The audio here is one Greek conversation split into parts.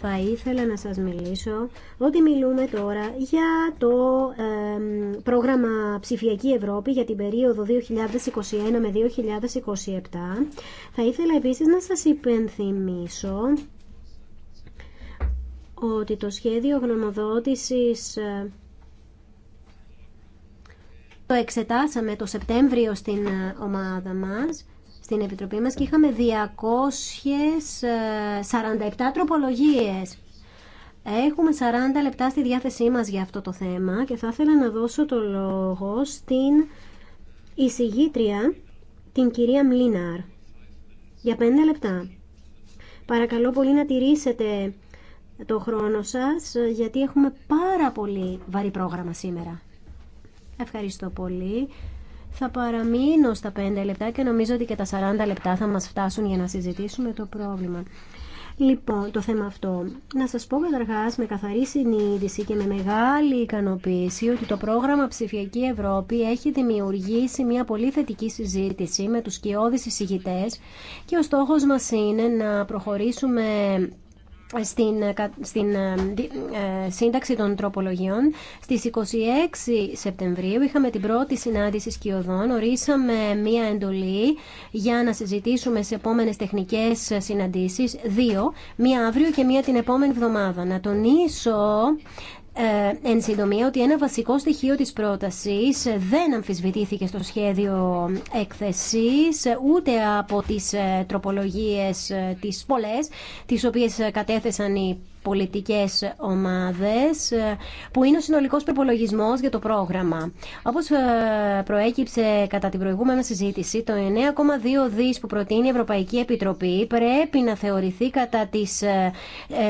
Θα ήθελα να σας μιλήσω ότι μιλούμε τώρα για το πρόγραμμα Ψηφιακή Ευρώπη για την περίοδο 2021 με 2027. Θα ήθελα επίσης να σας υπενθυμίσω ότι το σχέδιο γνωμοδότησης ε, το εξετάσαμε το Σεπτέμβριο στην ε, ομάδα μας στην Επιτροπή μας και είχαμε 247 ε, τροπολογίες. Έχουμε 40 λεπτά στη διάθεσή μας για αυτό το θέμα και θα ήθελα να δώσω το λόγο στην εισηγήτρια, την κυρία Μλίναρ, για 5 λεπτά. Παρακαλώ πολύ να τηρήσετε το χρόνο σας, γιατί έχουμε πάρα πολύ βαρύ πρόγραμμα σήμερα. Ευχαριστώ πολύ. Θα παραμείνω στα 5 λεπτά και νομίζω ότι και τα 40 λεπτά θα μας φτάσουν για να συζητήσουμε το πρόβλημα. Λοιπόν, το θέμα αυτό. Να σας πω καταρχά με καθαρή συνείδηση και με μεγάλη ικανοποίηση ότι το πρόγραμμα Ψηφιακή Ευρώπη έχει δημιουργήσει μια πολύ θετική συζήτηση με τους κοιόδης εισηγητές και ο στόχος μας είναι να προχωρήσουμε στην, ε, στην ε, ε, σύνταξη των τροπολογιών. Στις 26 Σεπτεμβρίου είχαμε την πρώτη συνάντηση σκιωδών. Ορίσαμε μία εντολή για να συζητήσουμε σε επόμενες τεχνικές συναντήσεις. Δύο, μία αύριο και μία την επόμενη εβδομάδα. Να τονίσω ε, εν συντομία ότι ένα βασικό στοιχείο της πρότασης δεν αμφισβητήθηκε στο σχέδιο έκθεσης ούτε από τις ε, τροπολογίες ε, τις πολλές τις οποίες ε, κατέθεσαν οι πολιτικές ομάδες ε, που είναι ο συνολικός προπολογισμό για το πρόγραμμα. Όπως ε, προέκυψε κατά την προηγούμενη συζήτηση, το 9,2 δις που προτείνει η Ευρωπαϊκή Επιτροπή πρέπει να θεωρηθεί κατά τις ε,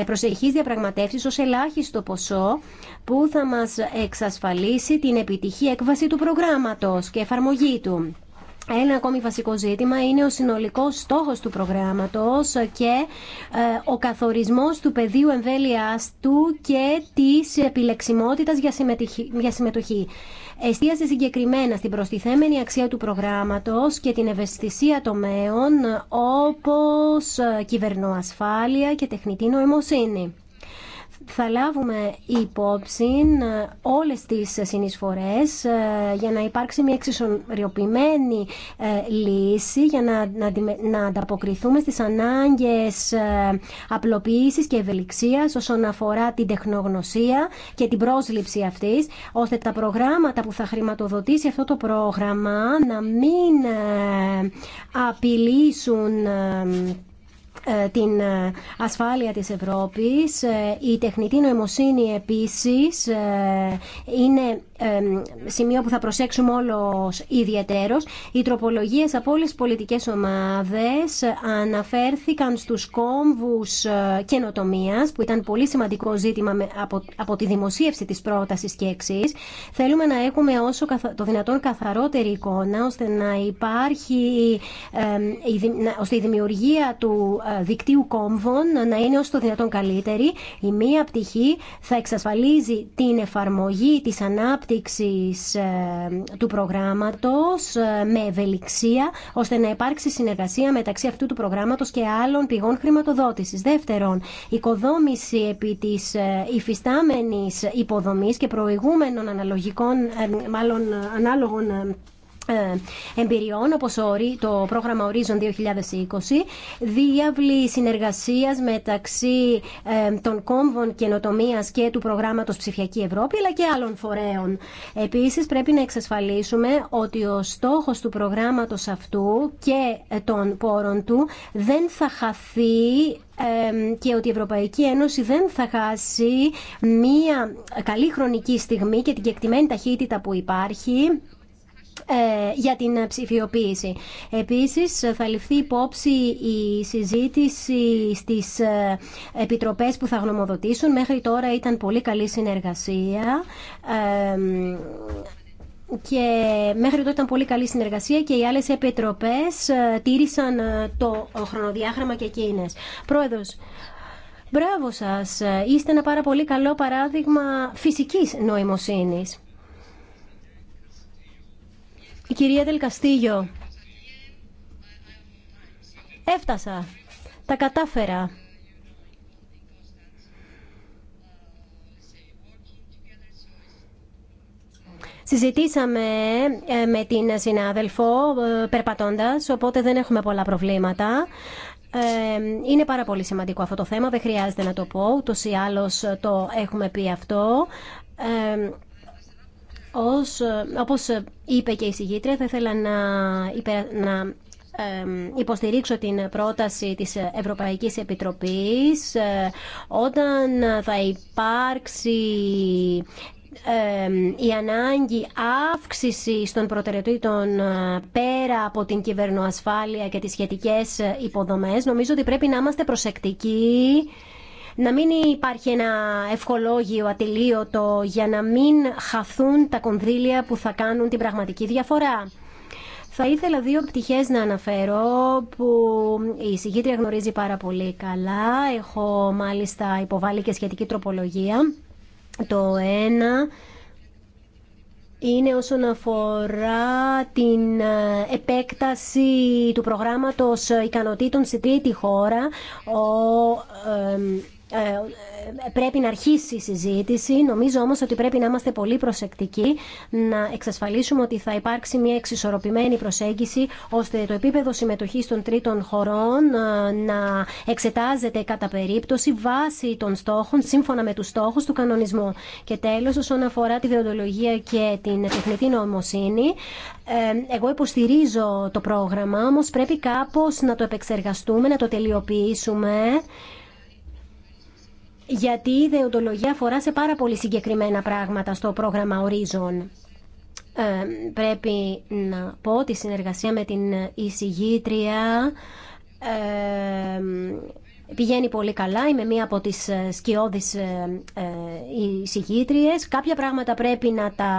προσεχείς διαπραγματεύσεις ως ελάχιστο ποσό που θα μας εξασφαλίσει την επιτυχή έκβαση του προγράμματος και εφαρμογή του. Ένα ακόμη βασικό ζήτημα είναι ο συνολικός στόχος του προγράμματος και ε, ο καθορισμός του πεδίου εμβέλειάς του και της επιλεξιμότητας για συμμετοχή. Εστίασε συγκεκριμένα στην προστιθέμενη αξία του προγράμματος και την ευαισθησία τομέων όπως ε, κυβερνοασφάλεια και τεχνητή νοημοσύνη θα λάβουμε υπόψη ε, όλες τις συνεισφορές ε, για να υπάρξει μια εξισορροπημένη ε, λύση για να ανταποκριθούμε στις ανάγκες απλοποίησης και ευελιξίας όσον αφορά την τεχνογνωσία και την πρόσληψη αυτής ώστε τα προγράμματα που θα χρηματοδοτήσει αυτό το πρόγραμμα να μην απειλήσουν ε, την ε, ασφάλεια της Ευρώπης. Ε, η τεχνητή νοημοσύνη επίσης είναι σημείο που θα προσέξουμε όλος ιδιαιτέρως. Οι τροπολογίε από όλε τι πολιτικές ομάδες αναφέρθηκαν στους κόμβους ε, καινοτομία, που ήταν πολύ σημαντικό ζήτημα από, τη δημοσίευση της πρότασης και εξή. Θέλουμε να έχουμε όσο το δυνατόν καθαρότερη εικόνα, ώστε να υπάρχει, ώστε η δημιουργία του ε, δικτύου κόμβων να είναι όσο το δυνατόν καλύτερη. Η μία πτυχή θα εξασφαλίζει την εφαρμογή τη ανάπτυξη. Ε, του προγράμματος ε, με ευελιξία ώστε να υπάρξει συνεργασία μεταξύ αυτού του προγράμματος και άλλων πηγών χρηματοδότησης. Δεύτερον, οικοδόμηση επί της ε, υφιστάμενης υποδομής και προηγούμενων αναλογικών, μάλλον ανάλογων ε, εμπειριών όπως το πρόγραμμα Horizon 2020, διάβλη συνεργασία μεταξύ ε, των κόμβων καινοτομία και του προγράμματο Ψηφιακή Ευρώπη αλλά και άλλων φορέων. Επίση, πρέπει να εξασφαλίσουμε ότι ο στόχος του προγράμματο αυτού και ε, των πόρων του δεν θα χαθεί και ότι η Ευρωπαϊκή Ένωση δεν θα χάσει μία καλή χρονική στιγμή και την κεκτημένη ταχύτητα που υπάρχει ε, για την ψηφιοποίηση. Επίσης θα ληφθεί υπόψη η συζήτηση στις ε, επιτροπές που θα γνωμοδοτήσουν. Μέχρι τώρα ήταν πολύ καλή συνεργασία και μέχρι τότε ήταν πολύ καλή συνεργασία και οι άλλες επιτροπές ε, τήρησαν το χρονοδιάγραμμα και εκείνες. Πρόεδρος, μπράβο σας. Είστε ένα πάρα πολύ καλό παράδειγμα φυσικής νοημοσύνης. Η κυρία Δελκαστήγιο. Έφτασα. Τα κατάφερα. Συζητήσαμε ε, με την συνάδελφο ε, περπατώντας, οπότε δεν έχουμε πολλά προβλήματα. Ε, είναι πάρα πολύ σημαντικό αυτό το θέμα, δεν χρειάζεται να το πω, ούτως ή άλλως το έχουμε πει αυτό. Ως, ε, όπως ε, είπε και η συγγήτρια, θα ήθελα να, να υποστηρίξω την πρόταση της Ευρωπαϊκής Επιτροπής ε, όταν θα υπάρξει η ανάγκη αύξηση των προτεραιοτήτων πέρα από την κυβερνοασφάλεια και τις σχετικές υποδομές. Νομίζω ότι πρέπει να είμαστε προσεκτικοί να μην υπάρχει ένα ευχολόγιο ατελείωτο για να μην χαθούν τα κονδύλια που θα κάνουν την πραγματική διαφορά. Θα ήθελα δύο πτυχές να αναφέρω που η συγκήτρια γνωρίζει πάρα πολύ καλά. Έχω μάλιστα υποβάλει και σχετική τροπολογία. Το ένα είναι όσον αφορά την επέκταση του προγράμματος ικανοτήτων σε τρίτη χώρα. Ο, ε, ε, πρέπει να αρχίσει η συζήτηση. Νομίζω όμως ότι πρέπει να είμαστε πολύ προσεκτικοί να εξασφαλίσουμε ότι θα υπάρξει μια εξισορροπημένη προσέγγιση ώστε το επίπεδο συμμετοχής των τρίτων χωρών ε, να εξετάζεται κατά περίπτωση βάσει των στόχων, σύμφωνα με τους στόχους του κανονισμού. Και τέλος, όσον αφορά τη διοντολογία και την τεχνητή νομοσύνη εγώ υποστηρίζω το πρόγραμμα, όμως πρέπει κάπως να το επεξεργαστούμε, να το τελειοποιήσουμε γιατί η ιδεοντολογία αφορά σε πάρα πολύ συγκεκριμένα πράγματα στο πρόγραμμα Horizon. Ε, πρέπει να πω ότι η συνεργασία με την εισηγήτρια ε, πηγαίνει πολύ καλά. Είμαι μία από τις ε, σκιώδεις ε, ε, εισηγήτριες. Κάποια πράγματα πρέπει να τα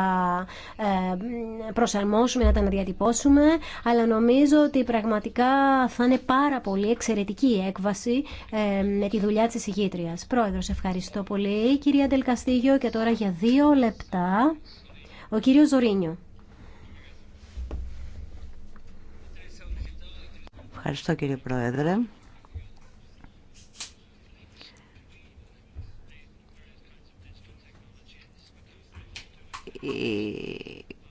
προσαρμόσουμε, να τα αναδιατυπώσουμε, αλλά νομίζω ότι πραγματικά θα είναι πάρα πολύ εξαιρετική η έκβαση με τη δουλειά της εισηγήτριας. Πρόεδρος, ευχαριστώ πολύ. Κυρία Ντελκαστήγιο και τώρα για δύο λεπτά ο κύριος Ζωρίνιο. Ευχαριστώ κύριε Πρόεδρε.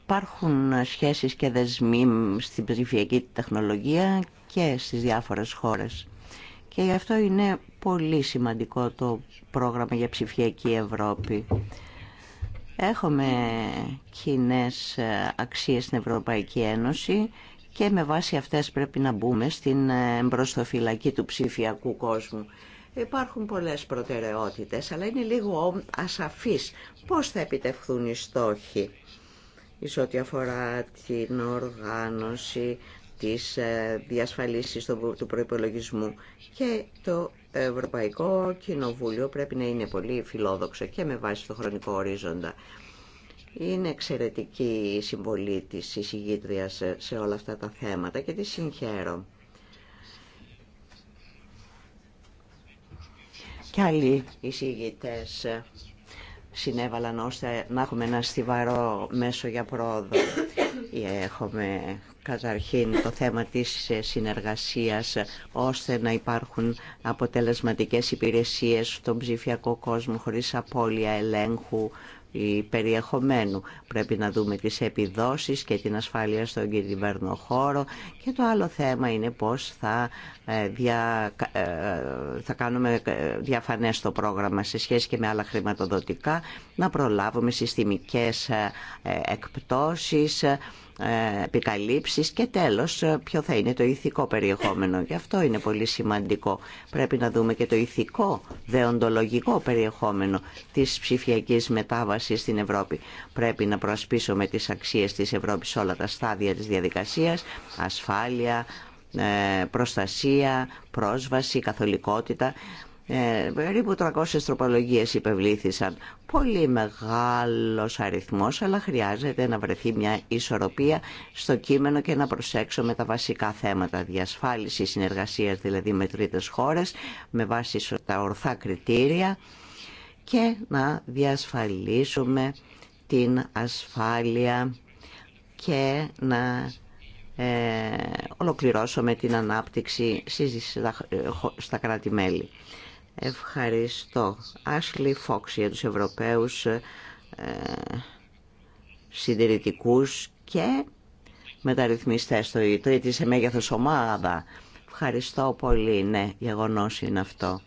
Υπάρχουν σχέσεις και δεσμοί στην ψηφιακή τεχνολογία και στις διάφορες χώρες. Και γι' αυτό είναι πολύ σημαντικό το πρόγραμμα για ψηφιακή Ευρώπη. Έχουμε κοινέ αξίες στην Ευρωπαϊκή Ένωση και με βάση αυτές πρέπει να μπούμε στην μπροστοφυλακή του ψηφιακού κόσμου. Υπάρχουν πολλές προτεραιότητες, αλλά είναι λίγο ασαφής πώς θα επιτευχθούν οι στόχοι εις ό,τι αφορά την οργάνωση της ε, διασφαλίσης του προϋπολογισμού και το Ευρωπαϊκό Κοινοβούλιο πρέπει να είναι πολύ φιλόδοξο και με βάση το χρονικό ορίζοντα. Είναι εξαιρετική η συμβολή της εισηγήτριας σε όλα αυτά τα θέματα και τη συγχαίρω. και άλλοι εισηγητέ συνέβαλαν ώστε να έχουμε ένα στιβαρό μέσο για πρόοδο. Ε, έχουμε καταρχήν το θέμα της συνεργασίας ώστε να υπάρχουν αποτελεσματικές υπηρεσίες στον ψηφιακό κόσμο χωρίς απώλεια ελέγχου περιεχομένου. Πρέπει να δούμε τις επιδόσεις και την ασφάλεια στον κυβερνό χώρο και το άλλο θέμα είναι πώς θα, ε, δια, ε, θα κάνουμε ε, διαφανές το πρόγραμμα σε σχέση και με άλλα χρηματοδοτικά, να προλάβουμε συστημικές εκπτώσεις, ε, επικαλύψεις και τέλος ε, ποιο θα είναι το ηθικό περιεχόμενο. Γι' αυτό είναι πολύ σημαντικό. Πρέπει να δούμε και το ηθικό, δεοντολογικό περιεχόμενο της ψηφιακής μετάβασης στην Ευρώπη. Πρέπει να προσπίσουμε τις αξίες της Ευρώπης σε όλα τα στάδια της διαδικασίας, ασφάλεια, ε, προστασία, πρόσβαση, καθολικότητα. Ε, περίπου 300 τροπολογίες υπευλήθησαν. Πολύ μεγάλος αριθμός, αλλά χρειάζεται να βρεθεί μια ισορροπία στο κείμενο και να προσέξουμε τα βασικά θέματα. διασφάλισης, συνεργασίας δηλαδή με τρίτες χώρες, με βάση τα ορθά κριτήρια και να διασφαλίσουμε την ασφάλεια και να ε, ολοκληρώσουμε την ανάπτυξη ε, στα κράτη-μέλη. Ευχαριστώ. Άσλι Φόξ για τους Ευρωπαίους ε, συντηρητικούς και μεταρρυθμιστές στο ΙΤΡΙΤΗ σε μέγεθος ομάδα. Ευχαριστώ πολύ. Ναι, γεγονός είναι αυτό.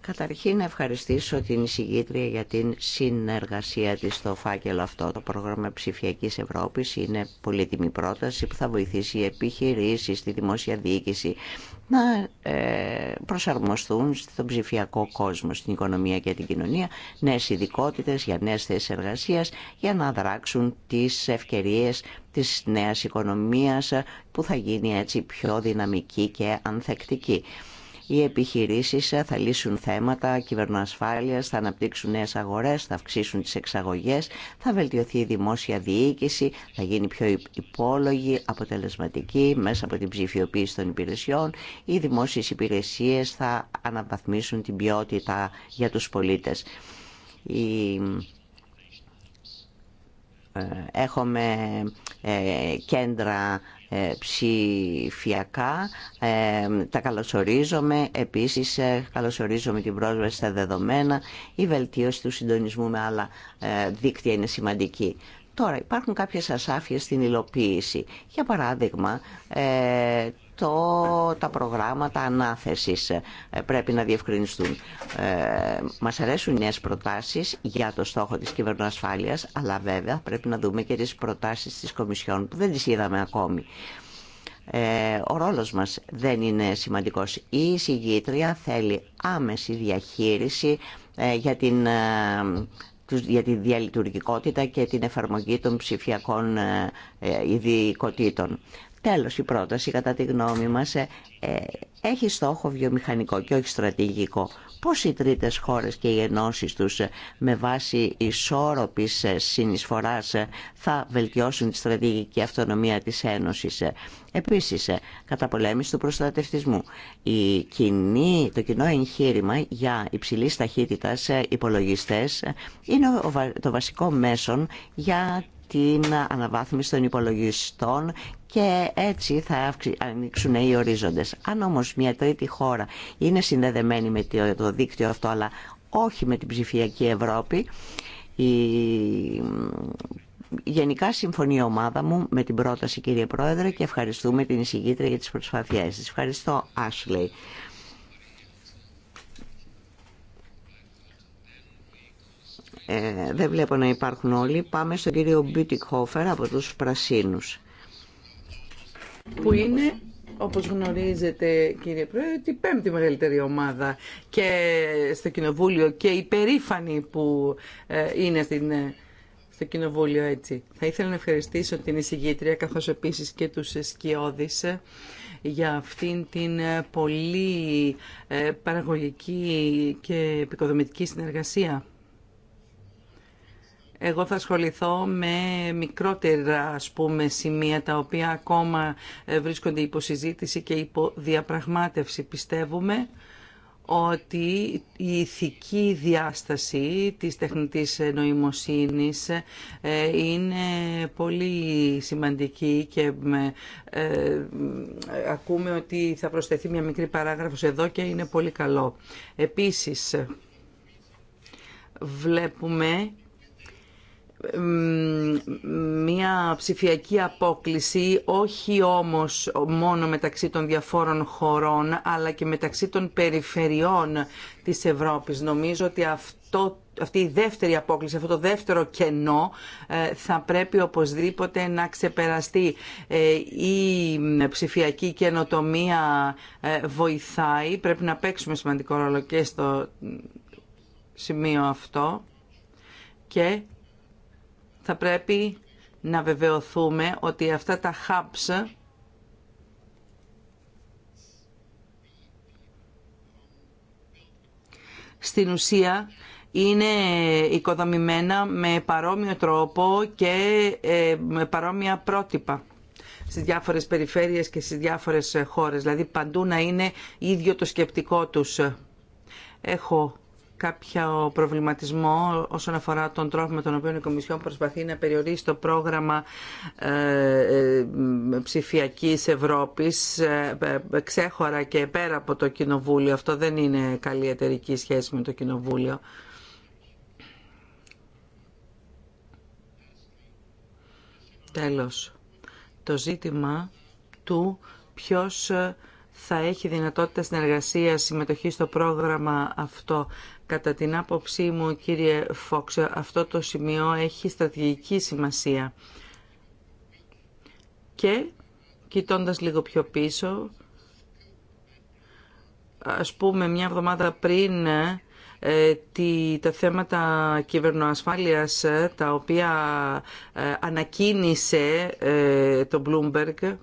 Καταρχήν να ευχαριστήσω την εισηγήτρια για την συνεργασία της στο φάκελο αυτό. Το πρόγραμμα ψηφιακής Ευρώπης είναι πολύτιμη πρόταση που θα βοηθήσει οι επιχειρήσεις, τη δημόσια διοίκηση, να ε, προσαρμοστούν στον ψηφιακό κόσμο, στην οικονομία και την κοινωνία, νέες ειδικότητε για νέες θέσεις εργασίας, για να δράξουν τις ευκαιρίες της νέας οικονομίας ε, που θα γίνει έτσι πιο δυναμική και ανθεκτική. Οι επιχειρήσεις θα λύσουν θέματα κυβερνοασφάλειας, θα αναπτύξουν νέες αγορές, θα αυξήσουν τις εξαγωγές, θα βελτιωθεί η δημόσια διοίκηση, θα γίνει πιο υπόλογη, αποτελεσματική μέσα από την ψηφιοποίηση των υπηρεσιών. Οι δημόσιες υπηρεσίες θα αναβαθμίσουν την ποιότητα για τους πολίτες. Ε, έχουμε ε, κέντρα ε, ψηφιακά. Ε, τα καλωσορίζομαι. Επίσης ε, καλωσορίζομαι την πρόσβαση στα δεδομένα. Η βελτίωση του συντονισμού με άλλα δίκτυα είναι σημαντική. Τώρα υπάρχουν κάποιες ασάφειες στην υλοποίηση. Για παράδειγμα, τα προγράμματα ανάθεσης ε, πρέπει να διευκρινιστούν. Ε, μας αρέσουν νέες προτάσεις για το στόχο της κυβερνοασφάλειας, αλλά βέβαια πρέπει να δούμε και τις προτάσεις της Κομισιόν που δεν τις είδαμε ακόμη. Ε, ο ρόλος μας δεν είναι σημαντικός. Η εισηγήτρια θέλει άμεση διαχείριση ε, για την για τη διαλειτουργικότητα και την εφαρμογή των ψηφιακών ειδικοτήτων. Τέλος, η πρόταση, κατά τη γνώμη μας, ε, ε, έχει στόχο βιομηχανικό και όχι στρατηγικό. Πώς οι τρίτες χώρες και οι ενώσεις τους ε, με βάση ισόρροπης συνεισφοράς θα βελτιώσουν τη στρατηγική αυτονομία της Ένωσης. Επίσης, πολέμηση του προστατευτισμού. Η κοινή, το κοινό εγχείρημα για υψηλή ταχύτητα, υπολογιστές είναι το βασικό μέσον για την αναβάθμιση των υπολογιστών και έτσι θα ανοίξουν οι ορίζοντες. Αν όμως μια τρίτη χώρα είναι συνδεδεμένη με το δίκτυο αυτό αλλά όχι με την ψηφιακή Ευρώπη, η... Γενικά συμφωνεί η ομάδα μου με την πρόταση κύριε Πρόεδρε και ευχαριστούμε την εισηγήτρια για τις προσπαθειές της. Ευχαριστώ Ashley. Ε, δεν βλέπω να υπάρχουν όλοι. Πάμε στον κύριο Μπιουτικόφερ από τους Πρασίνους. Που είναι όπως γνωρίζετε κύριε Πρόεδρε, την πέμπτη μεγαλύτερη ομάδα και στο Κοινοβούλιο και η περήφανη που ε, είναι στην, ε, στο Κοινοβούλιο έτσι. Θα ήθελα να ευχαριστήσω την εισηγήτρια καθώς επίσης και τους σκιώδης ε, για αυτήν την πολύ παραγωγική και επικοδομητική συνεργασία. Εγώ θα ασχοληθώ με μικρότερα ας πούμε, σημεία τα οποία ακόμα ε, βρίσκονται υπό συζήτηση και υπό διαπραγμάτευση. Πιστεύουμε ότι η ηθική διάσταση της τεχνητής νοημοσύνης ε, είναι πολύ σημαντική και ε, ακούμε ότι θα προσθεθεί μια μικρή παράγραφος εδώ και είναι πολύ καλό. Επίσης, βλέπουμε μια ψηφιακή απόκληση όχι όμως μόνο μεταξύ των διαφόρων χωρών αλλά και μεταξύ των περιφερειών της Ευρώπης. Νομίζω ότι αυτό αυτή η δεύτερη απόκληση, αυτό το δεύτερο κενό ε, θα πρέπει οπωσδήποτε να ξεπεραστεί. Ε, η ψηφιακή καινοτομία ε, βοηθάει, πρέπει να παίξουμε σημαντικό ρόλο και στο σημείο αυτό και θα πρέπει να βεβαιωθούμε ότι αυτά τα hubs στην ουσία είναι οικοδομημένα με παρόμοιο τρόπο και ε, με παρόμοια πρότυπα στις διάφορες περιφέρειες και στις διάφορες χώρες. Δηλαδή παντού να είναι ίδιο το σκεπτικό τους. Έχω κάποιο προβληματισμό όσον αφορά τον τρόπο με τον οποίο η Κομισιόν προσπαθεί να περιορίσει το πρόγραμμα ε, ε, ψηφιακής Ευρώπης ε, ξέχωρα και πέρα από το Κοινοβούλιο. Αυτό δεν είναι καλή εταιρική σχέση με το Κοινοβούλιο. Τέλος, το ζήτημα του ποιος θα έχει δυνατότητα συνεργασία συμμετοχή στο πρόγραμμα αυτό. Κατά την άποψή μου, κύριε Φόξ, αυτό το σημείο έχει στρατηγική σημασία. Και, κοιτώντας λίγο πιο πίσω, ας πούμε μια εβδομάδα πριν ε, ε, τη, τα θέματα κυβερνοασφάλειας ε, τα οποία ανακοίνησε το Bloomberg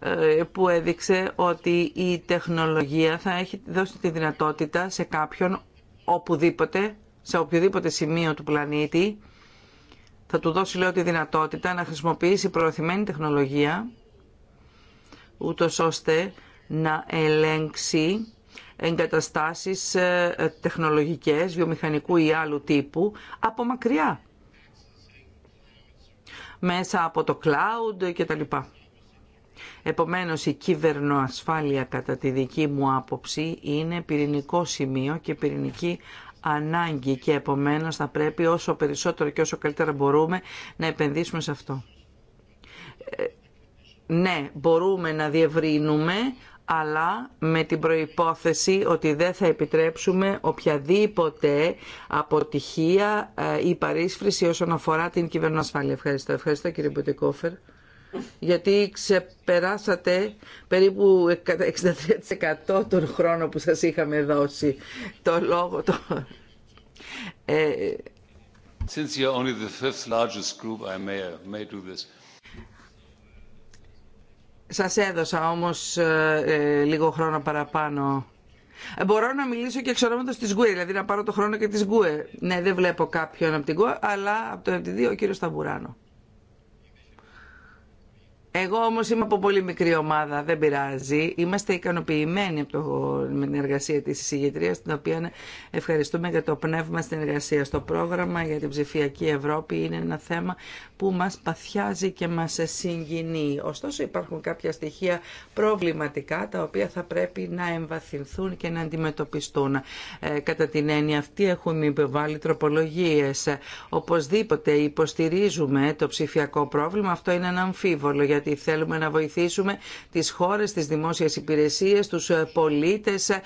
ε, που έδειξε ότι η τεχνολογία θα έχει δώσει τη δυνατότητα σε κάποιον οπουδήποτε, σε οποιοδήποτε σημείο του πλανήτη, θα του δώσει λέω τη δυνατότητα να χρησιμοποιήσει προωθημένη τεχνολογία, ούτως ώστε να ελέγξει εγκαταστάσεις ε, τεχνολογικές, βιομηχανικού ή άλλου τύπου, από μακριά, μέσα από το cloud και τα Επομένως η κυβερνοασφάλεια κατά τη δική μου άποψη είναι πυρηνικό σημείο και πυρηνική ανάγκη και επομένως θα πρέπει όσο περισσότερο και όσο καλύτερα μπορούμε να επενδύσουμε σε αυτό. Ε, ναι, μπορούμε να διευρύνουμε, αλλά με την προϋπόθεση ότι δεν θα επιτρέψουμε οποιαδήποτε αποτυχία ε, ή παρίσφρηση όσον αφορά την κυβερνοασφάλεια. Ευχαριστώ. Ευχαριστώ κύριε Μπουτικόφερ γιατί ξεπεράσατε περίπου 63% τον χρόνο που σας είχαμε δώσει. Το λόγο... Το... Ε... only the fifth largest group, I may, may this. Σας έδωσα όμως ε, ε, λίγο χρόνο παραπάνω. Ε, μπορώ να μιλήσω και εξ της τη ΓΚΟΕ, δηλαδή να πάρω το χρόνο και τη ΓΚΟΕ. Ναι, δεν βλέπω κάποιον από την ΓΚΟΕ, αλλά από το FTD ο κύριο Σταμπουράνο. Εγώ όμω είμαι από πολύ μικρή ομάδα, δεν πειράζει. Είμαστε ικανοποιημένοι από με την εργασία τη συγγετρίας, την οποία ευχαριστούμε για το πνεύμα στην εργασία. Στο πρόγραμμα για την ψηφιακή Ευρώπη είναι ένα θέμα που μα παθιάζει και μα συγκινεί. Ωστόσο υπάρχουν κάποια στοιχεία προβληματικά, τα οποία θα πρέπει να εμβαθυνθούν και να αντιμετωπιστούν. Ε, κατά την έννοια αυτή έχουν υπεβάλει τροπολογίε. Οπωσδήποτε υποστηρίζουμε το ψηφιακό πρόβλημα, αυτό είναι ένα αμφίβολο, θέλουμε να βοηθήσουμε τις χώρες, τις δημόσιες υπηρεσίες, τους ε, πολίτες ε,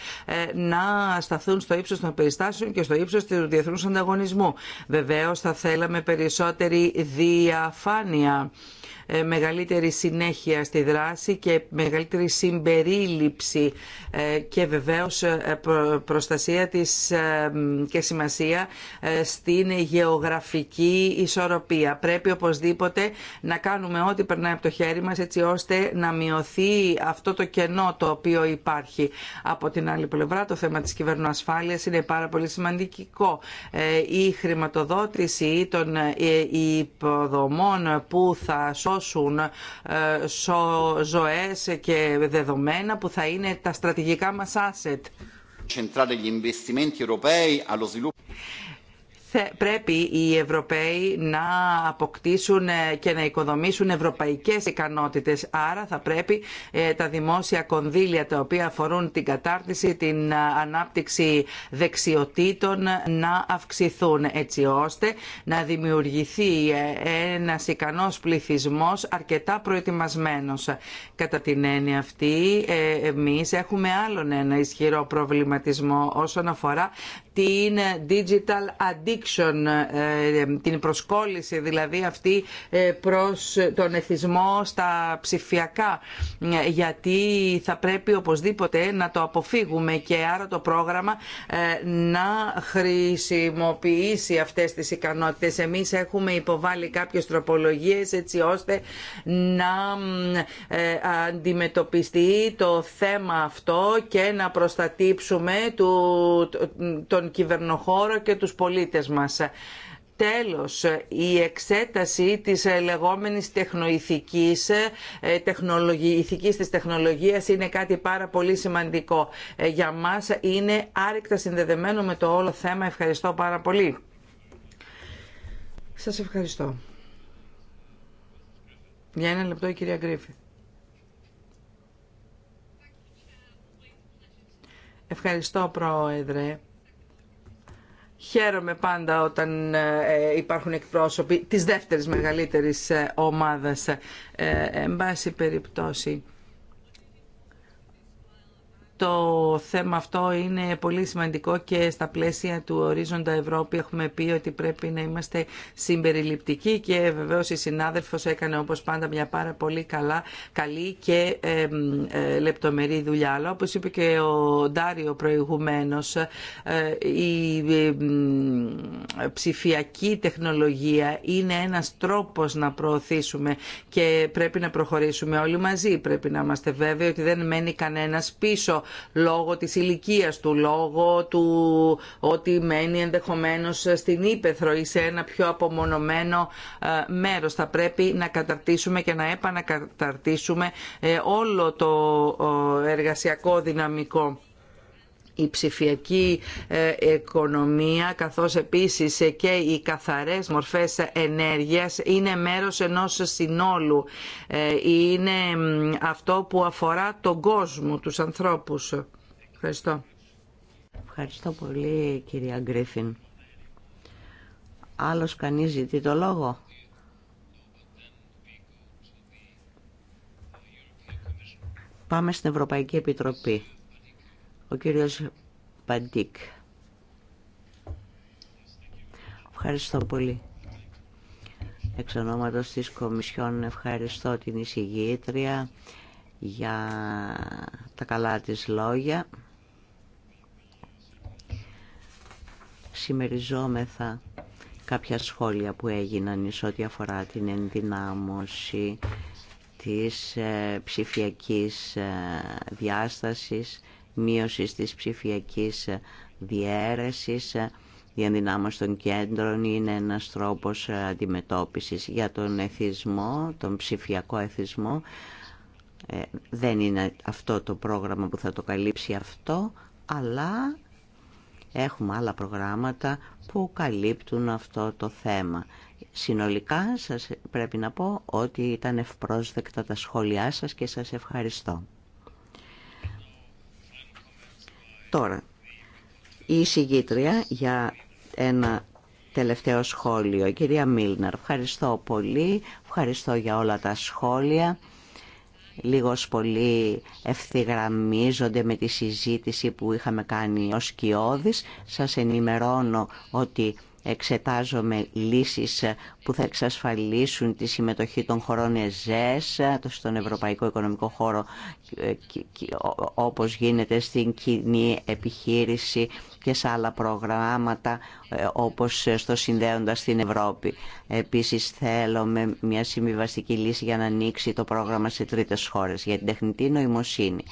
να σταθούν στο ύψος των περιστάσεων και στο ύψος του διεθνούς ανταγωνισμού. Βεβαίως θα θέλαμε περισσότερη διαφάνεια ε, μεγαλύτερη συνέχεια στη δράση και μεγαλύτερη συμπερίληψη ε, και βεβαίως ε, προστασία της και σημασία στην γεωγραφική ισορροπία. Πρέπει οπωσδήποτε να κάνουμε ό,τι περνάει από το χέρι μας έτσι ώστε να μειωθεί αυτό το κενό το οποίο υπάρχει. Από την άλλη πλευρά το θέμα της κυβερνοασφάλειας είναι πάρα πολύ σημαντικό. Η χρηματοδότηση των υποδομών που θα σώσουν δώσουν ε, ζωές και δεδομένα που θα είναι τα στρατηγικά μας asset πρέπει οι Ευρωπαίοι να αποκτήσουν ε, και να οικοδομήσουν ευρωπαϊκές ικανότητες. Άρα θα πρέπει ε, τα δημόσια κονδύλια τα οποία αφορούν την κατάρτιση, την ε, ανάπτυξη δεξιοτήτων να αυξηθούν έτσι ώστε να δημιουργηθεί ένας ικανός πληθυσμός αρκετά προετοιμασμένος. Κατά την έννοια αυτή εμείς έχουμε άλλον ένα ισχυρό προβληματισμό όσον αφορά την digital addiction ε, την προσκόλληση δηλαδή αυτή ε, προς τον εθισμό στα ψηφιακά ε, γιατί θα πρέπει οπωσδήποτε να το αποφύγουμε και άρα το πρόγραμμα να χρησιμοποιήσει αυτές τις ικανότητες. Εμείς έχουμε υποβάλει κάποιες τροπολογίες έτσι ώστε να αντιμετωπιστεί το θέμα αυτό και να προστατήψουμε τον κυβερνοχώρο και τους πολίτες μας. Τέλος, η εξέταση της λεγόμενης τεχνοηθικής, ε, τεχνολογικής της τεχνολογίας είναι κάτι πάρα πολύ σημαντικό. Ε, για μας είναι άρρηκτα συνδεδεμένο με το όλο θέμα. Ευχαριστώ πάρα πολύ. Σας ευχαριστώ. Για ένα λεπτό η κυρία Γκρίφη. Ευχαριστώ, Πρόεδρε. Χαίρομαι πάντα όταν ε, ε, υπάρχουν εκπρόσωποι της δεύτερης μεγαλύτερης ε, ομάδας. Εν περιπτώσει το θέμα αυτό είναι πολύ σημαντικό και στα πλαίσια του ορίζοντα Ευρώπη έχουμε πει ότι πρέπει να είμαστε συμπεριληπτικοί και βεβαίως η συνάδελφος έκανε όπως πάντα μια πάρα πολύ καλά, καλή και ε, λεπτομερή δουλειά. Αλλά όπως είπε και ο Ντάριο προηγουμένως, ε, η ψηφιακή τεχνολογία είναι ένας τρόπος να προωθήσουμε και πρέπει να προχωρήσουμε όλοι μαζί. Πρέπει να είμαστε βέβαιοι ότι δεν μένει κανένας πίσω λόγω της ηλικία του, λόγω του ότι μένει ενδεχομένως στην Ήπεθρο ή σε ένα πιο απομονωμένο ε, μέρος. Θα πρέπει να καταρτήσουμε και να επανακαταρτήσουμε ε, όλο το εργασιακό δυναμικό η ψηφιακή ε, οικονομία καθώς επίσης ε, και οι καθαρές μορφές ενέργειας είναι μέρος ενός συνόλου. Ε, είναι αυτό που αφορά τον κόσμο, τους ανθρώπους. Ευχαριστώ. Ευχαριστώ πολύ κυρία Γκρίφιν. Άλλος κανείς ζητεί το λόγο. Πάμε στην Ευρωπαϊκή Επιτροπή. Ο κύριος Παντίκ. Ευχαριστώ πολύ. Εξ ονόματος της Κομισιόν ευχαριστώ την εισηγήτρια για τα καλά της λόγια. Σημεριζόμεθα κάποια σχόλια που έγιναν εις ό,τι αφορά την ενδυνάμωση της ε, ψηφιακής ε, διάστασης μείωσης της ψηφιακής διαίρεσης, η ενδυνάμωση των κέντρων είναι ένας τρόπος αντιμετώπισης για τον εθισμό, τον ψηφιακό εθισμό. Ε, δεν είναι αυτό το πρόγραμμα που θα το καλύψει αυτό, αλλά έχουμε άλλα προγράμματα που καλύπτουν αυτό το θέμα. Συνολικά σας πρέπει να πω ότι ήταν ευπρόσδεκτα τα σχόλιά σας και σας ευχαριστώ. Τώρα, η εισηγήτρια για ένα τελευταίο σχόλιο. Η κυρία Μίλναρ, ευχαριστώ πολύ, ευχαριστώ για όλα τα σχόλια. Λίγος πολύ ευθυγραμμίζονται με τη συζήτηση που είχαμε κάνει ως κοιόδης. Σας ενημερώνω ότι Εξετάζομαι λύσεις που θα εξασφαλίσουν τη συμμετοχή των χωρών ΕΖΕΣ στον Ευρωπαϊκό Οικονομικό Χώρο ε, όπως γίνεται στην κοινή επιχείρηση και σε άλλα προγράμματα ε, όπως στο Συνδέοντα στην Ευρώπη. Επίσης θέλουμε μια συμβιβαστική λύση για να ανοίξει το πρόγραμμα σε τρίτες χώρες για την τεχνητή νοημοσύνη.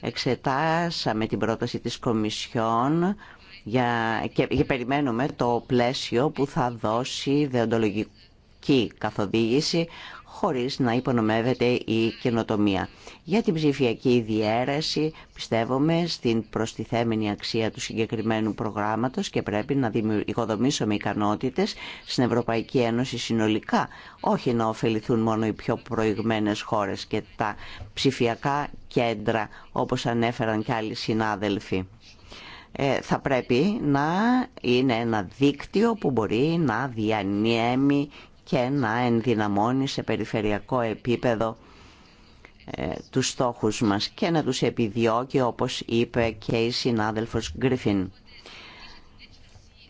Εξετάσαμε την πρόταση της Κομισιόν για, και περιμένουμε το πλαίσιο που θα δώσει δεοντολογική καθοδήγηση χωρίς να υπονομεύεται η καινοτομία. Για την ψηφιακή διαίρεση πιστεύουμε στην προστιθέμενη αξία του συγκεκριμένου προγράμματος και πρέπει να οικοδομήσουμε ικανότητες στην Ευρωπαϊκή Ένωση συνολικά, όχι να ωφεληθούν μόνο οι πιο προηγμένες χώρες και τα ψηφιακά κέντρα όπως ανέφεραν και άλλοι συνάδελφοι. Ε, θα πρέπει να είναι ένα δίκτυο που μπορεί να διανύμει και να ενδυναμώνει σε περιφερειακό επίπεδο ε, τους στόχους μας και να τους επιδιώκει όπως είπε και η συνάδελφος Γκρίφιν.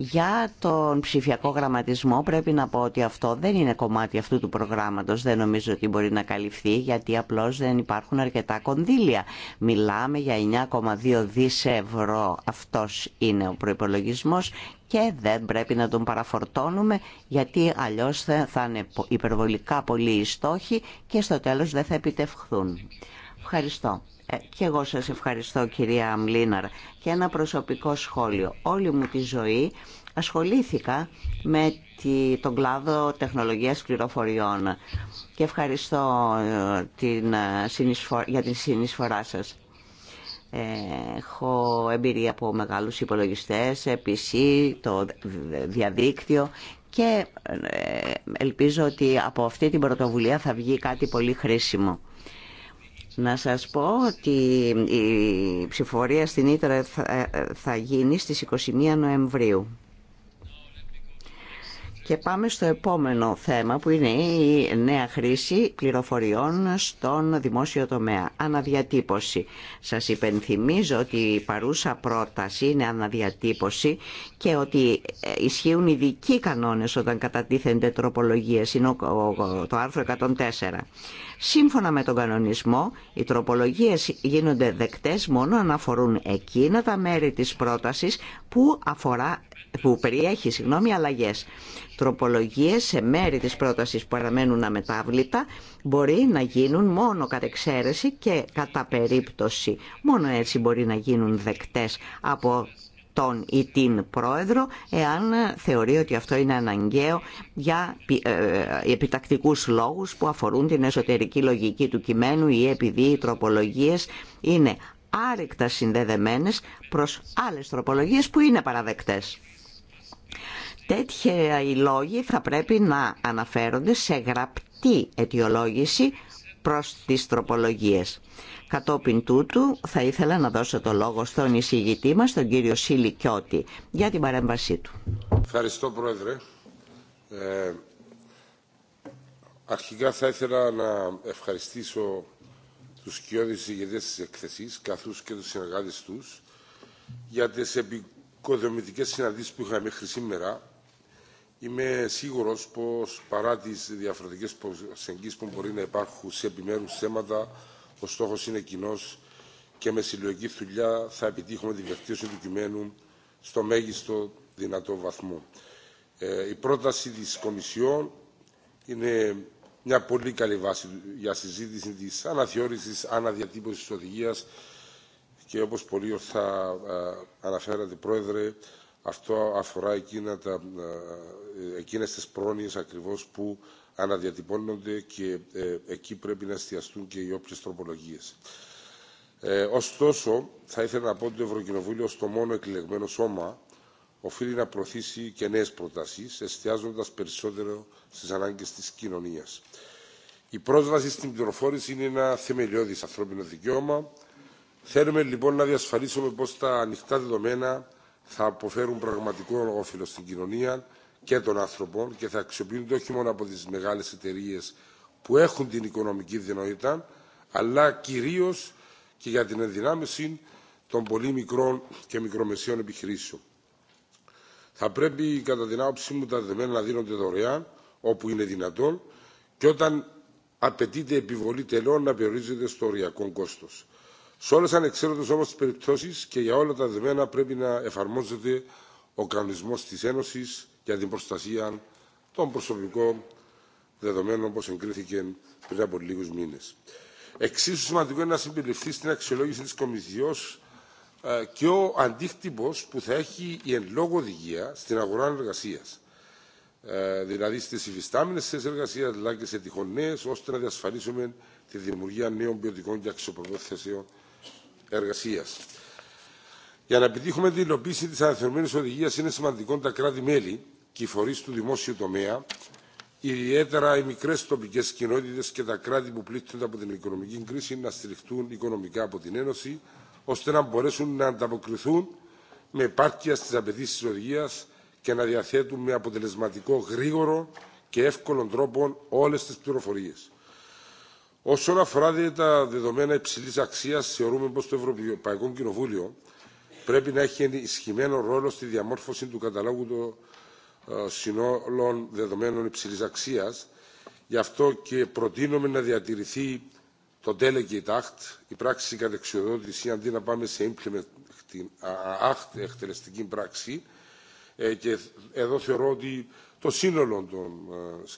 Για τον ψηφιακό γραμματισμό πρέπει να πω ότι αυτό δεν είναι κομμάτι αυτού του προγράμματος, δεν νομίζω ότι μπορεί να καλυφθεί γιατί απλώς δεν υπάρχουν αρκετά κονδύλια. Μιλάμε για 9,2 δις ευρώ, αυτός είναι ο προϋπολογισμός και δεν πρέπει να τον παραφορτώνουμε γιατί αλλιώς θα είναι υπερβολικά πολλοί οι στόχοι και στο τέλος δεν θα επιτευχθούν. Ευχαριστώ. Ε, και εγώ σας ευχαριστώ κυρία Αμλίναρ και ένα προσωπικό σχόλιο. Όλη μου τη ζωή ασχολήθηκα με τον κλάδο τεχνολογίας πληροφοριών και ευχαριστώ ε, την ε, για την συνεισφορά σας. Έχω εμπειρία από μεγάλους υπολογιστές, PC, το διαδίκτυο και ελπίζω ότι από αυτή την πρωτοβουλία θα βγει κάτι πολύ χρήσιμο. Να σας πω ότι η ψηφορία στην Ήτρα θα γίνει στις 21 Νοεμβρίου. Και πάμε στο επόμενο θέμα που είναι η νέα χρήση πληροφοριών στον δημόσιο τομέα. Αναδιατύπωση. Σας υπενθυμίζω ότι η παρούσα πρόταση είναι αναδιατύπωση και ότι ε, ισχύουν ειδικοί κανόνες όταν κατατίθενται τροπολογίες. Είναι το άρθρο 104. Σύμφωνα με τον κανονισμό, οι τροπολογίες γίνονται δεκτές μόνο αν αφορούν εκείνα τα μέρη της πρότασης που, αφορά, που περιέχει συγγνώμη, αλλαγές τροπολογίες σε μέρη τη πρότασης που παραμένουν αμετάβλητα μπορεί να γίνουν μόνο κατά εξαίρεση και κατά περίπτωση. Μόνο έτσι μπορεί να γίνουν δεκτές από τον ή την πρόεδρο εάν θεωρεί ότι αυτό είναι αναγκαίο για ε, ε, επιτακτικούς λόγους που αφορούν την εσωτερική λογική του κειμένου ή επειδή οι τροπολογίες είναι άρρηκτα συνδεδεμένες προς άλλες τροπολογίες που είναι παραδεκτές. Τέτοια οι λόγοι θα πρέπει να αναφέρονται σε γραπτή αιτιολόγηση προς τις τροπολογίες. Κατόπιν τούτου θα ήθελα να δώσω το λόγο στον εισηγητή μας, τον κύριο Σίλη Κιώτη, για την παρέμβασή του. Ευχαριστώ Πρόεδρε. Ε, αρχικά θα ήθελα να ευχαριστήσω τους κοιόδης εισηγητές της εκθεσής, καθώς και τους συνεργάτες τους, για τις επικοδομητικές συναντήσεις που είχαμε μέχρι σήμερα, Είμαι σίγουρος πως παρά τις διαφορετικές προσεγγίσεις που μπορεί να υπάρχουν σε επιμέρους θέματα, ο στόχος είναι κοινό και με συλλογική δουλειά θα επιτύχουμε τη βελτίωση του κειμένου στο μέγιστο δυνατό βαθμό. Ε, η πρόταση της Κομισιόν είναι μια πολύ καλή βάση για συζήτηση της αναθεώρησης, αναδιατύπωσης οδηγίας και όπως πολύ ορθά ε, αναφέρατε Πρόεδρε, αυτό αφορά εκείνα τα, ε, εκείνες τις πρόνοιες ακριβώς που αναδιατυπώνονται και ε, εκεί πρέπει να εστιαστούν και οι όποιες τροπολογίες. Ε, ωστόσο, θα ήθελα να πω ότι το Ευρωκοινοβούλιο στο μόνο εκλεγμένο σώμα οφείλει να προωθήσει και νέες προτάσεις, εστιάζοντας περισσότερο στις ανάγκες της κοινωνίας. Η πρόσβαση στην πληροφόρηση είναι ένα θεμελιώδης ανθρώπινο δικαίωμα. Θέλουμε λοιπόν να διασφαλίσουμε πως τα ανοιχτά δεδομένα θα αποφέρουν πραγματικό όφελο στην κοινωνία και των ανθρώπων και θα αξιοποιούνται όχι μόνο από τις μεγάλες εταιρείε που έχουν την οικονομική δυνατότητα, αλλά κυρίως και για την ενδυνάμεση των πολύ μικρών και μικρομεσαίων επιχειρήσεων. Θα πρέπει, κατά την άποψή μου, τα δεδομένα να δίνονται δωρεάν, όπου είναι δυνατόν, και όταν απαιτείται επιβολή τελών να περιορίζεται στο οριακό κόστος. Σε όλε ανεξέλεκτε όμω τι περιπτώσει και για όλα τα δεδομένα πρέπει να εφαρμόζεται ο κανονισμό τη Ένωση για την προστασία των προσωπικών δεδομένων όπω εγκρίθηκε πριν από λίγου μήνε. Εξίσου σημαντικό είναι να συμπεριληφθεί στην αξιολόγηση τη Κομισιό ε, και ο αντίκτυπο που θα έχει η εν λόγω οδηγία στην αγορά εργασία. Ε, δηλαδή στι υφιστάμενε θέσει εργασία αλλά και σε ώστε να διασφαλίσουμε τη δημιουργία νέων ποιοτικών και αξιοπρεπών εργασία. Για να επιτύχουμε την υλοποίηση τη αναθεωρημένη οδηγία, είναι σημαντικό τα κράτη-μέλη και οι φορεί του δημόσιου τομέα, ιδιαίτερα οι μικρέ τοπικέ κοινότητε και τα κράτη που πλήττονται από την οικονομική κρίση, να στηριχτούν οικονομικά από την Ένωση, ώστε να μπορέσουν να ανταποκριθούν με επάρκεια στι απαιτήσει τη οδηγία και να διαθέτουν με αποτελεσματικό, γρήγορο και εύκολο τρόπο όλε τι πληροφορίε. Όσον αφορά τα δεδομένα υψηλή αξία, θεωρούμε πω το Ευρωπαϊκό Κοινοβούλιο πρέπει να έχει ενισχυμένο ρόλο στη διαμόρφωση του καταλόγου των ε, συνόλων δεδομένων υψηλή αξία. Γι' αυτό και προτείνουμε να διατηρηθεί το Delegate Act, η πράξη κατεξιοδότηση, αντί να πάμε σε Implementing Act, εκτελεστική πράξη. Ε, και εδώ θεωρώ ότι το σύνολο των ε,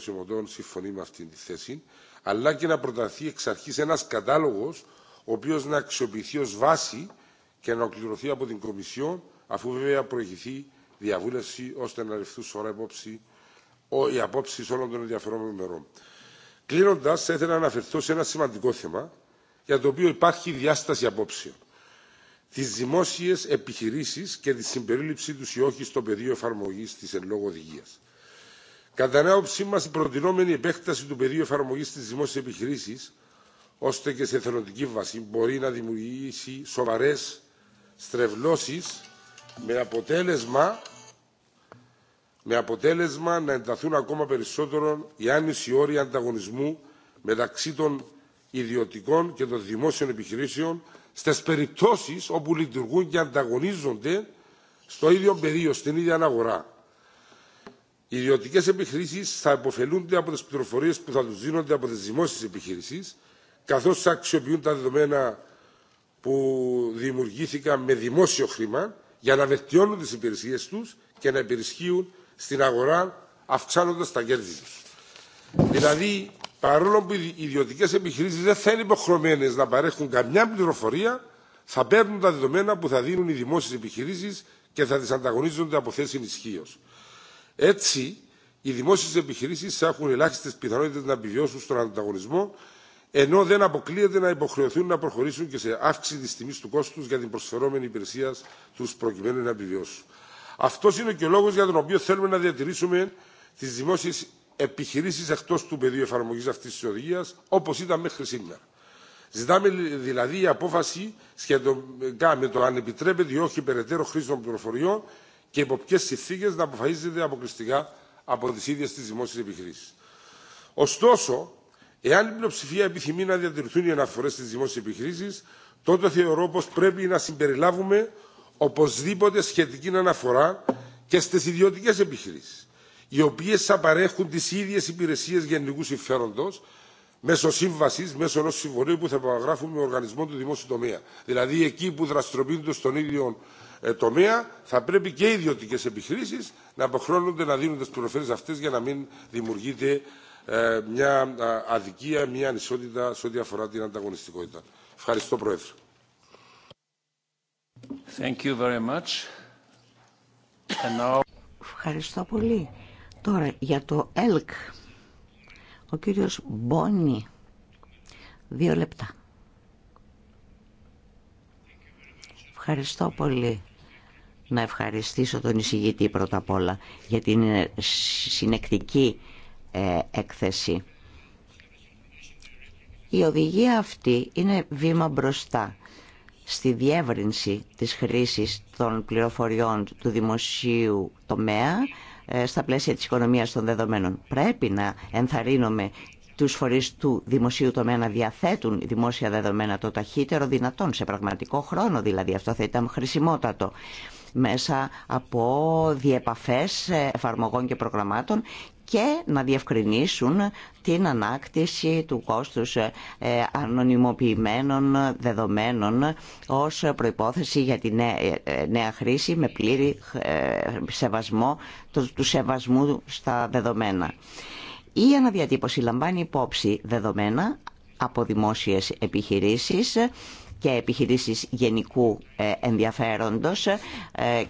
σκιώδων συμφωνεί με αυτή τη θέση αλλά και να προταθεί εξ αρχή ένα κατάλογο, ο οποίο να αξιοποιηθεί ω βάση και να οκληρωθεί από την Κομισιόν, αφού βέβαια προηγηθεί διαβούλευση, ώστε να ληφθούν σοβαρά υπόψη οι απόψει όλων των ενδιαφερόμενων μερών. Κλείνοντα, θα ήθελα να αναφερθώ σε ένα σημαντικό θέμα, για το οποίο υπάρχει διάσταση απόψεων. Τι δημόσιε επιχειρήσει και τη συμπερίληψή του ή όχι στο πεδίο εφαρμογή τη εν λόγω οδηγία. Κατά την άποψή μα, η προτινόμενη επέκταση του πεδίου εφαρμογή στι δημόσιε επιχειρήσει, ώστε και σε εθελοντική βάση, μπορεί να δημιουργήσει σοβαρέ στρεβλώσει με αποτέλεσμα, με αποτέλεσμα να ενταθούν ακόμα περισσότερο οι άνισοι όροι ανταγωνισμού μεταξύ των ιδιωτικών και των δημόσιων επιχειρήσεων στις περιπτώσεις όπου λειτουργούν και ανταγωνίζονται στο ίδιο πεδίο, στην ίδια αναγορά. Οι ιδιωτικέ επιχειρήσει θα υποφελούνται από τι πληροφορίε που θα του δίνονται από τι δημόσιε επιχειρήσει, καθώ θα αξιοποιούν τα δεδομένα που δημιουργήθηκαν με δημόσιο χρήμα για να βελτιώνουν τι υπηρεσίε του και να υπερισχύουν στην αγορά, αυξάνοντα τα κέρδη του. Δηλαδή, παρόλο που οι ιδιωτικέ επιχειρήσει δεν θα είναι υποχρεωμένε να παρέχουν καμιά πληροφορία, θα παίρνουν τα δεδομένα που θα δίνουν οι δημόσιε επιχειρήσει και θα τι ανταγωνίζονται από θέση ενισχύω. Έτσι, οι δημόσιες επιχειρήσεις έχουν ελάχιστες πιθανότητες να επιβιώσουν στον ανταγωνισμό, ενώ δεν αποκλείεται να υποχρεωθούν να προχωρήσουν και σε αύξηση της τιμής του κόστου για την προσφερόμενη υπηρεσία τους προκειμένου να επιβιώσουν. Αυτός είναι και ο λόγος για τον οποίο θέλουμε να διατηρήσουμε τις δημόσιες επιχειρήσεις εκτός του πεδίου εφαρμογή αυτής της οδηγίας, όπως ήταν μέχρι σήμερα. Ζητάμε δηλαδή η απόφαση σχετικά με το αν επιτρέπεται ή όχι περαιτέρω χρήση των πληροφοριών και υπό ποιε συνθήκε να αποφασίζεται αποκλειστικά από τι ίδιε τι δημόσιε επιχειρήσει. Ωστόσο, εάν η πλειοψηφία επιθυμεί να διατηρηθούν οι αναφορέ στι δημόσιε επιχειρήσει, τότε θεωρώ πω πρέπει να συμπεριλάβουμε οπωσδήποτε σχετική αναφορά και στι ιδιωτικέ επιχειρήσει, οι οποίε θα παρέχουν τι ίδιε υπηρεσίε γενικού συμφέροντο μέσω σύμβαση, μέσω ενό συμβολίου που θα υπογράφουν με οργανισμό του δημόσιου τομέα. Δηλαδή εκεί που δραστηριοποιούνται στον ίδιο ε, τομέα θα πρέπει και οι ιδιωτικέ επιχειρήσει να αποχρώνονται να δίνουν τις πληροφορίε αυτές για να μην δημιουργείται ε, μια αδικία, μια ανισότητα σε ό,τι αφορά την ανταγωνιστικότητα. Ευχαριστώ Πρόεδρε. Thank you very much. And now... Ευχαριστώ πολύ. Τώρα για το ΕΛΚ. Ο κύριος Μπόνι. Δύο λεπτά. Ευχαριστώ πολύ να ευχαριστήσω τον εισηγητή πρώτα απ' όλα για την ε, συνεκτική ε, έκθεση. Η οδηγία αυτή είναι βήμα μπροστά στη διεύρυνση της χρήσης των πληροφοριών του δημοσίου τομέα ε, στα πλαίσια της οικονομίας των δεδομένων. Πρέπει να ενθαρρύνουμε τους φορείς του δημοσίου τομέα να διαθέτουν δημόσια δεδομένα το ταχύτερο δυνατόν, σε πραγματικό χρόνο δηλαδή. Αυτό θα ήταν χρησιμότατο μέσα από διεπαφές εφαρμογών και προγραμμάτων και να διευκρινίσουν την ανάκτηση του κόστους ε, ανωνυμοποιημένων δεδομένων ως προϋπόθεση για τη νέα ε, ε, χρήση με πλήρη σεβασμό, του σεβασμού στα δεδομένα. Η αναδιατύπωση λαμβάνει υπόψη δεδομένα από δημόσιες επιχειρήσεις και επιχειρήσεις γενικού ε, ενδιαφέροντος ε,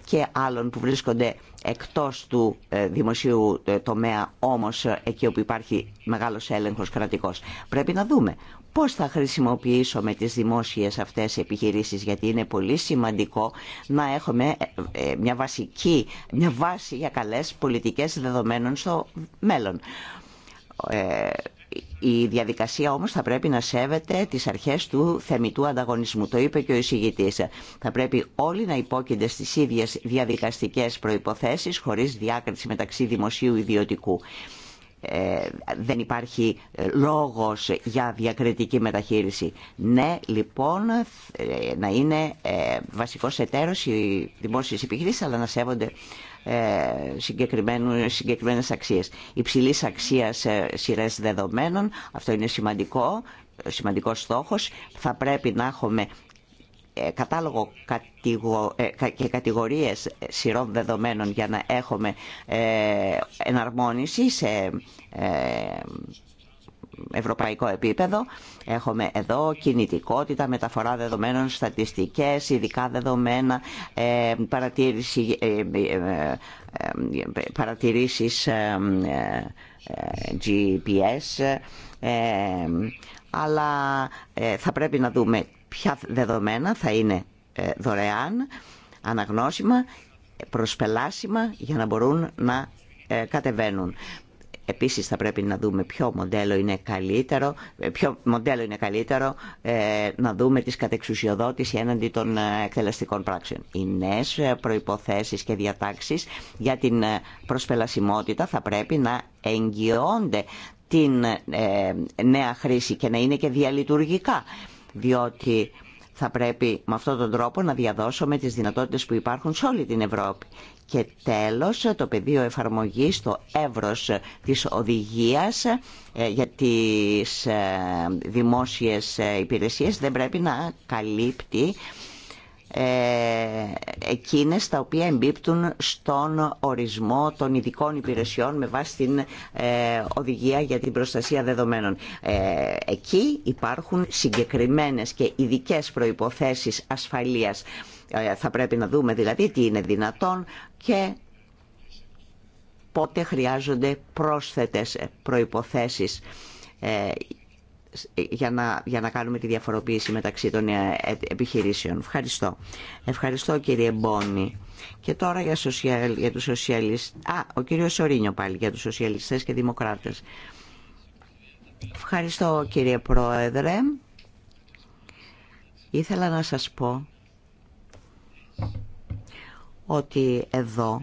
και άλλων που βρίσκονται εκτός του ε, δημοσίου τομέα, όμως εκεί όπου υπάρχει μεγάλος έλεγχος κρατικός. Πρέπει να δούμε πώς θα χρησιμοποιήσουμε τις δημόσιες αυτές επιχειρήσεις, γιατί είναι πολύ σημαντικό να έχουμε μια, βασική, μια βάση για καλές πολιτικές δεδομένων στο μέλλον. Η διαδικασία όμως θα πρέπει να σέβεται τις αρχές του θεμητού ανταγωνισμού. Το είπε και ο εισηγητής. Θα πρέπει όλοι να υπόκεινται στις ίδιες διαδικαστικές προϋποθέσεις χωρίς διάκριση μεταξύ δημοσίου ιδιωτικού. Ε, δεν υπάρχει ε, λόγος για διακριτική μεταχείριση. Ναι, λοιπόν, ε, να είναι ε, βασικός εταίρος οι δημόσιες επιχειρήσεις, αλλά να σέβονται ε, συγκεκριμένες αξίες. αξία αξίας ε, σειρέ δεδομένων, αυτό είναι σημαντικό, ε, σημαντικός στόχος. Θα πρέπει να έχουμε κατάλογο και κατηγορίες σειρών δεδομένων για να έχουμε εναρμόνιση σε ευρωπαϊκό επίπεδο. Έχουμε εδώ κινητικότητα, μεταφορά δεδομένων, στατιστικές, ειδικά δεδομένα, ε, παρατήρηση, ε, ε, παρατηρήσεις GPS, αλλά θα πρέπει να δούμε ποια δεδομένα θα είναι δωρεάν, αναγνώσιμα, προσπελάσιμα για να μπορούν να κατεβαίνουν. Επίσης θα πρέπει να δούμε ποιο μοντέλο είναι καλύτερο, ε, ποιο μοντέλο είναι καλύτερο ε, να δούμε τις κατεξουσιοδότηση έναντι των ε, εκτελεστικών πράξεων. Οι νέε προϋποθέσεις και διατάξεις για την προσπελασιμότητα θα πρέπει να εγγυώνται την νέα χρήση και να είναι και διαλειτουργικά, διότι θα πρέπει με αυτόν τον τρόπο να διαδώσουμε τις δυνατότητες που υπάρχουν σε όλη την Ευρώπη. Και τέλος το πεδίο εφαρμογής, το εύρος της οδηγίας ε, για τις ε, δημόσιες ε, υπηρεσίες δεν πρέπει να καλύπτει εκείνες τα οποία εμπίπτουν στον ορισμό των ειδικών υπηρεσιών με βάση την οδηγία για την προστασία δεδομένων. Εκεί υπάρχουν συγκεκριμένες και ειδικές προϋποθέσεις ασφαλείας θα πρέπει να δούμε δηλαδή τι είναι δυνατόν και πότε χρειάζονται πρόσθετες ε, προϋποθέσεις ε, για να, για να κάνουμε τη διαφοροποίηση μεταξύ των ε, επιχειρήσεων. Ευχαριστώ. Ευχαριστώ κύριε Μπόνη. Και τώρα για, σοσιαλ, για τους σοσιαλιστές... Α, ο κύριος Σορίνιο πάλι για τους σοσιαλιστές και δημοκράτες. Ευχαριστώ κύριε Πρόεδρε. Ήθελα να σας πω ότι εδώ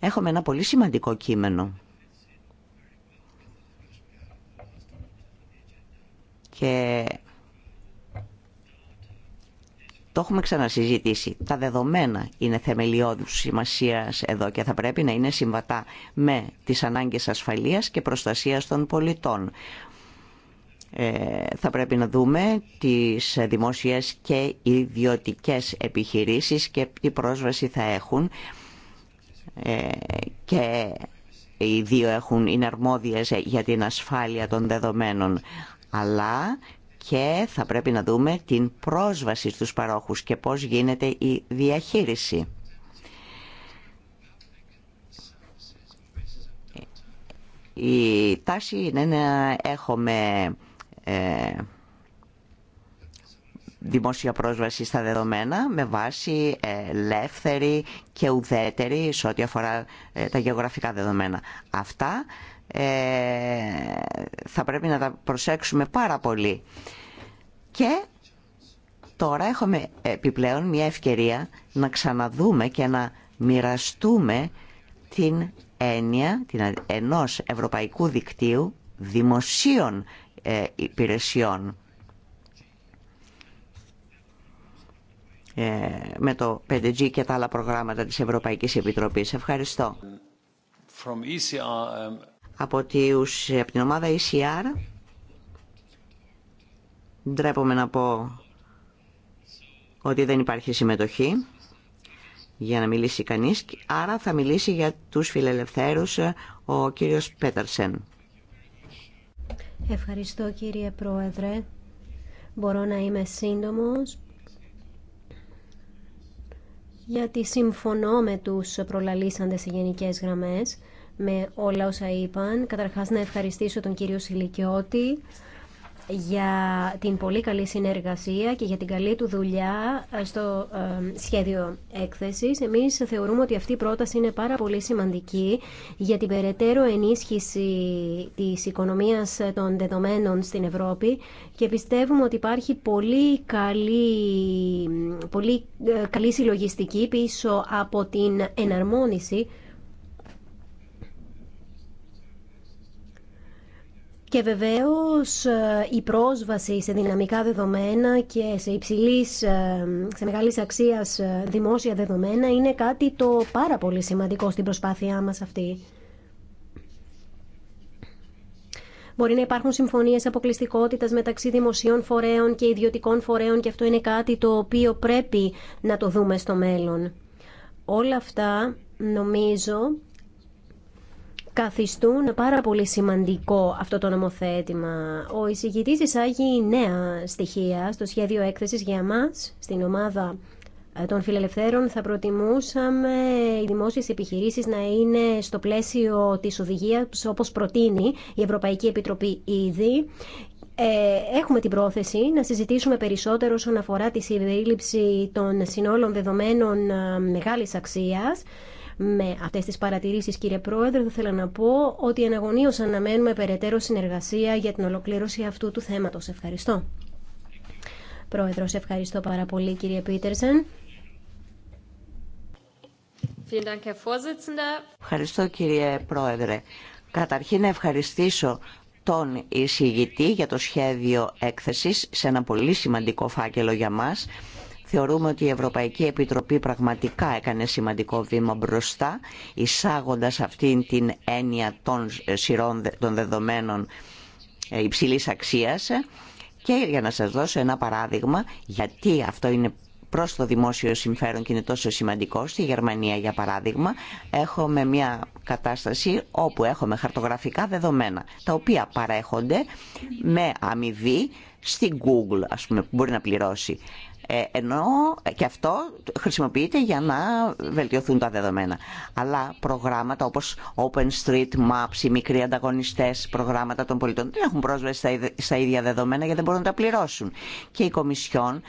έχουμε ένα πολύ σημαντικό κείμενο και το έχουμε ξανασυζητήσει. Τα δεδομένα είναι θεμελιώδους σημασίας εδώ και θα πρέπει να είναι συμβατά με τις ανάγκες ασφαλείας και προστασίας των πολιτών. Ε, θα πρέπει να δούμε τις δημόσιες και ιδιωτικές επιχειρήσεις και τι πρόσβαση θα έχουν ε, και οι δύο έχουν, είναι αρμόδιες για την ασφάλεια των δεδομένων αλλά και θα πρέπει να δούμε την πρόσβαση στους παρόχους και πώς γίνεται η διαχείριση. Η τάση είναι να έχουμε ε, δημόσια πρόσβαση στα δεδομένα με βάση ε, ελεύθερη και ουδέτερη σε ό,τι αφορά ε, τα γεωγραφικά δεδομένα. Αυτά θα πρέπει να τα προσέξουμε πάρα πολύ. Και τώρα έχουμε επιπλέον μια ευκαιρία να ξαναδούμε και να μοιραστούμε την έννοια την ενός ευρωπαϊκού δικτύου δημοσίων ε, υπηρεσιών. Ε, με το 5G και τα άλλα προγράμματα της Ευρωπαϊκής Επιτροπής. Ευχαριστώ. E um, από, από την ομάδα ECR, ντρέπομαι να πω ότι δεν υπάρχει συμμετοχή για να μιλήσει κανείς, άρα θα μιλήσει για τους φιλελευθέρους ο κύριος Πέτερσεν. Ευχαριστώ κύριε Πρόεδρε. Μπορώ να είμαι σύντομος γιατί συμφωνώ με τους προλαλήσαντες σε γενικές γραμμές με όλα όσα είπαν. Καταρχάς να ευχαριστήσω τον κύριο Σιλικιώτη για την πολύ καλή συνεργασία και για την καλή του δουλειά ε, στο ε, σχέδιο έκθεσης. Εμείς θεωρούμε ότι αυτή η πρόταση είναι πάρα πολύ σημαντική για την περαιτέρω ενίσχυση της οικονομίας των δεδομένων στην Ευρώπη και πιστεύουμε ότι υπάρχει πολύ καλή, πολύ ε, καλή συλλογιστική πίσω από την εναρμόνιση Και βεβαίως ε, η πρόσβαση σε δυναμικά δεδομένα και σε υψηλής, ε, σε μεγάλης αξίας ε, δημόσια δεδομένα είναι κάτι το πάρα πολύ σημαντικό στην προσπάθειά μας αυτή. Μπορεί να υπάρχουν συμφωνίες αποκλειστικότητας μεταξύ δημοσίων φορέων και ιδιωτικών φορέων και αυτό είναι κάτι το οποίο πρέπει να το δούμε στο μέλλον. Όλα αυτά νομίζω καθιστούν πάρα πολύ σημαντικό αυτό το νομοθέτημα. Ο εισηγητής εισάγει νέα στοιχεία στο σχέδιο έκθεσης για μας στην ομάδα ε, των φιλελευθέρων θα προτιμούσαμε οι δημόσιες επιχειρήσεις να είναι στο πλαίσιο της οδηγίας όπως προτείνει η Ευρωπαϊκή Επιτροπή ήδη ε, έχουμε την πρόθεση να συζητήσουμε περισσότερο όσον αφορά τη συμπερίληψη των συνόλων δεδομένων ε, μεγάλης αξίας με αυτέ τι παρατηρήσεις κύριε Πρόεδρε θα ήθελα να πω ότι εναγωνίω αναμένουμε περαιτέρω συνεργασία για την ολοκλήρωση αυτού του θέματος. Ευχαριστώ. σε ευχαριστώ πάρα πολύ κύριε Πίτερσεν. Ευχαριστώ κύριε Πρόεδρε. Καταρχήν να ευχαριστήσω τον εισηγητή για το σχέδιο έκθεσης σε ένα πολύ σημαντικό φάκελο για μας Θεωρούμε ότι η Ευρωπαϊκή Επιτροπή πραγματικά έκανε σημαντικό βήμα μπροστά, εισάγοντας αυτήν την έννοια των σειρών των δεδομένων ε, υψηλής αξίας. Και για να σας δώσω ένα παράδειγμα, γιατί αυτό είναι προς το δημόσιο συμφέρον και είναι τόσο σημαντικό. Στη Γερμανία, για παράδειγμα, έχουμε μια κατάσταση όπου έχουμε χαρτογραφικά δεδομένα, τα οποία παρέχονται με αμοιβή στην Google, ας πούμε, που μπορεί να πληρώσει. Ε, ενώ και αυτό χρησιμοποιείται για να βελτιωθούν τα δεδομένα. Αλλά προγράμματα όπως Open Street Maps, οι μικροί ανταγωνιστέ, προγράμματα των πολιτών δεν έχουν πρόσβαση στα ίδια δεδομένα γιατί δεν μπορούν να τα πληρώσουν. Και η Κομισιόν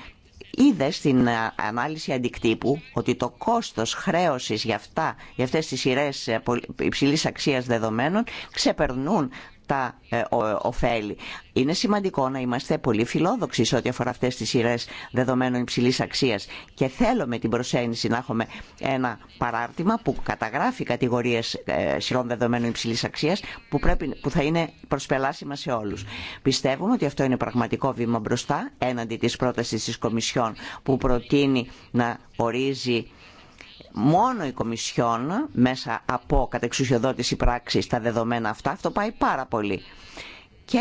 είδε στην ε, ανάλυση αντικτύπου ότι το κόστος χρέωσης για, αυτά, για αυτές τις σειρές ε, υψηλής αξίας δεδομένων ξεπερνούν τα ε, Είναι σημαντικό να είμαστε πολύ φιλόδοξοι σε ό,τι αφορά αυτές τις σειρές δεδομένων υψηλής αξίας και θέλω με την προσέγγιση να έχουμε ένα παράρτημα που καταγράφει κατηγορίες ε, σειρών δεδομένων υψηλής αξίας που, πρέπει, που θα είναι προσπελάσιμα σε όλους. Πιστεύουμε ότι αυτό είναι πραγματικό βήμα μπροστά έναντι της πρότασης της Κομισιόν που προτείνει να ορίζει μόνο η Κομισιόν μέσα από κατεξουσιοδότηση πράξη τα δεδομένα αυτά, αυτό πάει πάρα πολύ. Και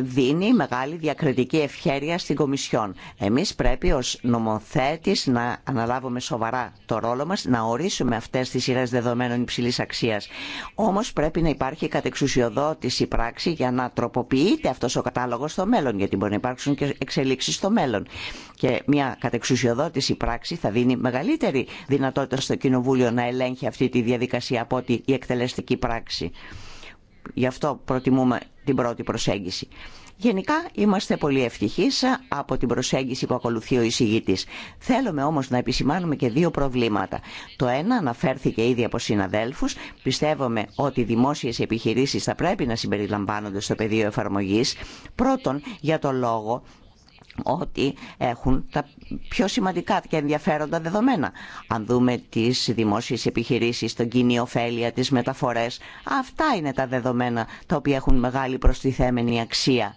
δίνει μεγάλη διακριτική ευχέρεια στην Κομισιόν. Εμείς πρέπει ως νομοθέτης να αναλάβουμε σοβαρά το ρόλο μας, να ορίσουμε αυτές τις σειρές δεδομένων υψηλής αξίας. Όμως πρέπει να υπάρχει κατεξουσιοδότηση πράξη για να τροποποιείται αυτός ο κατάλογος στο μέλλον, γιατί μπορεί να υπάρξουν και εξελίξεις στο μέλλον. Και μια κατεξουσιοδότηση πράξη θα δίνει μεγαλύτερη δυνατότητα στο Κοινοβούλιο να ελέγχει αυτή τη διαδικασία από ότι η εκτελεστική πράξη. Γι' αυτό προτιμούμε την πρώτη προσέγγιση. Γενικά είμαστε πολύ ευτυχείς από την προσέγγιση που ακολουθεί ο εισηγητής. Θέλουμε όμως να επισημάνουμε και δύο προβλήματα. Το ένα αναφέρθηκε ήδη από συναδέλφους. Πιστεύουμε ότι οι δημόσιες επιχειρήσεις θα πρέπει να συμπεριλαμβάνονται στο πεδίο εφαρμογής. Πρώτον, για το λόγο ότι έχουν τα πιο σημαντικά και ενδιαφέροντα δεδομένα. Αν δούμε τις δημόσιες επιχειρήσεις, τον κοινή ωφέλεια, τις μεταφορές, αυτά είναι τα δεδομένα τα οποία έχουν μεγάλη προστιθέμενη αξία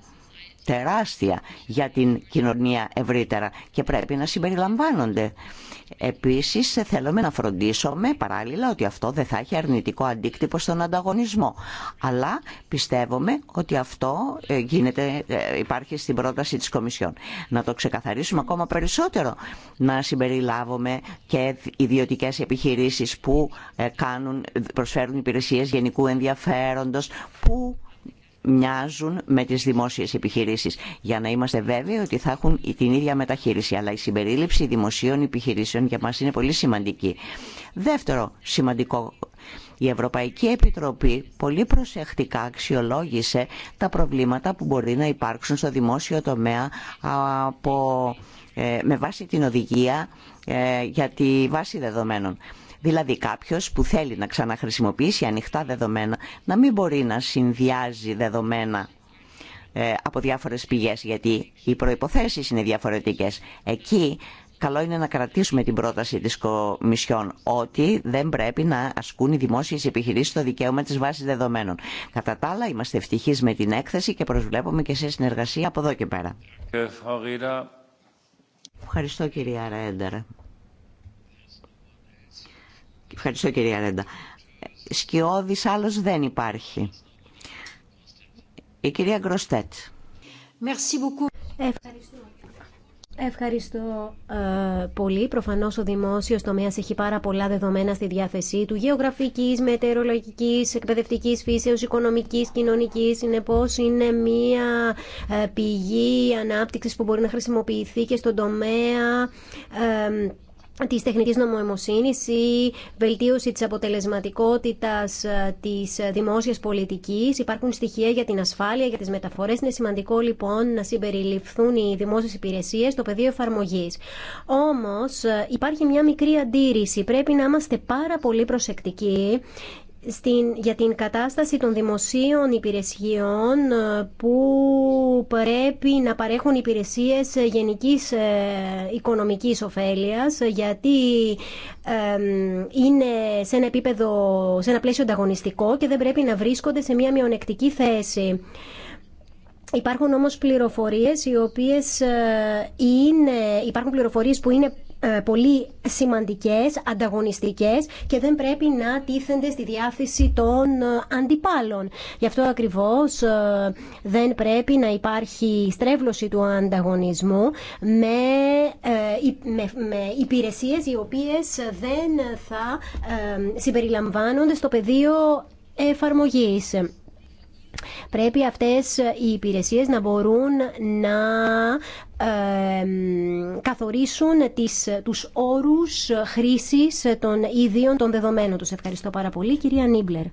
τεράστια για την κοινωνία ευρύτερα και πρέπει να συμπεριλαμβάνονται. Επίσης θέλουμε να φροντίσουμε παράλληλα ότι αυτό δεν θα έχει αρνητικό αντίκτυπο στον ανταγωνισμό. Αλλά πιστεύουμε ότι αυτό ε, γίνεται, ε, υπάρχει στην πρόταση της Κομισιόν. Να το ξεκαθαρίσουμε ακόμα περισσότερο. Να συμπεριλάβουμε και ιδιωτικές επιχειρήσεις που ε, κάνουν, προσφέρουν υπηρεσίες γενικού ενδιαφέροντος που μοιάζουν με τις δημόσιες επιχειρήσεις για να είμαστε βέβαιοι ότι θα έχουν την ίδια μεταχείριση αλλά η συμπερίληψη δημοσίων επιχειρήσεων για μας είναι πολύ σημαντική. Δεύτερο σημαντικό η Ευρωπαϊκή Επιτροπή πολύ προσεκτικά αξιολόγησε τα προβλήματα που μπορεί να υπάρξουν στο δημόσιο τομέα από, ε, με βάση την οδηγία ε, για τη βάση δεδομένων. Δηλαδή κάποιο που θέλει να ξαναχρησιμοποιήσει ανοιχτά δεδομένα να μην μπορεί να συνδυάζει δεδομένα ε, από διάφορες πηγές γιατί οι προϋποθέσεις είναι διαφορετικές. Εκεί καλό είναι να κρατήσουμε την πρόταση της Κομισιόν ότι δεν πρέπει να ασκούν οι δημόσιες επιχειρήσεις το δικαίωμα της βάσης δεδομένων. Κατά τα άλλα είμαστε ευτυχείς με την έκθεση και προσβλέπουμε και σε συνεργασία από εδώ και πέρα. Ε, Ευχαριστώ κυρία Ρέντερ. Ευχαριστώ κυρία Ρέντα. Σκιώδης άλλος δεν υπάρχει. Η κυρία Γκροστέτ. Ευχαριστώ. Ε, πολύ. Προφανώ ο δημόσιο τομέα έχει πάρα πολλά δεδομένα στη διάθεσή του γεωγραφική, μετεωρολογική, εκπαιδευτική φύσεω, οικονομική, κοινωνική. Συνεπώ, είναι μία ε, πηγή ανάπτυξη που μπορεί να χρησιμοποιηθεί και στον τομέα ε, Τη τεχνική νομοαιμοσύνης ή βελτίωση της αποτελεσματικότητας ε, της ε, δημόσιας πολιτικής. Υπάρχουν στοιχεία για την ασφάλεια, για τις μεταφορές. Είναι σημαντικό λοιπόν να συμπεριληφθούν οι δημόσιες υπηρεσίες στο πεδίο εφαρμογή. Όμως ε, υπάρχει μια μικρή αντίρρηση. Πρέπει να είμαστε πάρα πολύ προσεκτικοί στην, για την κατάσταση των δημοσίων υπηρεσιών ε, που πρέπει να παρέχουν υπηρεσίες ε, γενικής ε, οικονομικής ωφέλειας γιατί είναι σε ένα επίπεδο, σε ένα πλαίσιο ανταγωνιστικό και δεν πρέπει να βρίσκονται σε μια μειονεκτική θέση. Υπάρχουν όμως πληροφορίες οι οποίες είναι, υπάρχουν πληροφορίες που είναι ε, πολύ σημαντικές, ανταγωνιστικές και δεν πρέπει να τίθενται στη διάθεση των ε, αντιπάλων. Γι' αυτό ακριβώς ε, δεν πρέπει να υπάρχει στρέβλωση του ανταγωνισμού με, με, υπηρεσίες οι οποίες δεν θα συμπεριλαμβάνονται στο πεδίο εφαρμογής. Πρέπει αυτές οι υπηρεσίες να μπορούν να καθορίσουν τις, τους όρους χρήσης των ίδιων των δεδομένων τους. Ευχαριστώ πάρα πολύ. Κυρία Νίμπλερ.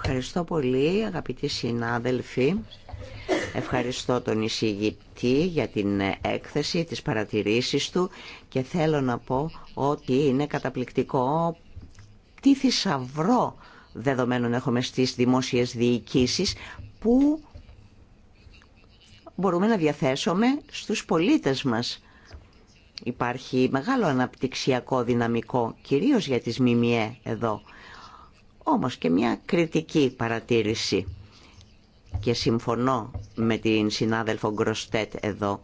Ευχαριστώ πολύ αγαπητοί συνάδελφοι. Ευχαριστώ τον εισηγητή για την έκθεση, τις παρατηρήσεις του και θέλω να πω ότι είναι καταπληκτικό τι θησαυρό δεδομένων έχουμε στις δημόσιες διοικήσεις που μπορούμε να διαθέσουμε στους πολίτες μας. Υπάρχει μεγάλο αναπτυξιακό δυναμικό, κυρίως για τις ΜΜΕ εδώ. Όμως και μια κριτική παρατήρηση. Και συμφωνώ με την συνάδελφο Γκροστέτ εδώ.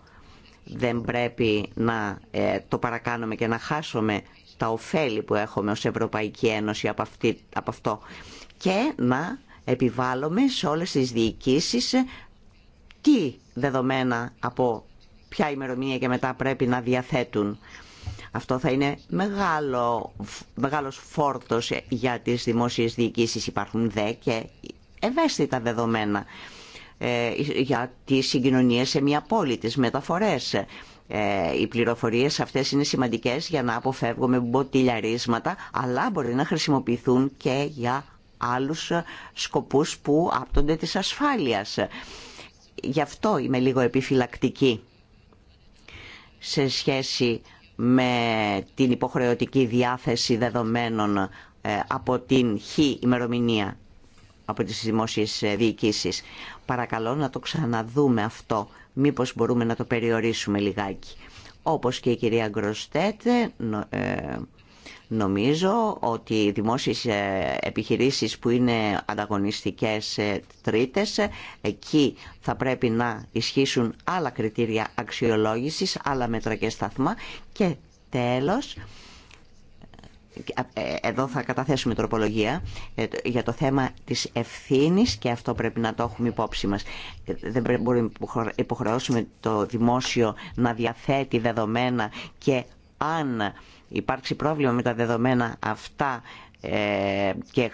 Δεν πρέπει να ε, το παρακάνουμε και να χάσουμε τα ωφέλη που έχουμε ως Ευρωπαϊκή Ένωση από, αυτή, αυτό και να επιβάλλουμε σε όλες τις διοικήσεις τι δεδομένα από ποια ημερομηνία και μετά πρέπει να διαθέτουν. Αυτό θα είναι μεγάλο, μεγάλος φόρτος για τις δημόσιες διοικήσεις. Υπάρχουν δε και ευαίσθητα δεδομένα ε, για τις συγκοινωνίες σε μια πόλη, τις μεταφορές, ε, οι πληροφορίες αυτές είναι σημαντικές για να αποφεύγουμε μποτιλιαρίσματα, αλλά μπορεί να χρησιμοποιηθούν και για άλλους σκοπούς που άπτονται της ασφάλεια. Γι' αυτό είμαι λίγο επιφυλακτική σε σχέση με την υποχρεωτική διάθεση δεδομένων ε, από την χ ημερομηνία από τις δημόσιες ε, διοικήσεις. Παρακαλώ να το ξαναδούμε αυτό Μήπως μπορούμε να το περιορίσουμε λιγάκι. Όπως και η κυρία Γκροστέτ, ε, νομίζω ότι οι δημόσιες ε, επιχειρήσεις που είναι ανταγωνιστικές ε, τρίτες, εκεί θα πρέπει να ισχύσουν άλλα κριτήρια αξιολόγησης, άλλα μέτρα και σταθμά και τέλος ε, εδώ θα καταθέσουμε τροπολογία ε, για το θέμα της ευθύνης και αυτό πρέπει να το έχουμε υπόψη μας. Ε, δεν μπορούμε να υποχρεώσουμε το δημόσιο να διαθέτει δεδομένα και αν υπάρξει πρόβλημα με τα δεδομένα αυτά και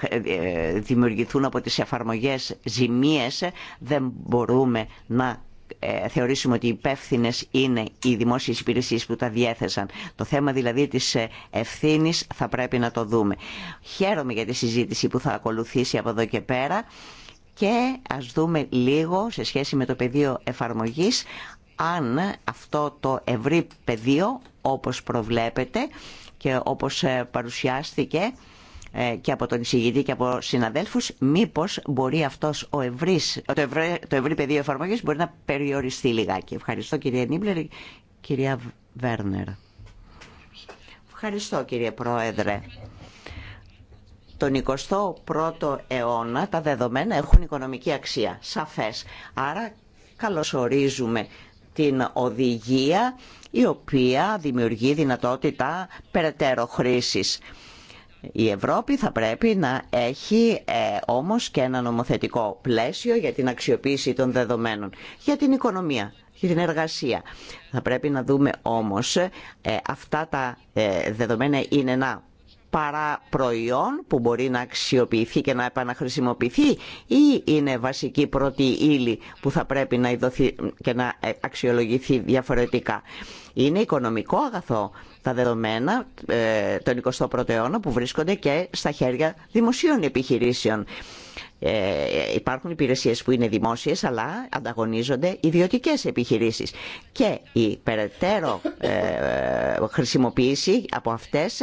δημιουργηθούν από τις εφαρμογές ζημίες δεν μπορούμε να ε, θεωρήσουμε ότι υπεύθυνε είναι οι δημόσιες υπηρεσίες που τα διέθεσαν. Το θέμα δηλαδή της ε, ευθύνη θα πρέπει να το δούμε. Χαίρομαι για τη συζήτηση που θα ακολουθήσει από εδώ και πέρα και ας δούμε λίγο σε σχέση με το πεδίο εφαρμογής αν αυτό το ευρύ πεδίο όπως προβλέπετε και όπως ε, παρουσιάστηκε ε, και από τον εισηγητή και από συναδέλφους μήπως μπορεί αυτός ο το, ευρύ, το ευρύ πεδίο εφαρμογής μπορεί να περιοριστεί λιγάκι. Ευχαριστώ κυρία Νίμπλερ, κυρία Βέρνερ. Ευχαριστώ κύριε Πρόεδρε. Τον 21ο αιώνα τα δεδομένα έχουν οικονομική αξία, σαφές. Άρα καλωσορίζουμε την οδηγία η οποία δημιουργεί δυνατότητα περαιτέρω χρήσης. Η Ευρώπη θα πρέπει να έχει ε, όμως και ένα νομοθετικό πλαίσιο για την αξιοποίηση των δεδομένων, για την οικονομία, για την εργασία. Θα πρέπει να δούμε όμως ε, αυτά τα ε, δεδομένα είναι ένα παραπροϊόν που μπορεί να αξιοποιηθεί και να επαναχρησιμοποιηθεί ή είναι βασική πρώτη ύλη που θα πρέπει να ειδωθεί και να ε, αξιολογηθεί διαφορετικά. Είναι οικονομικό αγαθό τα δεδομένα ε, των 21ο αιώνα που βρίσκονται και στα χέρια δημοσίων επιχειρήσεων. Ε, υπάρχουν υπηρεσίες που είναι δημόσιες αλλά ανταγωνίζονται ιδιωτικές επιχειρήσεις και η περαιτέρω ε, χρησιμοποίηση από αυτές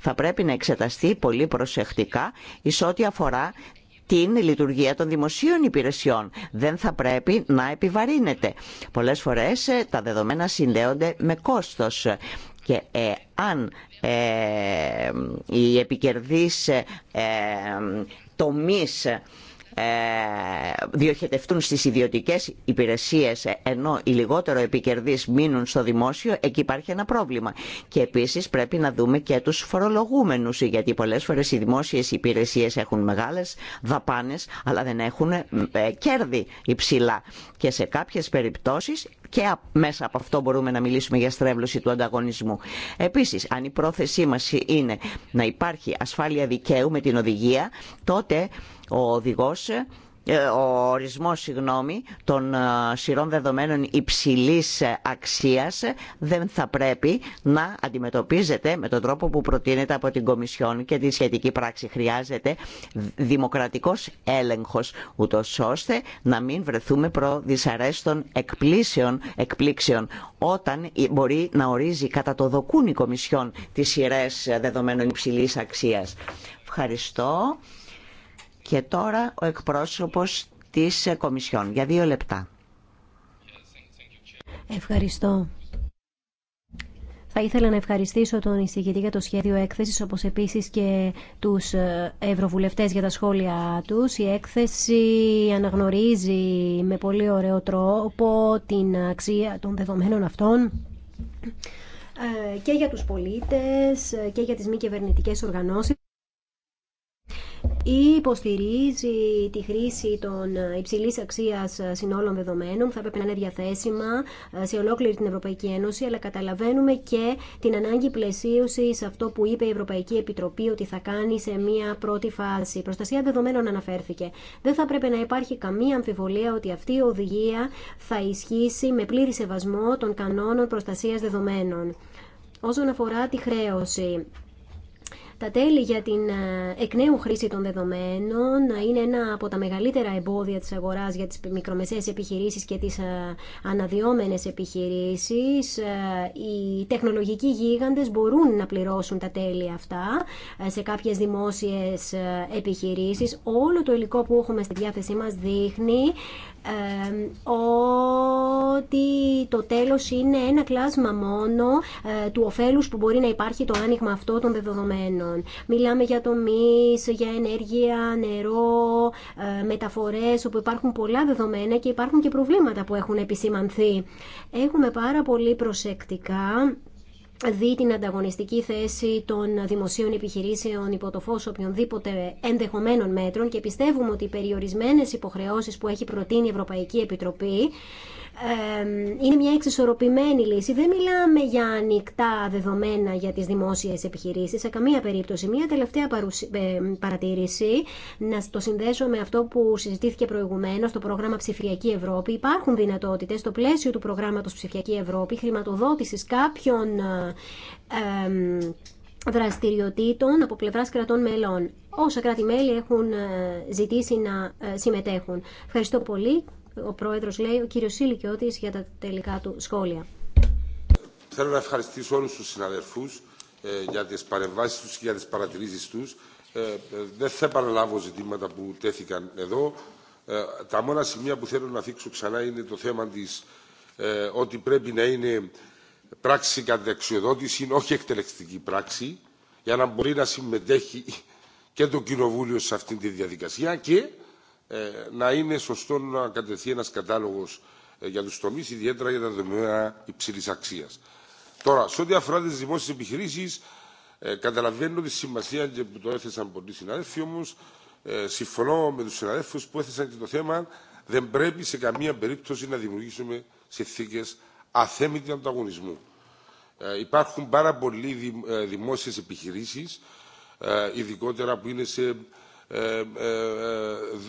θα πρέπει να εξεταστεί πολύ προσεκτικά εις ό,τι αφορά την λειτουργία των δημοσίων υπηρεσιών. Δεν θα πρέπει να επιβαρύνεται. Πολλές φορές ε, τα δεδομένα συνδέονται με κόστος και ε, αν η ε, οι επικερδείς ε, διοχετευτούν στις ιδιωτικές υπηρεσίες ενώ οι λιγότερο επικερδείς μείνουν στο δημόσιο, εκεί υπάρχει ένα πρόβλημα. Και επίσης πρέπει να δούμε και τους φορολογούμενους, γιατί πολλές φορές οι δημόσιες υπηρεσίες έχουν μεγάλες δαπάνες, αλλά δεν έχουν ε, κέρδη υψηλά. Και σε κάποιες περιπτώσεις και μέσα από αυτό μπορούμε να μιλήσουμε για στρέβλωση του ανταγωνισμού. Επίσης, αν η πρόθεσή μα είναι να υπάρχει ασφάλεια δικαίου με την οδηγία, τότε ο οδηγό. Ε, ο ορισμός συγγνώμη, των ε, σειρών δεδομένων υψηλής ε, αξίας δεν θα πρέπει να αντιμετωπίζεται με τον τρόπο που προτείνεται από την Κομισιόν και τη σχετική πράξη. Χρειάζεται δημοκρατικός έλεγχος, ούτως ώστε να μην βρεθούμε προ δυσαρέστων εκπλήσεων, εκπλήξεων όταν μπορεί να ορίζει κατά το δοκούν η Κομισιόν τις σειρές δεδομένων υψηλής αξίας. Ευχαριστώ. Και τώρα ο εκπρόσωπος της Κομισιόν για δύο λεπτά. Ευχαριστώ. Θα ήθελα να ευχαριστήσω τον εισηγητή για το σχέδιο έκθεσης, όπως επίσης και τους ευρωβουλευτές για τα σχόλια τους. Η έκθεση αναγνωρίζει με πολύ ωραίο τρόπο την αξία των δεδομένων αυτών ε, και για τους πολίτες ε, και για τις μη κυβερνητικέ οργανώσεις. Η υποστηρίζει τη χρήση των ε, υψηλής αξίας ε, συνόλων δεδομένων που θα έπρεπε να είναι διαθέσιμα ε, σε ολόκληρη την Ευρωπαϊκή Ένωση αλλά καταλαβαίνουμε και την ανάγκη πλαισίωση σε αυτό που είπε η Ευρωπαϊκή Επιτροπή ότι θα κάνει σε μια πρώτη φάση. Προστασία δεδομένων αναφέρθηκε. Δεν θα πρέπει να υπάρχει καμία αμφιβολία ότι αυτή η οδηγία θα ισχύσει με πλήρη σεβασμό των κανόνων προστασίας δεδομένων. Όσον αφορά τη χρέωση, τα τέλη για την ε, εκ νέου χρήση των δεδομένων είναι ένα από τα μεγαλύτερα εμπόδια της αγοράς για τις μικρομεσαίες επιχειρήσεις και τις ε, αναδιόμενες επιχειρήσεις. Ε, οι τεχνολογικοί γίγαντες μπορούν να πληρώσουν τα τέλη αυτά σε κάποιες δημόσιες επιχειρήσεις. Όλο το υλικό που έχουμε στη διάθεσή μας δείχνει ότι το τέλος είναι ένα κλάσμα μόνο ε, του ωφέλους που μπορεί να υπάρχει το άνοιγμα αυτό των δεδομένων. Μιλάμε για τομείς, για ενέργεια, νερό, ε, μεταφορές, όπου υπάρχουν πολλά δεδομένα και υπάρχουν και προβλήματα που έχουν επισημανθεί. Έχουμε πάρα πολύ προσεκτικά δει την ανταγωνιστική θέση των δημοσίων επιχειρήσεων υπό το φως οποιονδήποτε ενδεχομένων μέτρων και πιστεύουμε ότι οι περιορισμένες υποχρεώσεις που έχει προτείνει η Ευρωπαϊκή Επιτροπή είναι μια εξισορροπημένη λύση. Δεν μιλάμε για ανοιχτά δεδομένα για τις δημόσιες επιχειρήσεις, σε καμία περίπτωση. Μια τελευταία ε, παρατήρηση, να το συνδέσω με αυτό που συζητήθηκε προηγουμένως, το πρόγραμμα Ψηφιακή Ευρώπη. Υπάρχουν δυνατότητες στο πλαίσιο του προγράμματος Ψηφιακή Ευρώπη, χρηματοδότησης κάποιων ε, δραστηριοτήτων από πλευράς κρατών μελών. Όσα κράτη-μέλη έχουν ε, ζητήσει να συμμετέχουν. Ευχαριστώ πολύ ο πρόεδρος λέει, ο κύριος Σίλικιώτης για τα τελικά του σχόλια. Θέλω να ευχαριστήσω όλους τους συναδελφούς ε, για τις παρεμβάσεις τους και για τις παρατηρήσεις τους. Ε, ε, δεν θα επαναλάβω ζητήματα που τέθηκαν εδώ. τα μόνα σημεία που θέλω να θίξω ξανά είναι το θέμα της ότι πρέπει να είναι πράξη κατεξιοδότηση, όχι εκτελεστική πράξη, για να μπορεί να συμμετέχει και το Κοινοβούλιο σε αυτή τη διαδικασία και ε, να είναι σωστό να κατευθεί ένα κατάλογος ε, για του τομεί ιδιαίτερα για τα δεδομένα υψηλή αξία. Τώρα, σε ό,τι αφορά τι δημόσιες επιχειρήσει, ε, καταλαβαίνω τη σημασία και που το έθεσαν πολλοί συναδέλφοι, όμω. συμφωνώ με του συναδέλφου που έθεσαν και το θέμα δεν πρέπει σε καμία περίπτωση να δημιουργήσουμε συνθήκε αθέμητη ανταγωνισμού. υπάρχουν πάρα πολλοί δημόσιες επιχειρήσεις, ειδικότερα που είναι σε ε, ε, ε,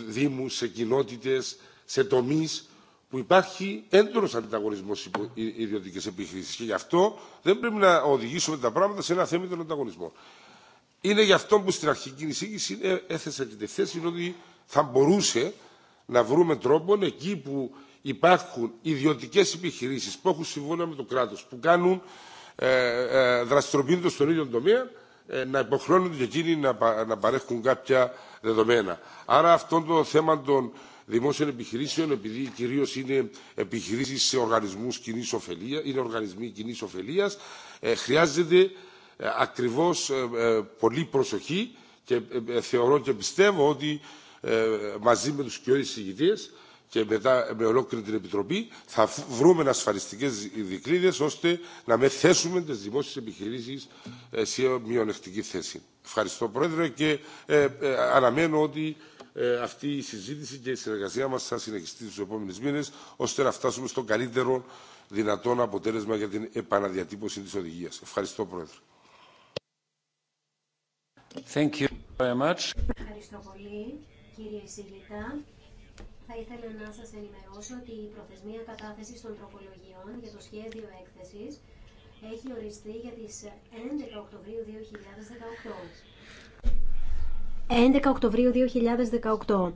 δήμους, σε κοινότητες, σε τομείς που υπάρχει έντονος ανταγωνισμός ιδιωτικές επιχειρήσεις και γι' αυτό δεν πρέπει να οδηγήσουμε τα πράγματα σε ένα θέμα των ανταγωνισμών. Είναι γι' αυτό που στην αρχική εισήγηση έθεσα και τη θέση ότι θα μπορούσε να βρούμε τρόπον εκεί που υπάρχουν ιδιωτικές επιχειρήσεις που έχουν συμβόλαια με το κράτος, που κάνουν ε, δραστηριοποιούνται στον ίδιο τομέα, ε, να υποχρώνουν και εκείνοι να παρέχουν κάποια δεδομένα. Άρα αυτό το θέμα των δημόσιων επιχειρήσεων, επειδή κυρίω είναι επιχειρήσει σε οργανισμού κοινή ωφελία, είναι οργανισμοί κοινή ωφελία, ε, χρειάζεται ε, ακριβώ πολύ προσοχή και θεωρώ και πιστεύω ότι μαζί με τους κοινού εισηγητές και μετά με ολόκληρη την Επιτροπή θα βρούμε ασφαλιστικές δικλείδες ώστε να με θέσουμε τις δημόσιες επιχειρήσεις ε, σε μειονεκτική θέση. Ευχαριστώ Πρόεδρε και ε, ε, αναμένω ότι αυτή η συζήτηση και η συνεργασία μας θα συνεχιστεί τους επόμενους μήνες ώστε να φτάσουμε στο καλύτερο δυνατόν αποτέλεσμα για την επαναδιατύπωση της οδηγίας. Ευχαριστώ Πρόεδρε. Thank you very much. Ευχαριστώ πολύ κύριε θα ήθελα να σα ενημερώσω ότι η προθεσμία κατάθεσης των τροπολογιών για το σχέδιο έκθεσης έχει οριστεί για τις 11 Οκτωβρίου 2018. 11 Οκτωβρίου 2018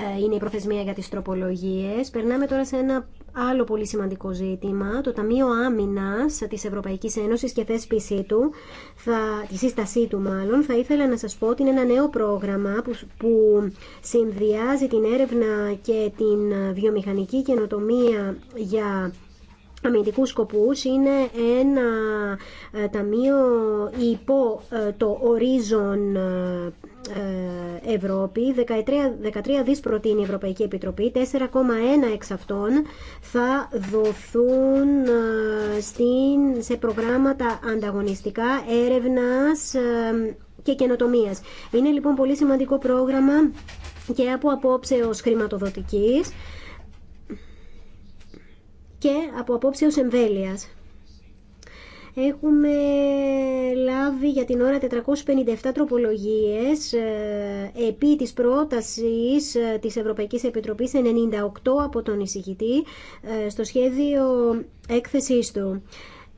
ε, είναι η προθεσμία για τις τροπολογίες. Περνάμε τώρα σε ένα άλλο πολύ σημαντικό ζήτημα, το Ταμείο Άμυνα, τη Ευρωπαϊκή Ένωση και θέσπιση του, θα, τη σύστασή του μάλλον, θα ήθελα να σα πω ότι είναι ένα νέο πρόγραμμα που, που συνδυάζει την έρευνα και την βιομηχανική καινοτομία για αμυντικούς σκοπούς είναι ένα ε, ταμείο υπό ε, το ορίζον ε, Ευρώπη 13, 13 δις προτείνει η Ευρωπαϊκή Επιτροπή 4,1 εξ αυτών θα δοθούν στην, σε προγράμματα ανταγωνιστικά έρευνας και καινοτομίας είναι λοιπόν πολύ σημαντικό πρόγραμμα και από απόψεως χρηματοδοτικής και από απόψε Εμβέλεια. Έχουμε λάβει για την ώρα 457 τροπολογίες ε, επί της πρότασης ε, της Ευρωπαϊκής Επιτροπής 98 από τον εισηγητή ε, στο σχέδιο έκθεσής του.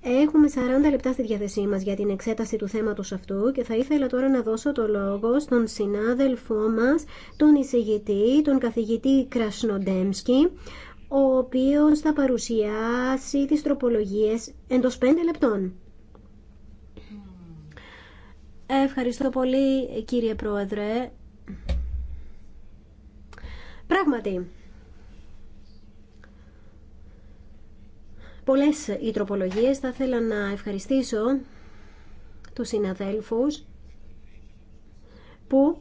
Έχουμε 40 λεπτά στη διάθεσή μας για την εξέταση του θέματος αυτού και θα ήθελα τώρα να δώσω το λόγο στον συνάδελφό μας, τον εισηγητή, τον καθηγητή Κρασνοντέμσκι, ο οποίος θα παρουσιάσει τις τροπολογίες εντός 5 λεπτών. Ευχαριστώ πολύ κύριε Πρόεδρε. Πράγματι, πολλές οι τροπολογίες. Θα ήθελα να ευχαριστήσω τους συναδέλφους που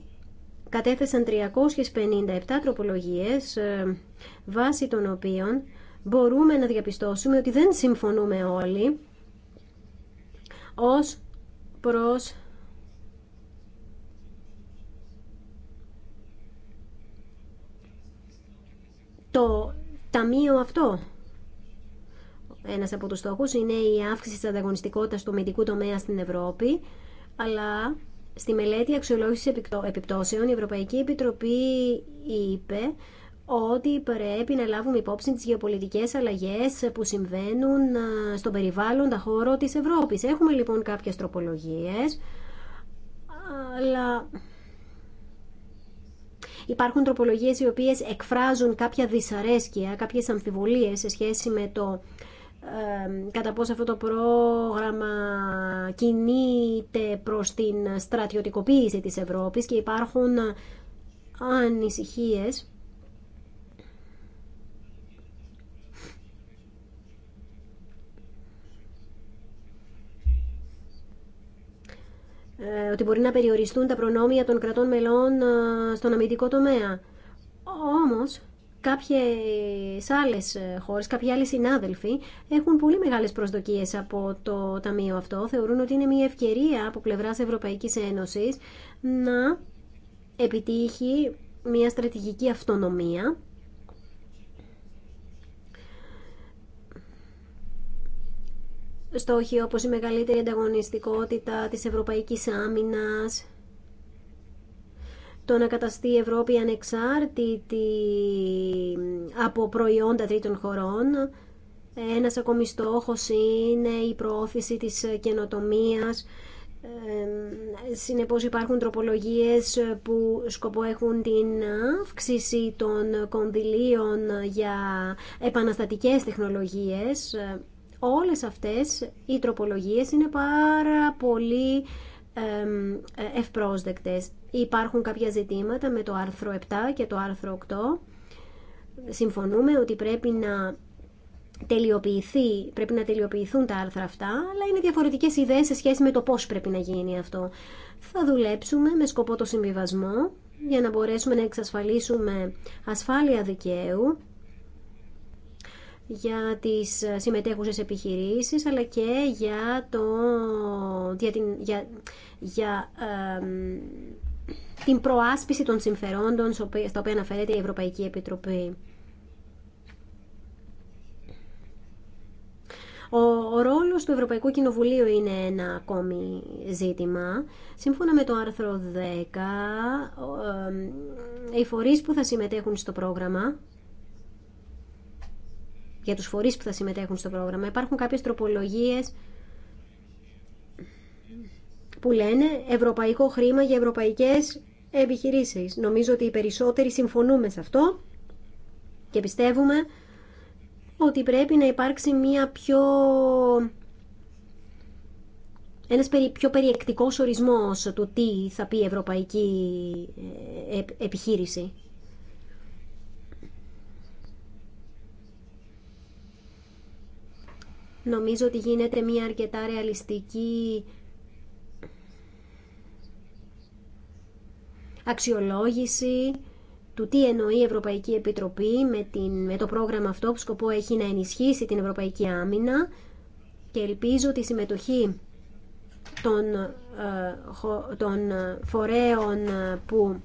κατέθεσαν 357 τροπολογίες ε, βάσει των οποίων μπορούμε να διαπιστώσουμε ότι δεν συμφωνούμε όλοι ως προς το ταμείο αυτό. Ένας από τους στόχους είναι η αύξηση της ανταγωνιστικότητας του μυντικού τομέα στην Ευρώπη, αλλά Στη μελέτη αξιολόγησης επιπτώσεων η Ευρωπαϊκή Επιτροπή είπε ότι πρέπει να λάβουμε υπόψη τις γεωπολιτικές αλλαγές που συμβαίνουν ε, στον περιβάλλοντα χώρο της Ευρώπης. Έχουμε λοιπόν κάποιες τροπολογίες, αλλά υπάρχουν τροπολογίες οι οποίες εκφράζουν κάποια δυσαρέσκεια, κάποιες αμφιβολίες σε σχέση με το κατά πόσο αυτό το πρόγραμμα κινείται προς την στρατιωτικοποίηση της Ευρώπης και υπάρχουν ανησυχίες ε, ότι μπορεί να περιοριστούν τα προνόμια των κρατών μελών ε, στον αμυντικό τομέα. Όμως, Κάποιε άλλε χώρε, κάποιοι άλλοι συνάδελφοι έχουν πολύ μεγάλες προσδοκίες από το Ταμείο αυτό. Θεωρούν ότι είναι μια ευκαιρία από πλευρά ευρωπαϊκή Ένωσης να επιτύχει μια στρατηγική αυτονομία στόχοι όπως η μεγαλύτερη ανταγωνιστικότητα της ευρωπαϊκής άμυνας, το να καταστεί η Ευρώπη ανεξάρτητη από προϊόντα τρίτων χωρών. Ένας ακόμη στόχος είναι η προώθηση της καινοτομίας. Συνεπώς υπάρχουν τροπολογίες που σκοπό έχουν την αύξηση των κονδυλίων για επαναστατικές τεχνολογίες. Όλες αυτές οι τροπολογίες είναι πάρα πολύ ευπρόσδεκτες. Υπάρχουν κάποια ζητήματα με το άρθρο 7 και το άρθρο 8. Συμφωνούμε ότι πρέπει να τελειοποιηθεί, πρέπει να τελειοποιηθούν τα άρθρα αυτά, αλλά είναι διαφορετικές ιδέες σε σχέση με το πώς πρέπει να γίνει αυτό. Θα δουλέψουμε με σκοπό το συμβιβασμό για να μπορέσουμε να εξασφαλίσουμε ασφάλεια δικαίου για τις συμμετέχουσες επιχειρήσεις αλλά και για, το, για, την, για, την προάσπιση των συμφερόντων στα οποία αναφέρεται η Ευρωπαϊκή Επιτροπή. Ο, ο ρόλος του Ευρωπαϊκού Κοινοβουλίου είναι ένα ακόμη ζήτημα. Σύμφωνα με το άρθρο 10, οι φορείς που θα συμμετέχουν στο πρόγραμμα για τους φορείς που θα συμμετέχουν στο πρόγραμμα. Υπάρχουν κάποιες τροπολογίες που λένε ευρωπαϊκό χρήμα για ευρωπαϊκές επιχειρήσεις. Νομίζω ότι οι περισσότεροι συμφωνούμε σε αυτό και πιστεύουμε ότι πρέπει να υπάρξει μια πιο... ένας πιο περιεκτικός ορισμός του τι θα πει η ευρωπαϊκή ε, επιχείρηση. Νομίζω ότι γίνεται μια αρκετά ρεαλιστική αξιολόγηση του τι εννοεί η Ευρωπαϊκή Επιτροπή με, την, με το πρόγραμμα αυτό που σκοπό έχει να ενισχύσει την Ευρωπαϊκή Άμυνα και ελπίζω τη συμμετοχή των, ε, των φορέων που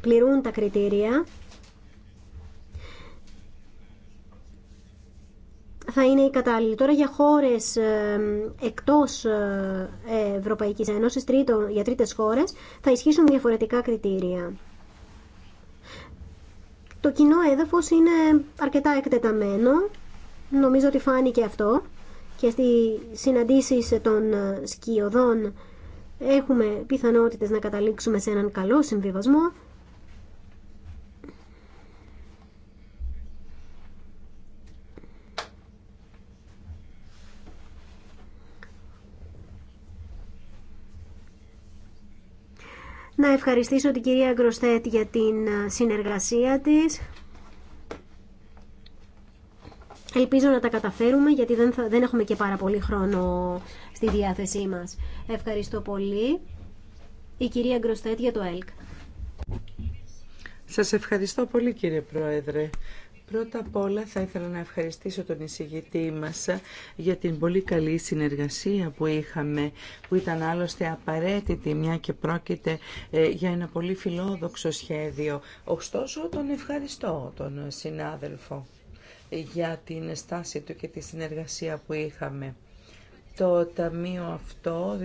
πληρούν τα κριτήρια θα είναι η κατάλληλη. Τώρα για χώρες ε, εκτός ε, Ευρωπαϊκής Ένωσης, για τρίτε χώρες, θα ισχύσουν διαφορετικά κριτήρια. Το κοινό έδαφος είναι αρκετά εκτεταμένο, νομίζω ότι φάνηκε αυτό και στι συναντήσει των ε, σκιωδών έχουμε πιθανότητες να καταλήξουμε σε έναν καλό συμβιβασμό Να ευχαριστήσω την κυρία Γκροστέτ για την ε, συνεργασία της. Ελπίζω να τα καταφέρουμε γιατί δεν, έχουμε και πάρα πολύ χρόνο στη διάθεσή μας. Ευχαριστώ πολύ. Η κυρία Γκροστέτ για το ΕΛΚ. Σας ευχαριστώ πολύ κύριε Πρόεδρε. Πρώτα απ' όλα θα ήθελα να ευχαριστήσω τον εισηγητή μας για την πολύ καλή συνεργασία που είχαμε, που ήταν άλλωστε απαραίτητη, μια και πρόκειται ε, για ένα πολύ φιλόδοξο σχέδιο. Ωστόσο, τον ευχαριστώ τον συνάδελφο για την στάση του και τη συνεργασία που είχαμε. Το Ταμείο αυτό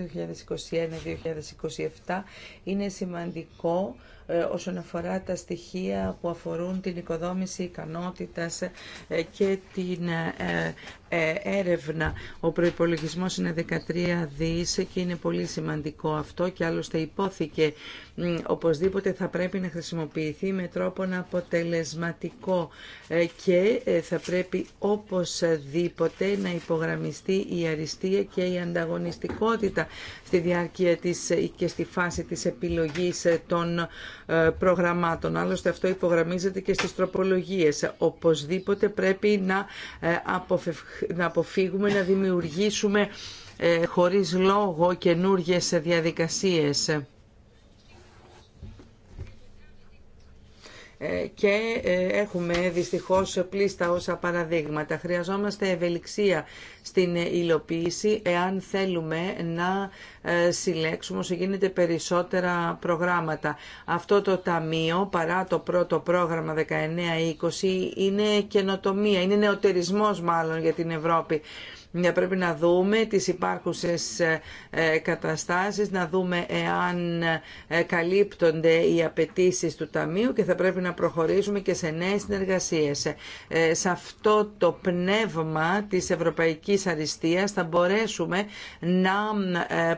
2021-2027 είναι σημαντικό ε, όσον αφορά τα στοιχεία που αφορούν την οικοδόμηση ικανότητας ε, και την ε, έρευνα. Ο προϋπολογισμός είναι 13 δις και είναι πολύ σημαντικό αυτό και άλλωστε υπόθηκε οπωσδήποτε θα πρέπει να χρησιμοποιηθεί με τρόπο αποτελεσματικό και θα πρέπει οπωσδήποτε να υπογραμμιστεί η αριστεία και η ανταγωνιστικότητα στη διάρκεια της και στη φάση της επιλογής των ε, προγραμμάτων. Άλλωστε αυτό υπογραμμίζεται και στις τροπολογίες. Οπωσδήποτε πρέπει να, ε, να αποφύγουμε να δημιουργήσουμε ε, χωρίς λόγο καινούργιες διαδικασίες Ε, και ε, έχουμε δυστυχώς πλήστα όσα παραδείγματα. Χρειαζόμαστε ευελιξία στην υλοποίηση εάν θέλουμε να ε, συλλέξουμε όσο γίνεται περισσότερα προγράμματα. Αυτό το ταμείο παρά το πρώτο πρόγραμμα 19-20 είναι καινοτομία, είναι νεοτερισμός μάλλον για την Ευρώπη. Πρέπει να δούμε τις υπάρχουσες ε, καταστάσεις, να δούμε εάν ε, καλύπτονται οι απαιτήσει του Ταμείου και θα πρέπει να προχωρήσουμε και σε νέες συνεργασίες. Ε, σε αυτό το πνεύμα της Ευρωπαϊκής Αριστείας θα μπορέσουμε να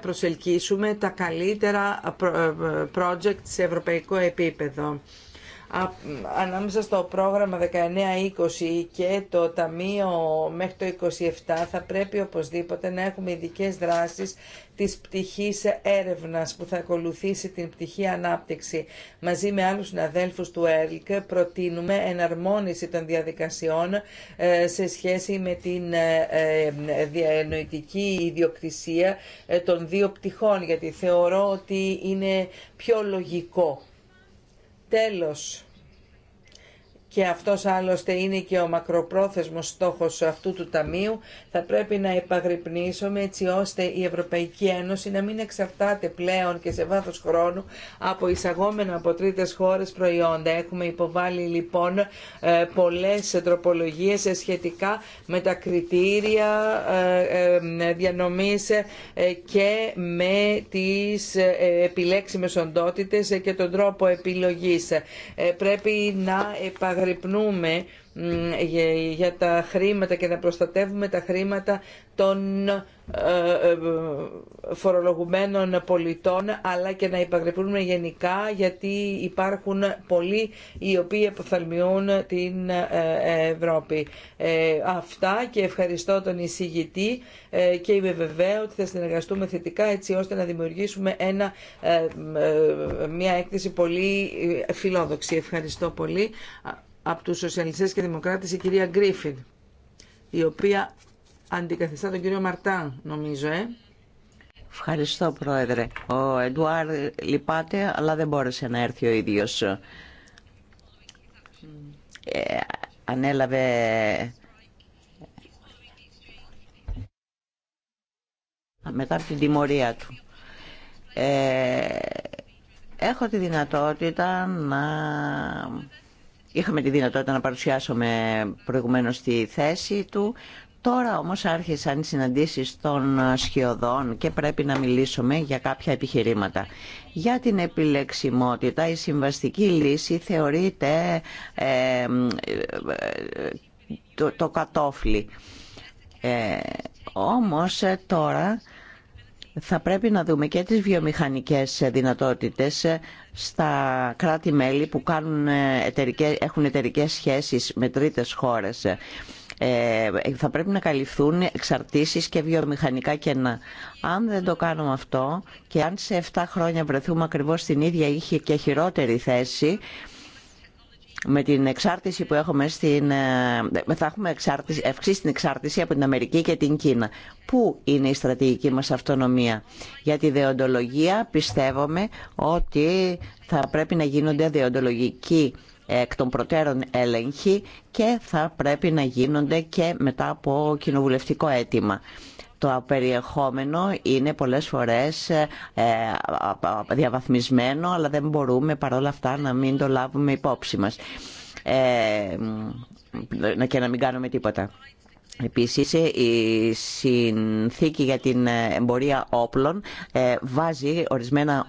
προσελκύσουμε τα καλύτερα project σε ευρωπαϊκό επίπεδο ανάμεσα στο πρόγραμμα 19-20 και το Ταμείο μέχρι το 27 θα πρέπει οπωσδήποτε να έχουμε ειδικέ δράσεις της πτυχής έρευνας που θα ακολουθήσει την πτυχή ανάπτυξη. Μαζί με άλλους συναδέλφους του ΕΡΛΚ προτείνουμε εναρμόνιση των διαδικασιών ε, σε σχέση με την ε, ε, διανοητική ιδιοκτησία των δύο πτυχών γιατί θεωρώ ότι είναι πιο λογικό. Τέλος, και αυτός άλλωστε είναι και ο μακροπρόθεσμος στόχος αυτού του Ταμείου, θα πρέπει να επαγρυπνήσουμε έτσι ώστε η Ευρωπαϊκή Ένωση να μην εξαρτάται πλέον και σε βάθος χρόνου από εισαγόμενα από τρίτες χώρες προϊόντα. Έχουμε υποβάλει λοιπόν ε, πολλές τροπολογίες σχετικά με τα κριτήρια ε, ε, διανομής και με τις επιλέξιμες οντότητες και τον τρόπο επιλογής. Πρέπει να επαγρυπνήσουμε για τα χρήματα και να προστατεύουμε τα χρήματα των ε, ε, φορολογουμένων πολιτών αλλά και να υπαγρυπνούμε γενικά γιατί υπάρχουν πολλοί οι οποίοι αποθαλμιούν την ε, Ευρώπη. Αυτά και ευχαριστώ τον εισηγητή και είμαι βεβαία ότι θα συνεργαστούμε θετικά έτσι ώστε να δημιουργήσουμε ένα, μια έκθεση πολύ φιλόδοξη. Ευχαριστώ πολύ από τους Σοσιαλιστές και Δημοκράτες η κυρία Γκρίφιν, η οποία αντικαθιστά τον κύριο Μαρτάν, νομίζω, ε. Ευχαριστώ, Πρόεδρε. Ο Εντουάρ λυπάται, αλλά δεν μπόρεσε να έρθει ο ίδιος. Ε, ανέλαβε μετά από την τιμωρία του. Ε, έχω τη δυνατότητα να Είχαμε τη δυνατότητα να παρουσιάσουμε προηγουμένως τη θέση του. Τώρα όμως άρχισαν οι συναντήσεις των σκιωδών και πρέπει να μιλήσουμε για κάποια επιχειρήματα. Για την επιλεξιμότητα η συμβαστική λύση θεωρείται ε, ε, το, κατόφλι. Ε, όμως ε, τώρα θα πρέπει να δούμε και τις βιομηχανικές δυνατότητες στα κράτη-μέλη που κάνουν ε, έχουν εταιρικές σχέσεις με τρίτες χώρες. Ε, ε, θα πρέπει να καλυφθούν εξαρτήσεις και βιομηχανικά κενά. Αν δεν το κάνουμε αυτό και αν σε 7 χρόνια βρεθούμε ακριβώς στην ίδια είχε και χειρότερη θέση, με την εξάρτηση που έχουμε στην... Ε, θα έχουμε εξάρτηση, αυξήσει την εξάρτηση από την Αμερική και την Κίνα. Πού είναι η στρατηγική μας αυτονομία. Για τη δεοντολογία πιστεύουμε ότι θα πρέπει να γίνονται δεοντολογικοί ε, εκ των προτέρων έλεγχοι και θα πρέπει να γίνονται και μετά από κοινοβουλευτικό αίτημα το περιεχόμενο είναι πολλές φορές ε, ε, διαβαθμισμένο, αλλά δεν μπορούμε παρόλα αυτά να μην το λάβουμε υπόψη μας ε, και να μην κάνουμε τίποτα. Επίσης, η συνθήκη για την εμπορία όπλων βάζει ορισμένα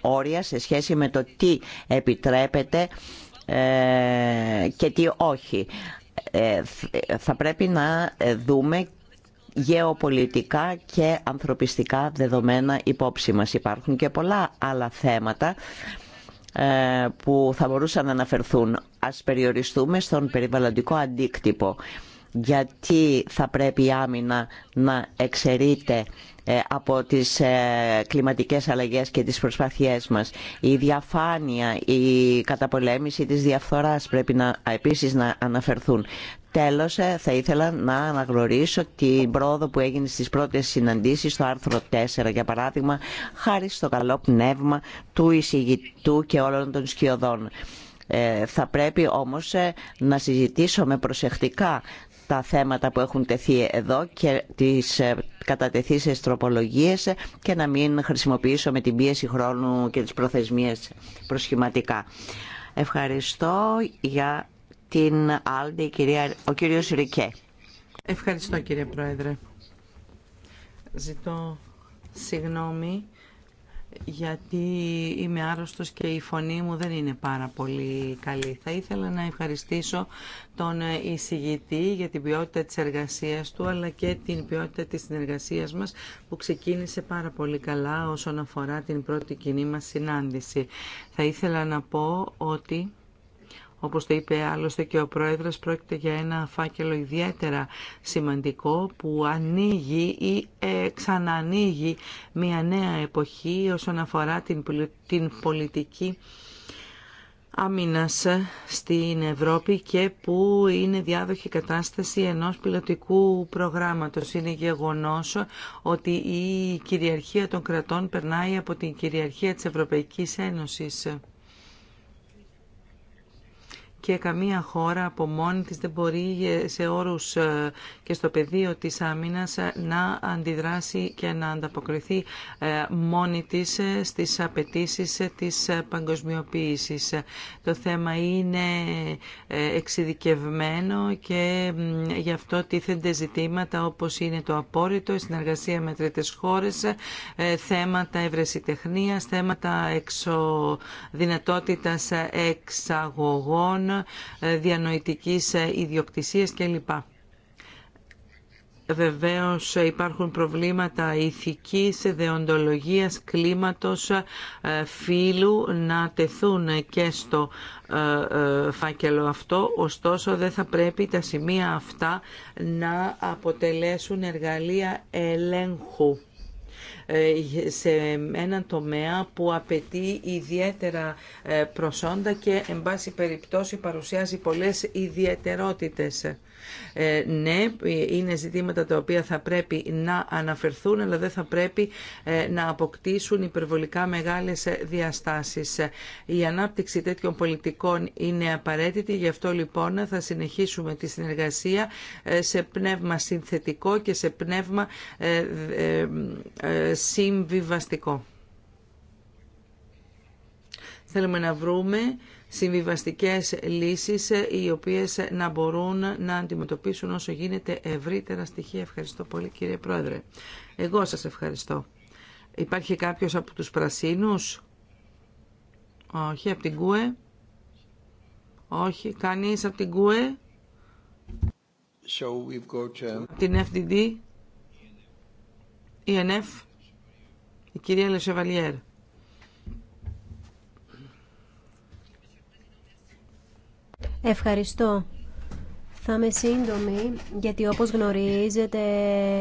όρια σε σχέση με το τι επιτρέπεται και τι όχι. Θα πρέπει να δούμε γεωπολιτικά και ανθρωπιστικά δεδομένα υπόψη μας. Υπάρχουν και πολλά άλλα θέματα ε, που θα μπορούσαν να αναφερθούν. Ας περιοριστούμε στον περιβαλλοντικό αντίκτυπο γιατί θα πρέπει η άμυνα να εξαιρείται ε, από τις ε, κλιματικές αλλαγές και τις προσπάθειές μας. Η διαφάνεια, η καταπολέμηση της διαφθοράς πρέπει να, επίσης να αναφερθούν. Τέλος, ε, θα ήθελα να αναγνωρίσω την πρόοδο που έγινε στις πρώτες συναντήσεις στο άρθρο 4, για παράδειγμα, χάρη στο καλό πνεύμα του εισηγητού και όλων των σκιωδών. Ε, θα πρέπει όμως ε, να συζητήσουμε προσεκτικά τα θέματα που έχουν τεθεί εδώ και τις κατατεθήσεις τροπολογίες και να μην χρησιμοποιήσουμε την πίεση χρόνου και τις προθεσμίες προσχηματικά. Ευχαριστώ για την Άλντε, ο κύριος Ρικέ. Ευχαριστώ κύριε Πρόεδρε. Ζητώ συγγνώμη γιατί είμαι άρρωστος και η φωνή μου δεν είναι πάρα πολύ καλή. Θα ήθελα να ευχαριστήσω τον εισηγητή για την ποιότητα της εργασίας του αλλά και την ποιότητα της συνεργασίας μας που ξεκίνησε πάρα πολύ καλά όσον αφορά την πρώτη κοινή μας συνάντηση. Θα ήθελα να πω ότι όπως το είπε άλλωστε και ο Πρόεδρος, πρόκειται για ένα φάκελο ιδιαίτερα σημαντικό που ανοίγει ή ε, ξανανοίγει μια νέα εποχή όσον αφορά την πολιτική άμυνας στην Ευρώπη και που είναι διάδοχη κατάσταση ενός πιλωτικού προγράμματος. Είναι γεγονός ότι η κυριαρχία των κρατών περνάει από την κυριαρχία της Ευρωπαϊκής Ένωσης και καμία χώρα από μόνη της δεν μπορεί σε όρους ε, και στο πεδίο της άμυνας ε, να αντιδράσει και να ανταποκριθεί ε, μόνη της στις απαιτήσει της παγκοσμιοποίησης. Το θέμα είναι εξειδικευμένο και γι' αυτό τίθενται ζητήματα όπως είναι το απόρριτο, η συνεργασία με τρίτες χώρες, θέματα ευρεσιτεχνίας, θέματα εξοδυνατότητας εξαγωγών, διανοητικής ε, ιδιοκτησίας κλπ. Βεβαίως ε, υπάρχουν προβλήματα ηθικής, δεοντολογίας, κλίματος, ε, φύλου να τεθούν και στο φάκελο αυτό. Ωστόσο δεν θα πρέπει τα σημεία αυτά να αποτελέσουν εργαλεία ελέγχου ε, σε έναν τομέα που απαιτεί ιδιαίτερα ε, προσόντα και εν πάση περιπτώσει παρουσιάζει πολλές ιδιαιτερότητες. Ε, ναι, είναι ζητήματα τα οποία θα πρέπει να αναφερθούν, αλλά δεν θα πρέπει ε, να αποκτήσουν υπερβολικά μεγάλες ε, διαστάσεις. Η ανάπτυξη τέτοιων πολιτικών είναι απαραίτητη, γι' αυτό λοιπόν θα συνεχίσουμε τη συνεργασία σε πνεύμα συνθετικό και σε πνεύμα συμβιβαστικό. Θέλουμε να βρούμε συμβιβαστικές λύσεις ε, οι οποίες ε, να μπορούν να αντιμετωπίσουν όσο γίνεται ευρύτερα στοιχεία. Ευχαριστώ πολύ κύριε Πρόεδρε. Εγώ σας ευχαριστώ. Υπάρχει κάποιος από τους πρασίνους? Όχι, από την ΚΟΕ. Όχι, κανείς από την ΚΟΕ. So we've um, Από την FDD. ΕΝΕΦ. Η κυρία Λεσεβαλιέρ. Ευχαριστώ. Θα είμαι σύντομη, γιατί όπως γνωρίζετε,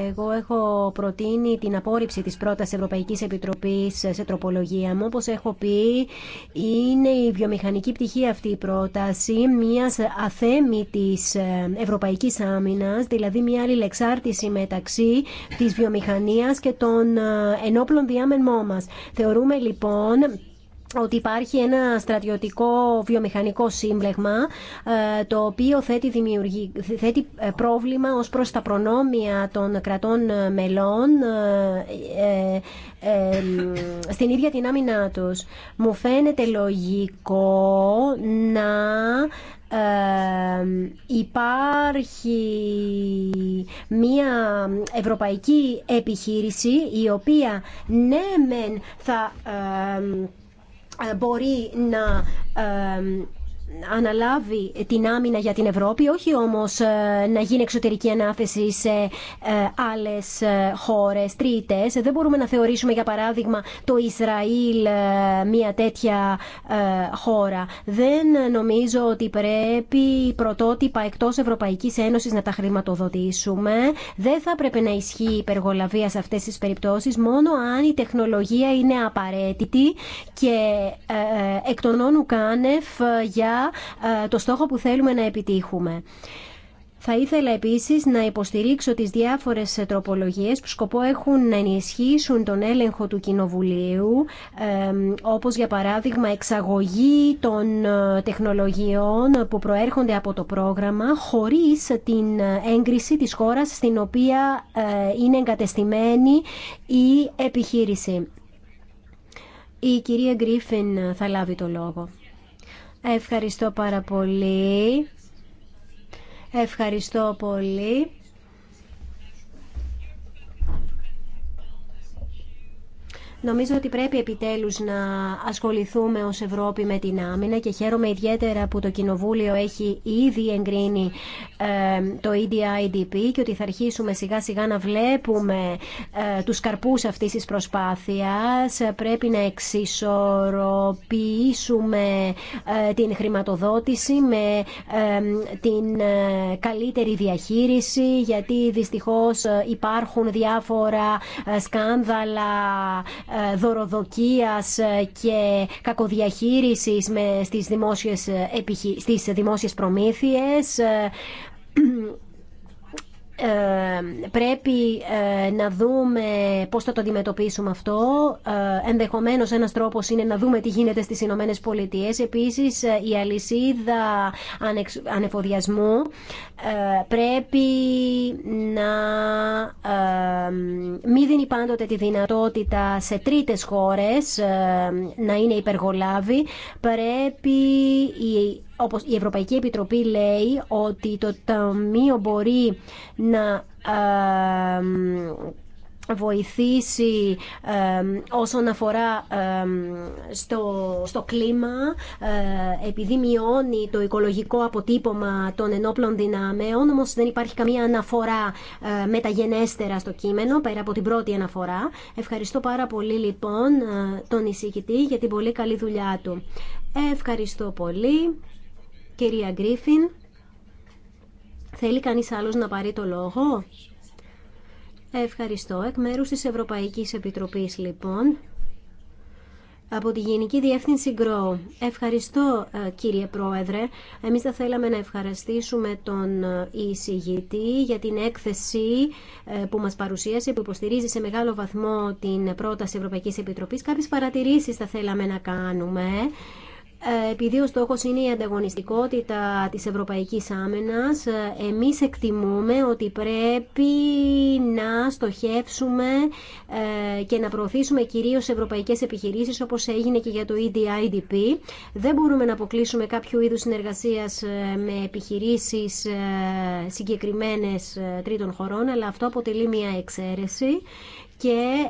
εγώ έχω προτείνει την απόρριψη της πρώτας Ευρωπαϊκής Επιτροπής σε τροπολογία μου. Όπως έχω πει, είναι η βιομηχανική πτυχή αυτή η πρόταση μιας αθέμητης ε, ευρωπαϊκής άμυνας, δηλαδή μια αλληλεξάρτηση μεταξύ της βιομηχανίας και των ε, ενόπλων διάμενμών μας. Θεωρούμε λοιπόν ότι υπάρχει ένα στρατιωτικό βιομηχανικό σύμπλεγμα ε, το οποίο θέτει, δημιουργεί, θέτει ε, πρόβλημα ως προς τα προνόμια των κρατών ε, μελών στην ίδια την άμυνά τους. Μου φαίνεται λογικό να υπάρχει μια ευρωπαϊκή επιχείρηση η οποία ναι μεν θα μπορεί να ε, αναλάβει την άμυνα για την Ευρώπη, όχι όμως ε, να γίνει εξωτερική ανάθεση σε ε, άλλες ε, χώρες, τρίτες. Δεν μπορούμε να θεωρήσουμε, για παράδειγμα, το Ισραήλ μια τέτοια χώρα. Δεν νομίζω ότι πρέπει πρωτότυπα εκτός Ευρωπαϊκής Ένωσης να τα χρηματοδοτήσουμε. Δεν θα πρέπει να ισχύει υπεργολαβία σε αυτές τις περιπτώσεις, μόνο αν η τεχνολογία είναι απαραίτητη και εκ των για ε, το στόχο που θέλουμε να επιτύχουμε. Θα ήθελα επίσης να υποστηρίξω τις διάφορες τροπολογίες που σκοπό έχουν να ενισχύσουν τον έλεγχο του Κοινοβουλίου, ε, όπως για παράδειγμα εξαγωγή των ε, τεχνολογιών που προέρχονται από το πρόγραμμα, χωρίς την έγκριση της χώρας στην οποία είναι εγκατεστημένη η επιχείρηση. Η κυρία Γκρίφιν θα λάβει το λόγο. Ευχαριστώ πάρα πολύ. Ευχαριστώ πολύ. Νομίζω ότι πρέπει επιτέλους να ασχοληθούμε ως Ευρώπη με την άμυνα και χαίρομαι ιδιαίτερα που το Κοινοβούλιο έχει ήδη εγκρίνει ε, το EDIDP και ότι θα αρχίσουμε σιγά σιγά να βλέπουμε ε, τους καρπούς αυτής της προσπάθειας. Πρέπει να εξισορροπήσουμε ε, την χρηματοδότηση με την καλύτερη διαχείριση γιατί δυστυχώς υπάρχουν διάφορα σκάνδαλα ε, δοροδοκίας ε, και κακοδιαχείρισης με στις δημόσιες, ε, στις δημόσιες προμήθειες ε, πρέπει ε, να δούμε πώς θα το αντιμετωπίσουμε αυτό. Ε, ενδεχομένως ένας τρόπος είναι να δούμε τι γίνεται στις Ηνωμένε Πολιτείες. Επίσης η αλυσίδα ανεφοδιασμού πρέπει να μην δίνει πάντοτε τη δυνατότητα σε τρίτες χώρες να είναι υπεργολάβη. Πρέπει η όπως η Ευρωπαϊκή Επιτροπή λέει ότι το Ταμείο μπορεί να βοηθήσει όσον αφορά στο, στο κλίμα ε, επειδή μειώνει το οικολογικό αποτύπωμα των ενόπλων δυνάμεων όμως δεν υπάρχει καμία αναφορά ε, μεταγενέστερα στο κείμενο πέρα από την πρώτη αναφορά Ευχαριστώ πάρα πολύ λοιπόν ε, τον εισηγητή για την πολύ καλή δουλειά του Ευχαριστώ πολύ Κυρία Γκρίφιν, θέλει κανείς άλλος να πάρει το λόγο? Ευχαριστώ. Εκ μέρους της Ευρωπαϊκής Επιτροπής, λοιπόν, από τη Γενική Διεύθυνση Γκρό. Ευχαριστώ ε, κύριε Πρόεδρε. Εμείς θα θέλαμε να ευχαριστήσουμε τον ε, εισηγητή για την έκθεση ε, που μας παρουσίασε, που υποστηρίζει σε μεγάλο βαθμό την πρόταση Ευρωπαϊκής Επιτροπής. Κάποιες παρατηρήσεις θα θέλαμε να κάνουμε. Ε, επειδή ο στόχος είναι η ανταγωνιστικότητα της ευρωπαϊκής άμενας, ε, εμείς εκτιμούμε ότι πρέπει να στοχεύσουμε ε, και να προωθήσουμε κυρίως ευρωπαϊκές επιχειρήσεις όπως έγινε και για το EDIDP. Δεν μπορούμε να αποκλείσουμε κάποιο είδους συνεργασίας με επιχειρήσεις συγκεκριμένες τρίτων χωρών, αλλά αυτό αποτελεί μια εξαίρεση και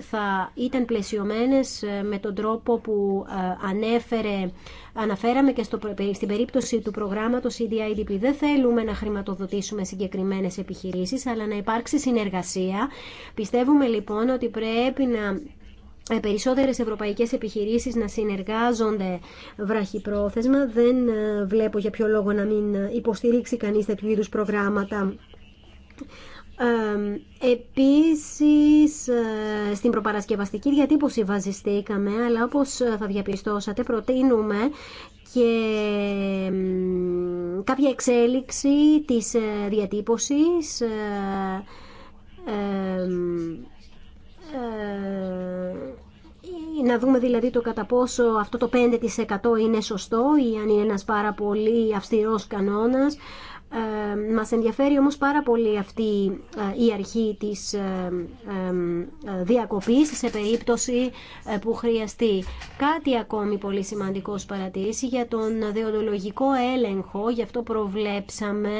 θα ήταν πλαισιωμένες ε, με τον τρόπο που ε, ανέφερε, αναφέραμε και ε, στην περίπτωση του προγράμματος EDIDP. Δεν θέλουμε να χρηματοδοτήσουμε συγκεκριμένες επιχειρήσεις, αλλά να υπάρξει συνεργασία. Πιστεύουμε λοιπόν ότι πρέπει να περισσότερες ευρωπαϊκές επιχειρήσεις να συνεργάζονται βραχυπρόθεσμα. Δεν βλέπω για ποιο λόγο να μην υποστηρίξει κανείς τέτοιου είδους προγράμματα. Επίσης, ε, στην προπαρασκευαστική διατύπωση βαζιστήκαμε, αλλά όπως ε, θα διαπιστώσατε, προτείνουμε και κάποια εξέλιξη της ε, διατύπωσης να δούμε δηλαδή το κατά πόσο αυτό το 5% είναι σωστό ή αν είναι ένας πάρα πολύ αυστηρός κανόνας ε, μας ενδιαφέρει όμως πάρα πολύ αυτή ε, η αρχή της ε, ε, διακοπής σε περίπτωση που χρειαστεί. Κάτι ακόμη πολύ σημαντικό παρατήρηση για τον δεοντολογικό έλεγχο, γι' αυτό προβλέψαμε,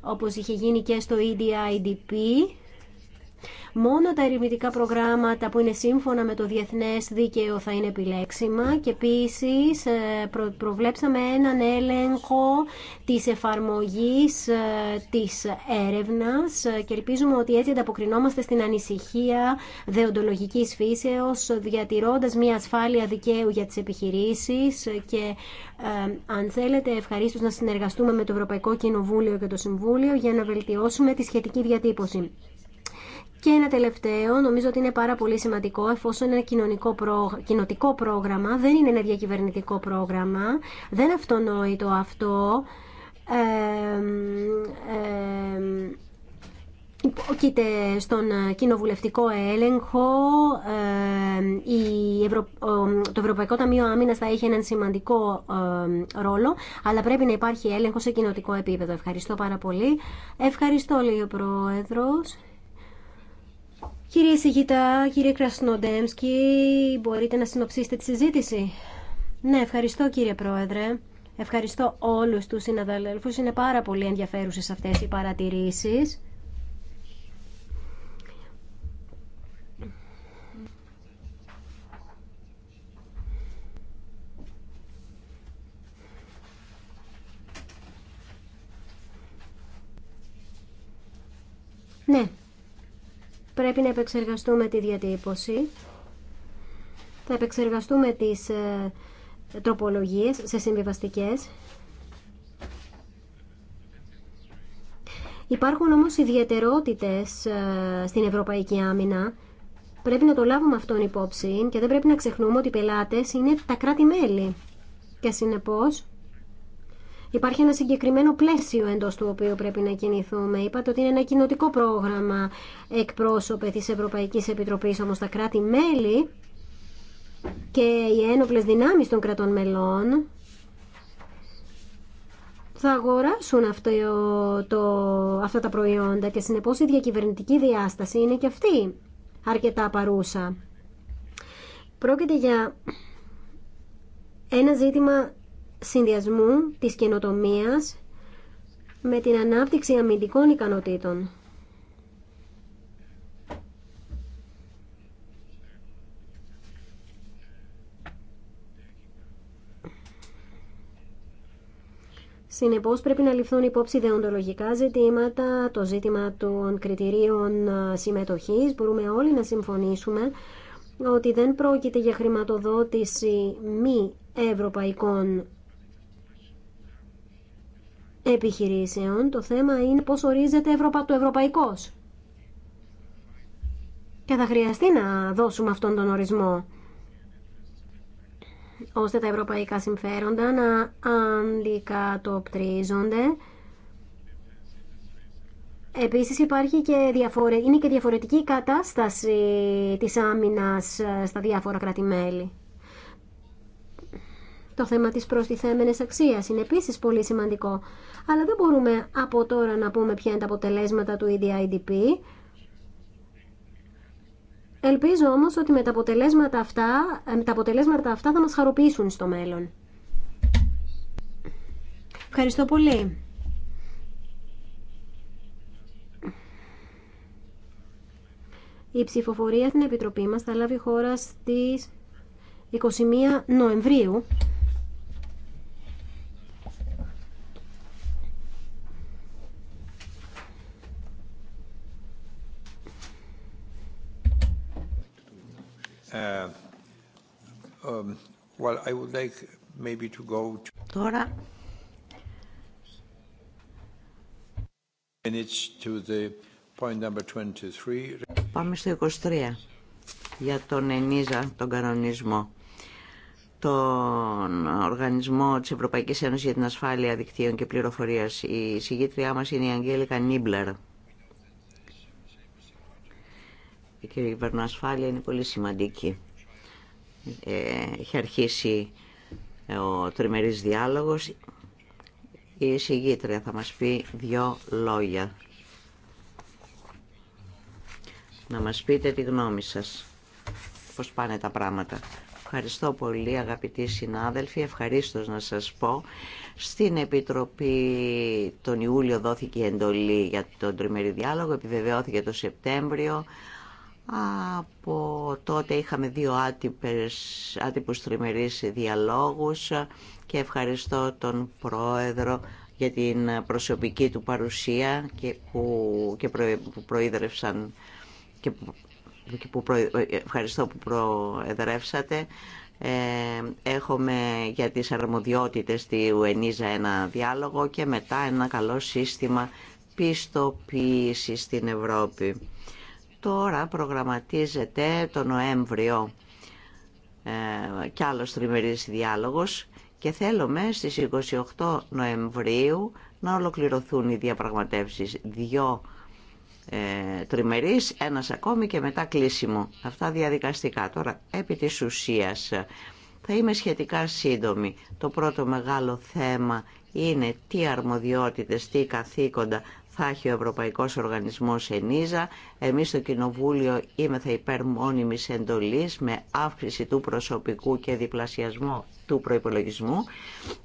όπως είχε γίνει και στο EDIDP, Μόνο τα ερευνητικά προγράμματα που είναι σύμφωνα με το διεθνές δίκαιο θα είναι επιλέξιμα και επίσης ε, προβλέψαμε έναν έλεγχο της εφαρμογής ε, της έρευνας ε, και ελπίζουμε ότι έτσι ανταποκρινόμαστε στην ανησυχία δεοντολογικής φύσεως διατηρώντας μια ασφάλεια δικαίου για τις επιχειρήσεις και αν θέλετε ευχαρίστως να συνεργαστούμε με το Ευρωπαϊκό Κοινοβούλιο και το Συμβούλιο για να βελτιώσουμε τη σχετική διατύπωση. Και ένα τελευταίο, νομίζω ότι είναι πάρα πολύ σημαντικό, εφόσον είναι ένα κοινοτικό πρόγραμμα, δεν είναι ένα διακυβερνητικό πρόγραμμα, δεν αυτονόητο αυτό. Ε, Κοίτα, στον κοινοβουλευτικό έλεγχο το Ευρωπαϊκό Ταμείο Άμυνας θα έχει έναν σημαντικό ρόλο αλλά πρέπει να υπάρχει έλεγχο σε κοινοτικό επίπεδο. Ευχαριστώ πάρα πολύ. Ευχαριστώ λέει ο Πρόεδρος. Κύριε Σιγητά, κύριε Κρασνοντέμσκι, μπορείτε να συνοψίσετε τη συζήτηση. Ναι, ευχαριστώ κύριε Πρόεδρε. Ευχαριστώ όλους τους συναδέλφους. Είναι πάρα πολύ ενδιαφέρουσες αυτές οι παρατηρήσεις. Ναι, Πρέπει να επεξεργαστούμε τη διατύπωση. Θα επεξεργαστούμε τις ε, τροπολογίες σε συμβιβαστικές. Υπάρχουν όμως ιδιαιτερότητες ε, στην Ευρωπαϊκή Άμυνα. Πρέπει να το λάβουμε αυτόν υπόψη και δεν πρέπει να ξεχνούμε ότι οι πελάτες είναι τα κράτη-μέλη. Και συνεπώς Υπάρχει ένα συγκεκριμένο πλαίσιο εντό του οποίου πρέπει να κινηθούμε. Είπατε ότι είναι ένα κοινοτικό πρόγραμμα εκπρόσωπε τη Ευρωπαϊκή Επιτροπή, όμω τα κράτη-μέλη και οι ένοπλε δυνάμει των κρατών μελών θα αγοράσουν αυτό το, αυτά τα προϊόντα και συνεπώς η διακυβερνητική διάσταση είναι και αυτή αρκετά παρούσα. Πρόκειται για ένα ζήτημα συνδυασμού της καινοτομίας με την ανάπτυξη αμυντικών ικανοτήτων. Συνεπώς πρέπει να ληφθούν υπόψη δεοντολογικά ζητήματα, το ζήτημα των κριτηρίων ε, συμμετοχής. Μπορούμε όλοι να συμφωνήσουμε ότι δεν πρόκειται για χρηματοδότηση μη ευρωπαϊκών επιχειρήσεων. Το θέμα είναι πώς ορίζεται το ευρωπαϊκός. Και θα χρειαστεί να δώσουμε αυτόν τον ορισμό ώστε τα ευρωπαϊκά συμφέροντα να αντικατοπτρίζονται. Επίσης υπάρχει και διαφορε... είναι και διαφορετική κατάσταση της άμυνας στα διάφορα κράτη-μέλη Το θέμα της προστιθέμενης αξίας είναι επίσης πολύ σημαντικό αλλά δεν μπορούμε από τώρα να πούμε ποια είναι τα αποτελέσματα του EDIDP. Ελπίζω όμως ότι με τα αποτελέσματα αυτά, ε, με τα αποτελέσματα αυτά θα μας χαροποιήσουν στο μέλλον. Ευχαριστώ πολύ. Η ψηφοφορία στην Επιτροπή μας θα λάβει χώρα στις 21 Νοεμβρίου. Τώρα Πάμε στο 23 για τον ΕΝΙΖΑ, τον κανονισμό τον Οργανισμό της Ευρωπαϊκής Ένωσης για την Ασφάλεια Δικτύων και Πληροφορίας. Η συγγήτριά μας είναι η Αγγέλικα Νίμπλερ. η κυβερνοασφάλεια είναι πολύ σημαντική. Έχει ε, αρχίσει ε, ο τριμερής διάλογος. Η εισηγήτρια θα μας πει δύο λόγια. Να μας πείτε τη γνώμη σας, πώς πάνε τα πράγματα. Ευχαριστώ πολύ αγαπητοί συνάδελφοι, ευχαρίστως να σας πω. Στην Επιτροπή τον Ιούλιο δόθηκε εντολή για τον τριμερή διάλογο, επιβεβαιώθηκε το Σεπτέμβριο. Από τότε είχαμε δύο άτυπες, άτυπους τριμερείς διαλόγους και ευχαριστώ τον Πρόεδρο για την προσωπική του παρουσία και που, που προείδρευσαν και που, και που ευχαριστώ που προεδρεύσατε. Ε, έχουμε για τις αρμοδιότητες τη ΕΝΙΖΑ ένα διάλογο και μετά ένα καλό σύστημα πιστοποίησης στην Ευρώπη. Τώρα προγραμματίζεται το Νοέμβριο ε, κι άλλος τριμερής διάλογος και θέλουμε στις 28 Νοεμβρίου να ολοκληρωθούν οι διαπραγματεύσεις. Δυο ε, τριμερείς, ένας ακόμη και μετά κλείσιμο. Αυτά διαδικαστικά. Τώρα, επί της ουσίας, θα είμαι σχετικά σύντομη. Το πρώτο μεγάλο θέμα είναι τι αρμοδιότητες, τι καθήκοντα θα έχει ο Ευρωπαϊκός Οργανισμός ΕΝΙΖΑ. Εμείς στο Κοινοβούλιο είμαστε υπέρ μόνιμης εντολής με αύξηση του προσωπικού και διπλασιασμό του προϋπολογισμού.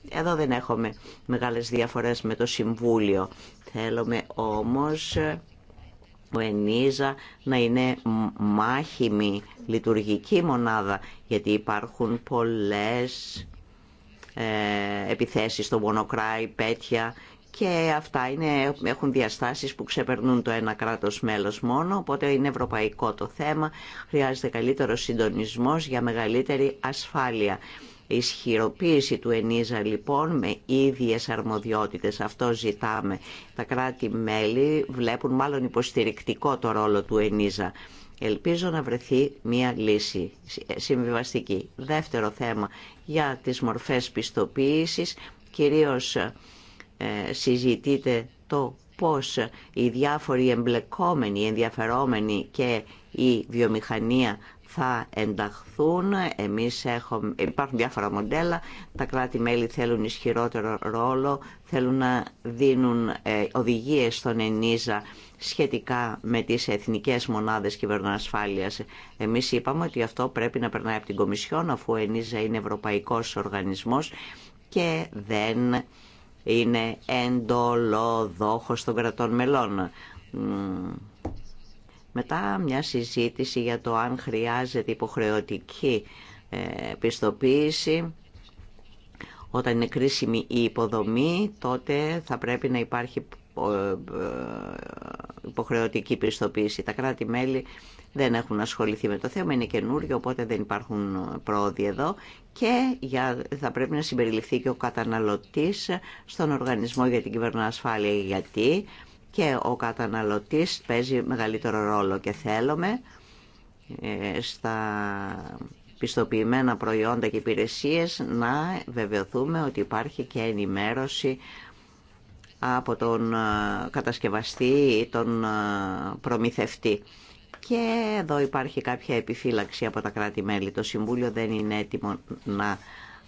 Εδώ δεν έχουμε μεγάλες διαφορές με το Συμβούλιο. Θέλουμε όμως ο ΕΝΙΖΑ να είναι μάχημη λειτουργική μονάδα γιατί υπάρχουν πολλές ε, επιθέσεις στο Μονοκράι, Πέτια και αυτά είναι, έχουν διαστάσεις που ξεπερνούν το ένα κράτος μέλος μόνο, οπότε είναι ευρωπαϊκό το θέμα, χρειάζεται καλύτερο συντονισμός για μεγαλύτερη ασφάλεια. Η ισχυροποίηση του ΕΝΙΖΑ λοιπόν με ίδιες αρμοδιότητες, αυτό ζητάμε. Τα κράτη-μέλη βλέπουν μάλλον υποστηρικτικό το ρόλο του ΕΝΙΖΑ. Ελπίζω να βρεθεί μία λύση συμβιβαστική. Δεύτερο θέμα για τις μορφές πιστοποίησης, κυρίως ε, συζητείτε το πώς οι διάφοροι εμπλεκόμενοι, οι ενδιαφερόμενοι και η βιομηχανία θα ενταχθούν. Εμείς έχουμε, υπάρχουν διάφορα μοντέλα. Τα κράτη-μέλη θέλουν ισχυρότερο ρόλο, θέλουν να δίνουν ε, οδηγίες στον ΕΝΙΖΑ σχετικά με τις εθνικές μονάδες κυβερνοασφάλειας. Εμείς είπαμε ότι αυτό πρέπει να περνάει από την Κομισιόν, αφού ο ΕΝΙΖΑ είναι ευρωπαϊκός οργανισμός και δεν είναι εντολοδόχος των κρατών μελών. Μετά μια συζήτηση για το αν χρειάζεται υποχρεωτική ε, πιστοποίηση, όταν είναι κρίσιμη η υποδομή, τότε θα πρέπει να υπάρχει ε, ε, υποχρεωτική πιστοποίηση. Τα κράτη-μέλη δεν έχουν ασχοληθεί με το θέμα, είναι καινούργιο οπότε δεν υπάρχουν πρόοδοι εδώ και για, θα πρέπει να συμπεριληφθεί και ο καταναλωτής στον Οργανισμό για την ασφάλεια γιατί και ο καταναλωτής παίζει μεγαλύτερο ρόλο και θέλουμε ε, στα πιστοποιημένα προϊόντα και υπηρεσίες να βεβαιωθούμε ότι υπάρχει και ενημέρωση από τον ε, κατασκευαστή ή τον ε, προμηθευτή. Και εδώ υπάρχει κάποια επιφύλαξη από τα κράτη-μέλη. Το Συμβούλιο δεν είναι έτοιμο να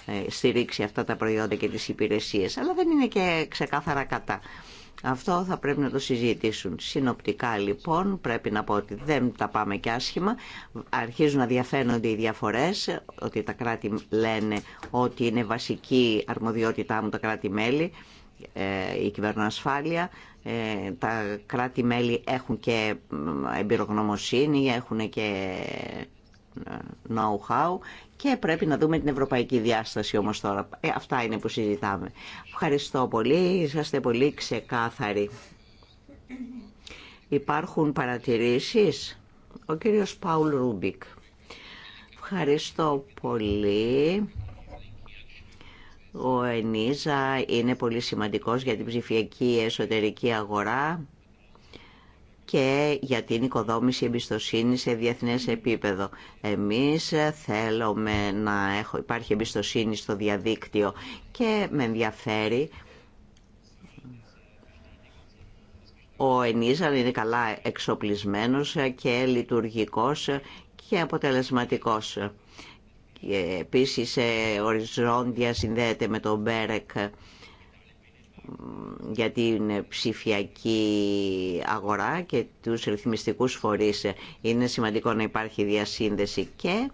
ε, στηρίξει αυτά τα προϊόντα και τις υπηρεσίες, αλλά δεν είναι και ξεκάθαρα κατά. Αυτό θα πρέπει να το συζητήσουν. Συνοπτικά λοιπόν πρέπει να πω ότι δεν τα πάμε και άσχημα. Αρχίζουν να διαφαίνονται οι διαφορές, ότι τα κράτη λένε ότι είναι βασική αρμοδιότητά μου τα κράτη-μέλη. Ε, η κυβερνοασφάλεια. Ε, τα κράτη-μέλη έχουν και εμπειρογνωμοσύνη, έχουν και ε, know-how και πρέπει να δούμε την ευρωπαϊκή διάσταση όμως τώρα. αυτά είναι που συζητάμε. Ευχαριστώ πολύ, είσαστε πολύ ξεκάθαροι. Υπάρχουν παρατηρήσεις. Ο κύριος Παουλ Ρούμπικ. Ευχαριστώ πολύ. Ο ΕΝΙΖΑ είναι πολύ σημαντικός για την ψηφιακή εσωτερική αγορά και για την οικοδόμηση εμπιστοσύνη σε διεθνές επίπεδο. Εμείς θέλουμε να έχω, υπάρχει εμπιστοσύνη στο διαδίκτυο και με ενδιαφέρει ο Ενίζα είναι καλά εξοπλισμένος και λειτουργικός και αποτελεσματικός. Ε, επίσης ε, οριζόντια συνδέεται με τον Μπέρεκ για την ψηφιακή αγορά και τους ρυθμιστικούς φορείς. Είναι σημαντικό να υπάρχει διασύνδεση και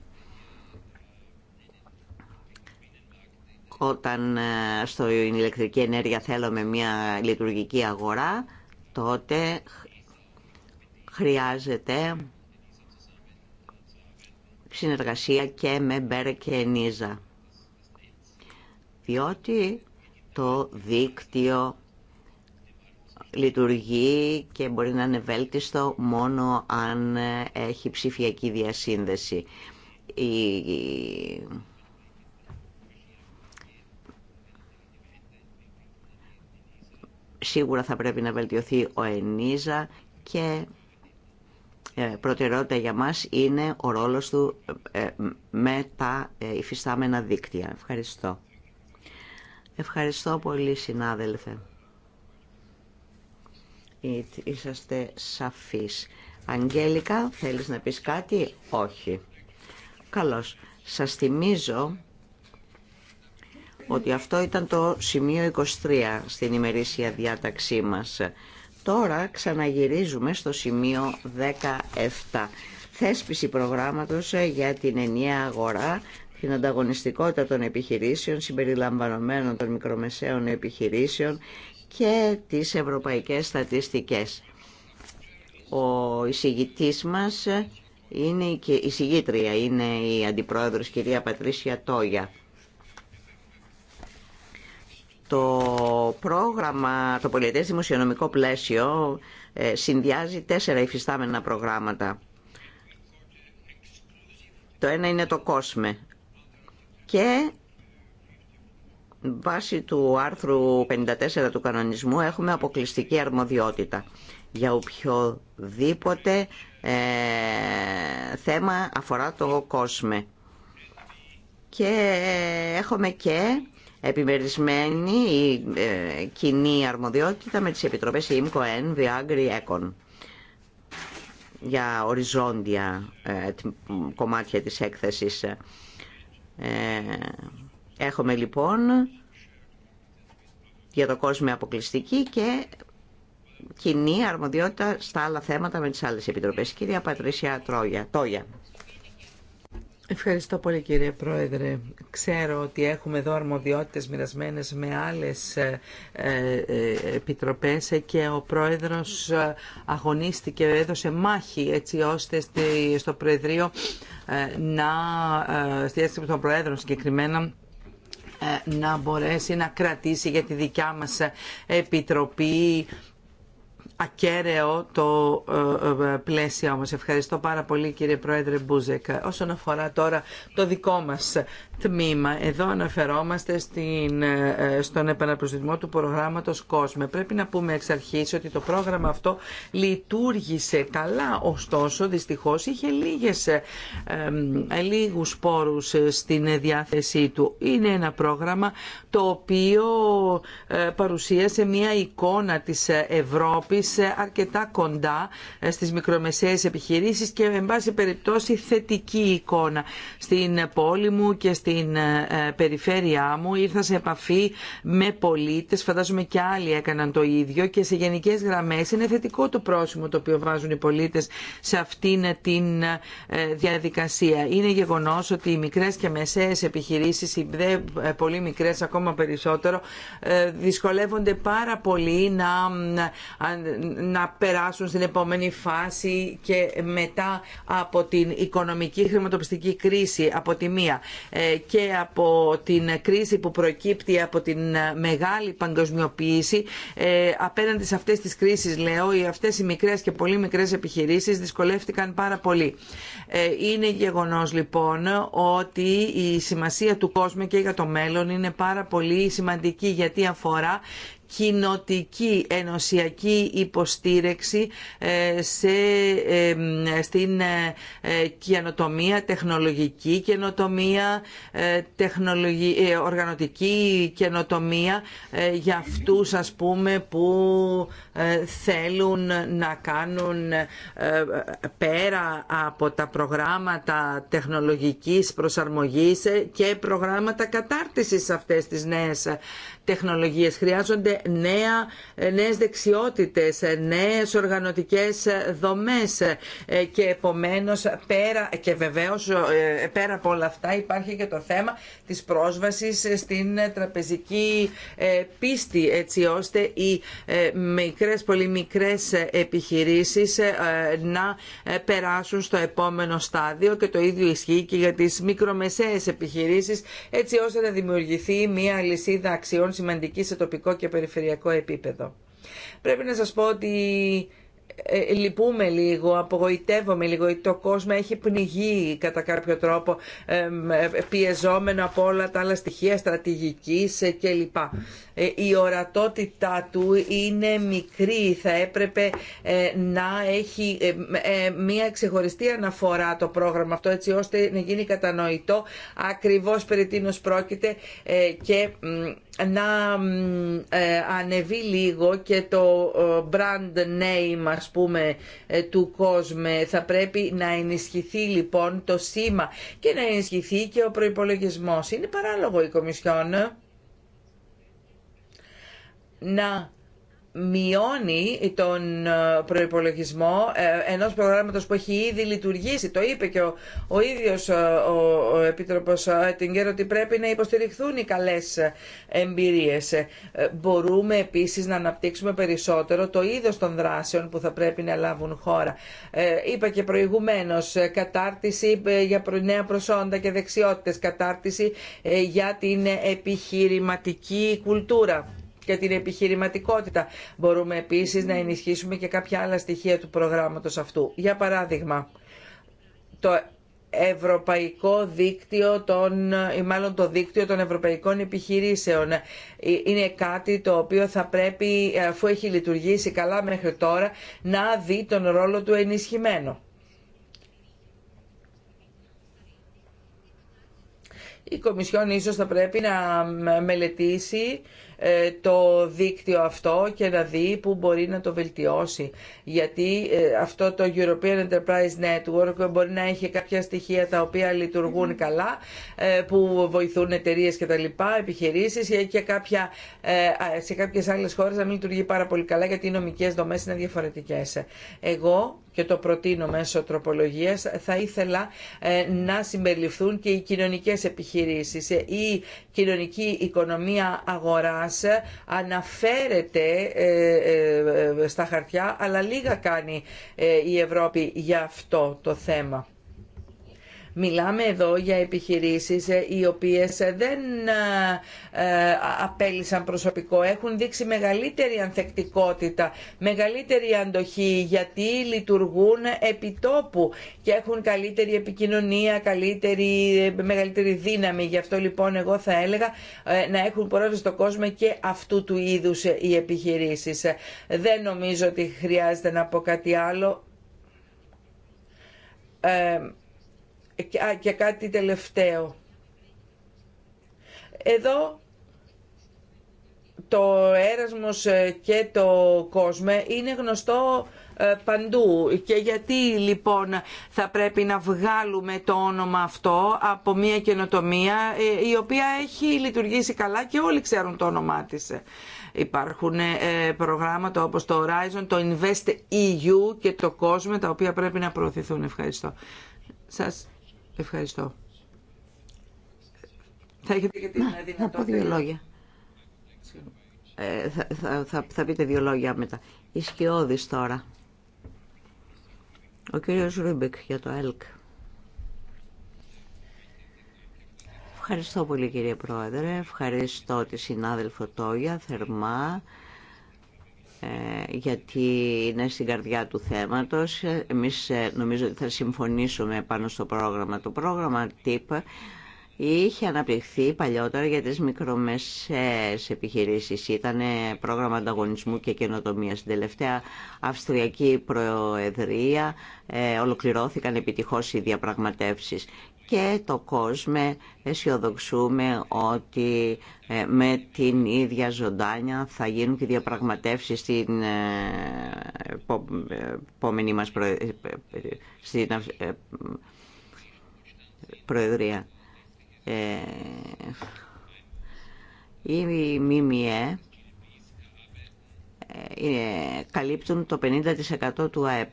όταν ε, στο ηλεκτρική ενέργεια θέλουμε μια λειτουργική αγορά τότε χρειάζεται συνεργασία και με Μπέρ και Ενίζα. Διότι το δίκτυο λειτουργεί και μπορεί να είναι βέλτιστο μόνο αν έχει ψηφιακή διασύνδεση. Σίγουρα θα πρέπει να βελτιωθεί ο ΕΝΙΖΑ και ε, προτεραιότητα για μας είναι ο ρόλος του ε, με τα ε, υφιστάμενα δίκτυα. Ευχαριστώ. Ευχαριστώ πολύ συνάδελφε. Είσαστε σαφείς. Αγγέλικα, θέλεις να πεις κάτι? Όχι. Καλώς. Σας θυμίζω ότι αυτό ήταν το σημείο 23 στην ημερήσια διάταξή μας. Τώρα ξαναγυρίζουμε στο σημείο 17. Θέσπιση προγράμματος ε, για την ενιαία αγορά, την ανταγωνιστικότητα των επιχειρήσεων, συμπεριλαμβανομένων των μικρομεσαίων επιχειρήσεων και τις ευρωπαϊκές στατιστικές. Ο εισηγητής μας ε, είναι και η συγγήτρια, είναι η αντιπρόεδρος κυρία Πατρίσια Τόγια. Το πρόγραμμα, το δημοσιονομικό πλαίσιο ε, συνδυάζει τέσσερα υφιστάμενα προγράμματα. Το ένα είναι το κόσμε. και βάσει του άρθρου 54 του κανονισμού έχουμε αποκλειστική αρμοδιότητα για οποιοδήποτε ε, θέμα αφορά το κόσμε. Και ε, έχουμε και επιμερισμένη η ε, κοινή αρμοδιότητα με τις επιτροπές ΙΜΚΟ, ΕΝΒΙ, ΕΚΟΝ για οριζόντια ε, κομμάτια της έκθεσης. Ε, έχουμε λοιπόν για το κόσμο αποκλειστική και κοινή αρμοδιότητα στα άλλα θέματα με τις άλλες επιτροπές. Κυρία Πατρίσια Τρόγια, Τόγια. Ευχαριστώ πολύ κύριε Πρόεδρε. Ξέρω ότι έχουμε εδώ αρμοδιότητες μοιρασμένε με άλλες ε, ε, επιτροπές και ο Πρόεδρος ε, αγωνίστηκε, έδωσε μάχη έτσι ώστε στο Προεδρείο να, στη το των Προέδρων συγκεκριμένα, να μπορέσει να κρατήσει για τη δικιά μας Επιτροπή ακέραιο το ε, ε, πλαίσιο μας. Ευχαριστώ πάρα πολύ κύριε Πρόεδρε Μπούζεκ. Όσον αφορά τώρα το δικό μας τμήμα, εδώ αναφερόμαστε ε, στον επαναπροσδιορισμό του προγράμματος COSME. Πρέπει να πούμε εξ αρχής ότι το πρόγραμμα αυτό λειτουργήσε καλά, ωστόσο δυστυχώς είχε λίγες, λίγους πόρους στην διάθεσή του. Είναι ένα πρόγραμμα το οποίο παρουσίασε μια εικόνα της Ευρώπης αρκετά κοντά ε, στις μικρομεσαίες επιχειρήσεις και εν πάση περιπτώσει θετική εικόνα. Στην πόλη μου και στην ε, ε, περιφέρειά μου ήρθα σε επαφή με πολίτες, φαντάζομαι και άλλοι έκαναν το ίδιο και σε γενικές γραμμές είναι θετικό το πρόσημο το οποίο βάζουν οι πολίτες σε αυτήν την διαδικασία. Είναι γεγονός ότι οι μικρές και μεσαίες επιχειρήσεις, οι πολύ μικρές ακόμα περισσότερο, δυσκολεύονται πάρα πολύ να να περάσουν στην επόμενη φάση και μετά από την οικονομική χρηματοπιστική κρίση από τη μία ε, και από την κρίση που προκύπτει από την μεγάλη παγκοσμιοποίηση ε, απέναντι σε αυτές τις κρίσεις λέω οι αυτές οι μικρές και πολύ μικρές επιχειρήσεις δυσκολεύτηκαν πάρα πολύ. Ε, είναι γεγονός λοιπόν ότι η σημασία του κόσμου και για το μέλλον είναι πάρα πολύ σημαντική γιατί αφορά κοινοτική ενωσιακή υποστήρεξη ε, σε, ε, στην ε, καινοτομία, τεχνολογική καινοτομία, τεχνολογική, οργανωτική καινοτομία για αυτούς ας πούμε που θέλουν να κάνουν πέρα από τα προγράμματα τεχνολογικής προσαρμογής και προγράμματα κατάρτισης αυτές τις νέες τεχνολογίες, χρειάζονται νέα, νέες δεξιότητες, νέες οργανωτικές δομές ε, και επομένως πέρα και βεβαίως ε, πέρα από όλα αυτά υπάρχει και το θέμα της πρόσβασης στην τραπεζική ε, πίστη έτσι ώστε οι μικρές, πολύ μικρές επιχειρήσεις να περάσουν στο επόμενο στάδιο και το ίδιο ισχύει και για τις μικρομεσαίες επιχειρήσεις έτσι ώστε να δημιουργηθεί μια λυσίδα αξιών σημαντική σε τοπικό και περιφερειακό επίπεδο. Πρέπει να σας πω ότι ε, ε, λυπούμε λίγο, απογοητεύομαι λίγο, το κόσμο έχει πνιγεί κατά κάποιο τρόπο ε, πιεζόμενο από όλα τα άλλα στοιχεία στρατηγικής κλπ. Η ορατότητά του είναι μικρή, θα έπρεπε να έχει μία ξεχωριστή αναφορά το πρόγραμμα αυτό έτσι ώστε να γίνει κατανοητό ακριβώς περί τίνος πρόκειται και να ανεβεί λίγο και το brand name πούμε ε, του κόσμου. Θα πρέπει να ενισχυθεί λοιπόν το σήμα και να ενισχυθεί και ο προϋπολογισμός. Είναι παράλογο η Κομισιόν να μειώνει τον ε, προϋπολογισμό ε, ενός προγράμματος που έχει ήδη λειτουργήσει. Το είπε και ο, ο ίδιος ε, ο, ο Επίτροπος Τιγκέρ ότι πρέπει να υποστηριχθούν οι καλές εμπειρίες. Μπορούμε επίσης να αναπτύξουμε περισσότερο το είδος των δράσεων που θα πρέπει να λάβουν χώρα. Είπα και προηγουμένως κατάρτιση για νέα προσόντα και δεξιότητες, κατάρτιση για την επιχειρηματική κουλτούρα για την επιχειρηματικότητα. Μπορούμε επίσης να ενισχύσουμε και κάποια άλλα στοιχεία του προγράμματος αυτού. Για παράδειγμα, το ευρωπαϊκό δίκτυο των, ή μάλλον το δίκτυο των ευρωπαϊκών επιχειρήσεων. Ε, είναι κάτι το οποίο θα πρέπει, ε, αφού έχει λειτουργήσει καλά μέχρι τώρα, να δει τον ρόλο του ενισχυμένο. Η Κομισιόν ίσως θα πρέπει να μελετήσει ε, το δίκτυο αυτό και να δει πού μπορεί να το βελτιώσει. Γιατί ε, αυτό το European Enterprise Network μπορεί να έχει κάποια στοιχεία τα οποία λειτουργούν καλά, ε, που βοηθούν εταιρείε και τα λοιπά, επιχειρήσει και κάποια, σε κάποιε άλλε χώρε να μην λειτουργεί πάρα πολύ καλά γιατί οι νομικέ δομέ είναι διαφορετικέ. Εγώ και το προτείνω μέσω τροπολογία. θα ήθελα να συμπεριληφθούν και οι κοινωνικές επιχειρήσεις. Η κοινωνική οικονομία αγορά μας αναφέρεται ε, ε, ε, στα χαρτιά αλλά λίγα κάνει η Ευρώπη για αυτό το θέμα. Μιλάμε εδώ για επιχειρήσεις ε, οι οποίες δεν ε, ε, απέλησαν προσωπικό, έχουν δείξει μεγαλύτερη ανθεκτικότητα, μεγαλύτερη αντοχή γιατί λειτουργούν επιτόπου και έχουν καλύτερη επικοινωνία, καλύτερη, μεγαλύτερη δύναμη. Γι' αυτό λοιπόν εγώ θα έλεγα να έχουν πρόσβαση στον κόσμο και αυτού του είδους οι επιχειρήσεις. Δεν νομίζω ότι χρειάζεται να πω κάτι άλλο. Ε, α, και κάτι τελευταίο. Εδώ το έρασμος ε, και το κόσμο είναι γνωστό ε, παντού. Και γιατί λοιπόν θα πρέπει να βγάλουμε το όνομα αυτό από μια καινοτομία η οποία έχει λειτουργήσει καλά και όλοι ξέρουν το όνομά της. Υπάρχουν προγράμματα όπως το Horizon, το Invest EU και το COSME τα οποία πρέπει να προωθηθούν. Ευχαριστώ. Σας Ευχαριστώ. Θα έχετε και την να, δυνατότητα. Θα πω δύο λόγια. Ε, θα, πείτε δύο λόγια μετά. Η τώρα. Ο κύριος Ρούμπικ για το ΕΛΚ. Ευχαριστώ πολύ κύριε Πρόεδρε. Ευχαριστώ τη συνάδελφο Τόγια θερμά. Ε, γιατί είναι στην καρδιά του θέματος. Εμείς ε, νομίζω ότι θα συμφωνήσουμε πάνω στο πρόγραμμα. Το πρόγραμμα TIP είχε αναπτυχθεί παλιότερα για τις μικρομεσαίες επιχειρήσεις. Ήταν πρόγραμμα ανταγωνισμού και καινοτομία. Στην τελευταία Αυστριακή Προεδρία ε, ολοκληρώθηκαν επιτυχώς οι διαπραγματεύσεις και το κόσμο αισιοδοξούμε ότι ε, με την ίδια ζωντάνια θα γίνουν και διαπραγματεύσεις στην ε, ε, επόμενη μας προεδρία. Η ΜΜΕ καλύπτουν το 50% του ΑΕΠ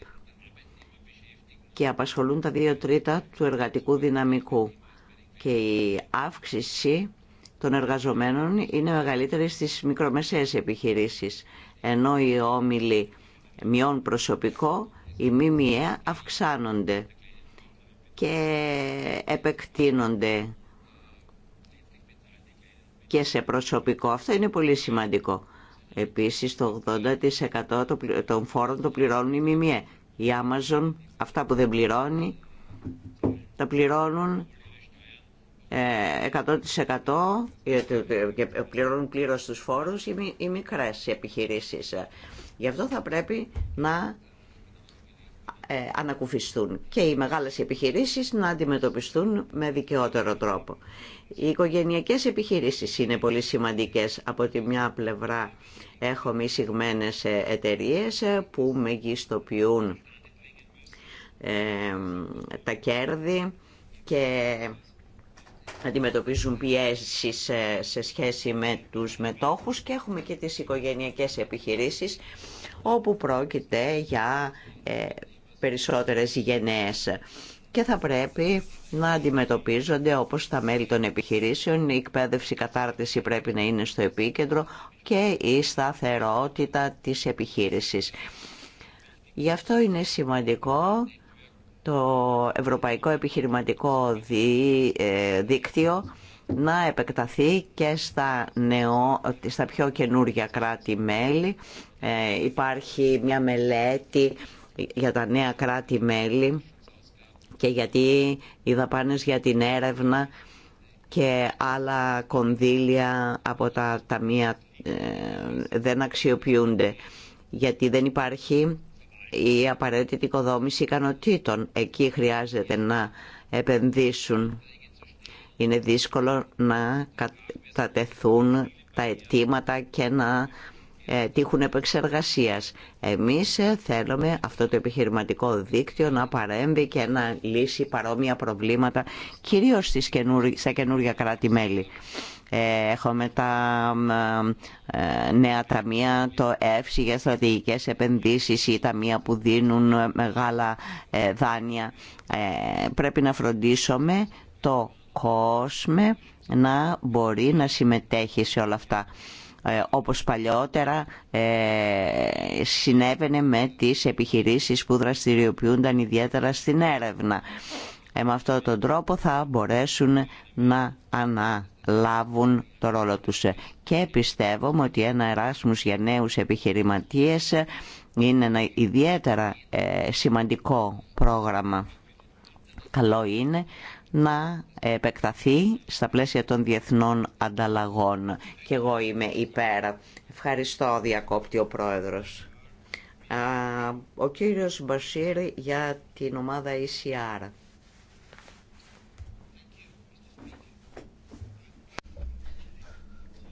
και απασχολούν τα δύο τρίτα του εργατικού δυναμικού. Και η αύξηση των εργαζομένων είναι μεγαλύτερη στις μικρομεσαίες επιχειρήσεις, ενώ οι όμιλοι μειών προσωπικό, οι μημια αυξάνονται και επεκτείνονται και σε προσωπικό. Αυτό είναι πολύ σημαντικό. Επίσης το 80% των φόρων το πληρώνουν οι ΜΜΕ η Amazon, αυτά που δεν πληρώνει, τα πληρώνουν 100% ε, ε, και πληρώνουν πλήρως τους φόρους οι μικρές επιχειρήσεις. Γι' αυτό θα πρέπει να ε, ανακουφιστούν και οι μεγάλες επιχειρήσεις να αντιμετωπιστούν με δικαιότερο τρόπο. Οι οικογενειακές επιχειρήσεις είναι πολύ σημαντικές. Από τη μια πλευρά έχουμε εισηγμένες ε, εταιρείε ε, που μεγιστοποιούν τα κέρδη και αντιμετωπίζουν πιέσεις σε σχέση με τους μετόχους και έχουμε και τις οικογενειακές επιχειρήσεις όπου πρόκειται για περισσότερες γενναίες και θα πρέπει να αντιμετωπίζονται όπως τα μέλη των επιχειρήσεων. Η εκπαίδευση, η κατάρτιση πρέπει να είναι στο επίκεντρο και η σταθερότητα της επιχείρησης. Γι' αυτό είναι σημαντικό το Ευρωπαϊκό Επιχειρηματικό ε, Δίκτυο να επεκταθεί και στα, νεό, στα πιο καινούργια κράτη-μέλη. Ε, υπάρχει μια μελέτη για τα νέα κράτη-μέλη και γιατί οι δαπάνες για την έρευνα και άλλα κονδύλια από τα ταμεία ε, δεν αξιοποιούνται γιατί δεν υπάρχει η απαραίτητη οικοδόμηση ικανοτήτων. Εκεί χρειάζεται να επενδύσουν. Είναι δύσκολο να κατατεθούν τα αιτήματα και να ε, τύχουν επεξεργασίας. Εμείς ε, θέλουμε αυτό το επιχειρηματικό δίκτυο να παρέμβει και να λύσει παρόμοια προβλήματα, κυρίως στα καινούργια κράτη-μέλη. Ε, έχουμε τα νέα ταμεία, το ΕΦΣΙ για στρατηγικές επενδύσεις ή ταμεία που δίνουν μεγάλα δάνεια. Πρέπει να φροντίσουμε το κόσμο να μπορεί να συμμετέχει σε όλα αυτά. Ε, όπως παλιότερα ε, συνέβαινε με τις επιχειρήσεις που δραστηριοποιούνταν ιδιαίτερα στην έρευνα. Ε, με αυτόν τον τρόπο θα μπορέσουν να αναλάβουν το ρόλο τους. Και πιστεύω ότι ένα εράσμους για νέους επιχειρηματίες είναι ένα ιδιαίτερα ε, σημαντικό πρόγραμμα. Καλό είναι να επεκταθεί στα πλαίσια των διεθνών ανταλλαγών. Και εγώ είμαι υπέρ. Ευχαριστώ, διακόπτη ο Πρόεδρος. Ο κύριος Μπασίρ για την ομάδα ECR.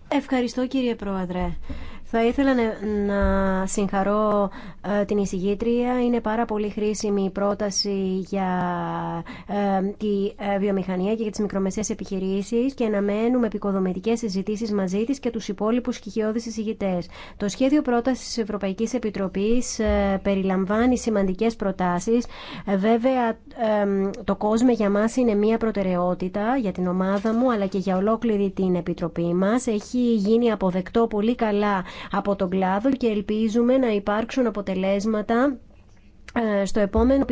Ευχαριστώ κύριε Πρόεδρε. Θα ήθελα να συγχαρώ ε, την εισηγήτρια. Είναι πάρα πολύ χρήσιμη η πρόταση για ε, τη ε, βιομηχανία και για τις μικρομεσαίες επιχειρήσεις και να μένουμε επικοδομητικές συζητήσεις μαζί της και τους υπόλοιπους σκηχιώδεις εισηγητές. Το σχέδιο πρότασης της Ευρωπαϊκής Επιτροπής περιλαμβάνει σημαντικές προτάσεις. Βέβαια, το κόσμο για μας είναι μία προτεραιότητα για την ομάδα μου αλλά και για ολόκληρη την Επιτροπή μας. Έχει γίνει αποδεκτό πολύ καλά από τον κλάδο και ελπίζουμε να υπάρξουν αποτελέσματα ε, στο επόμενο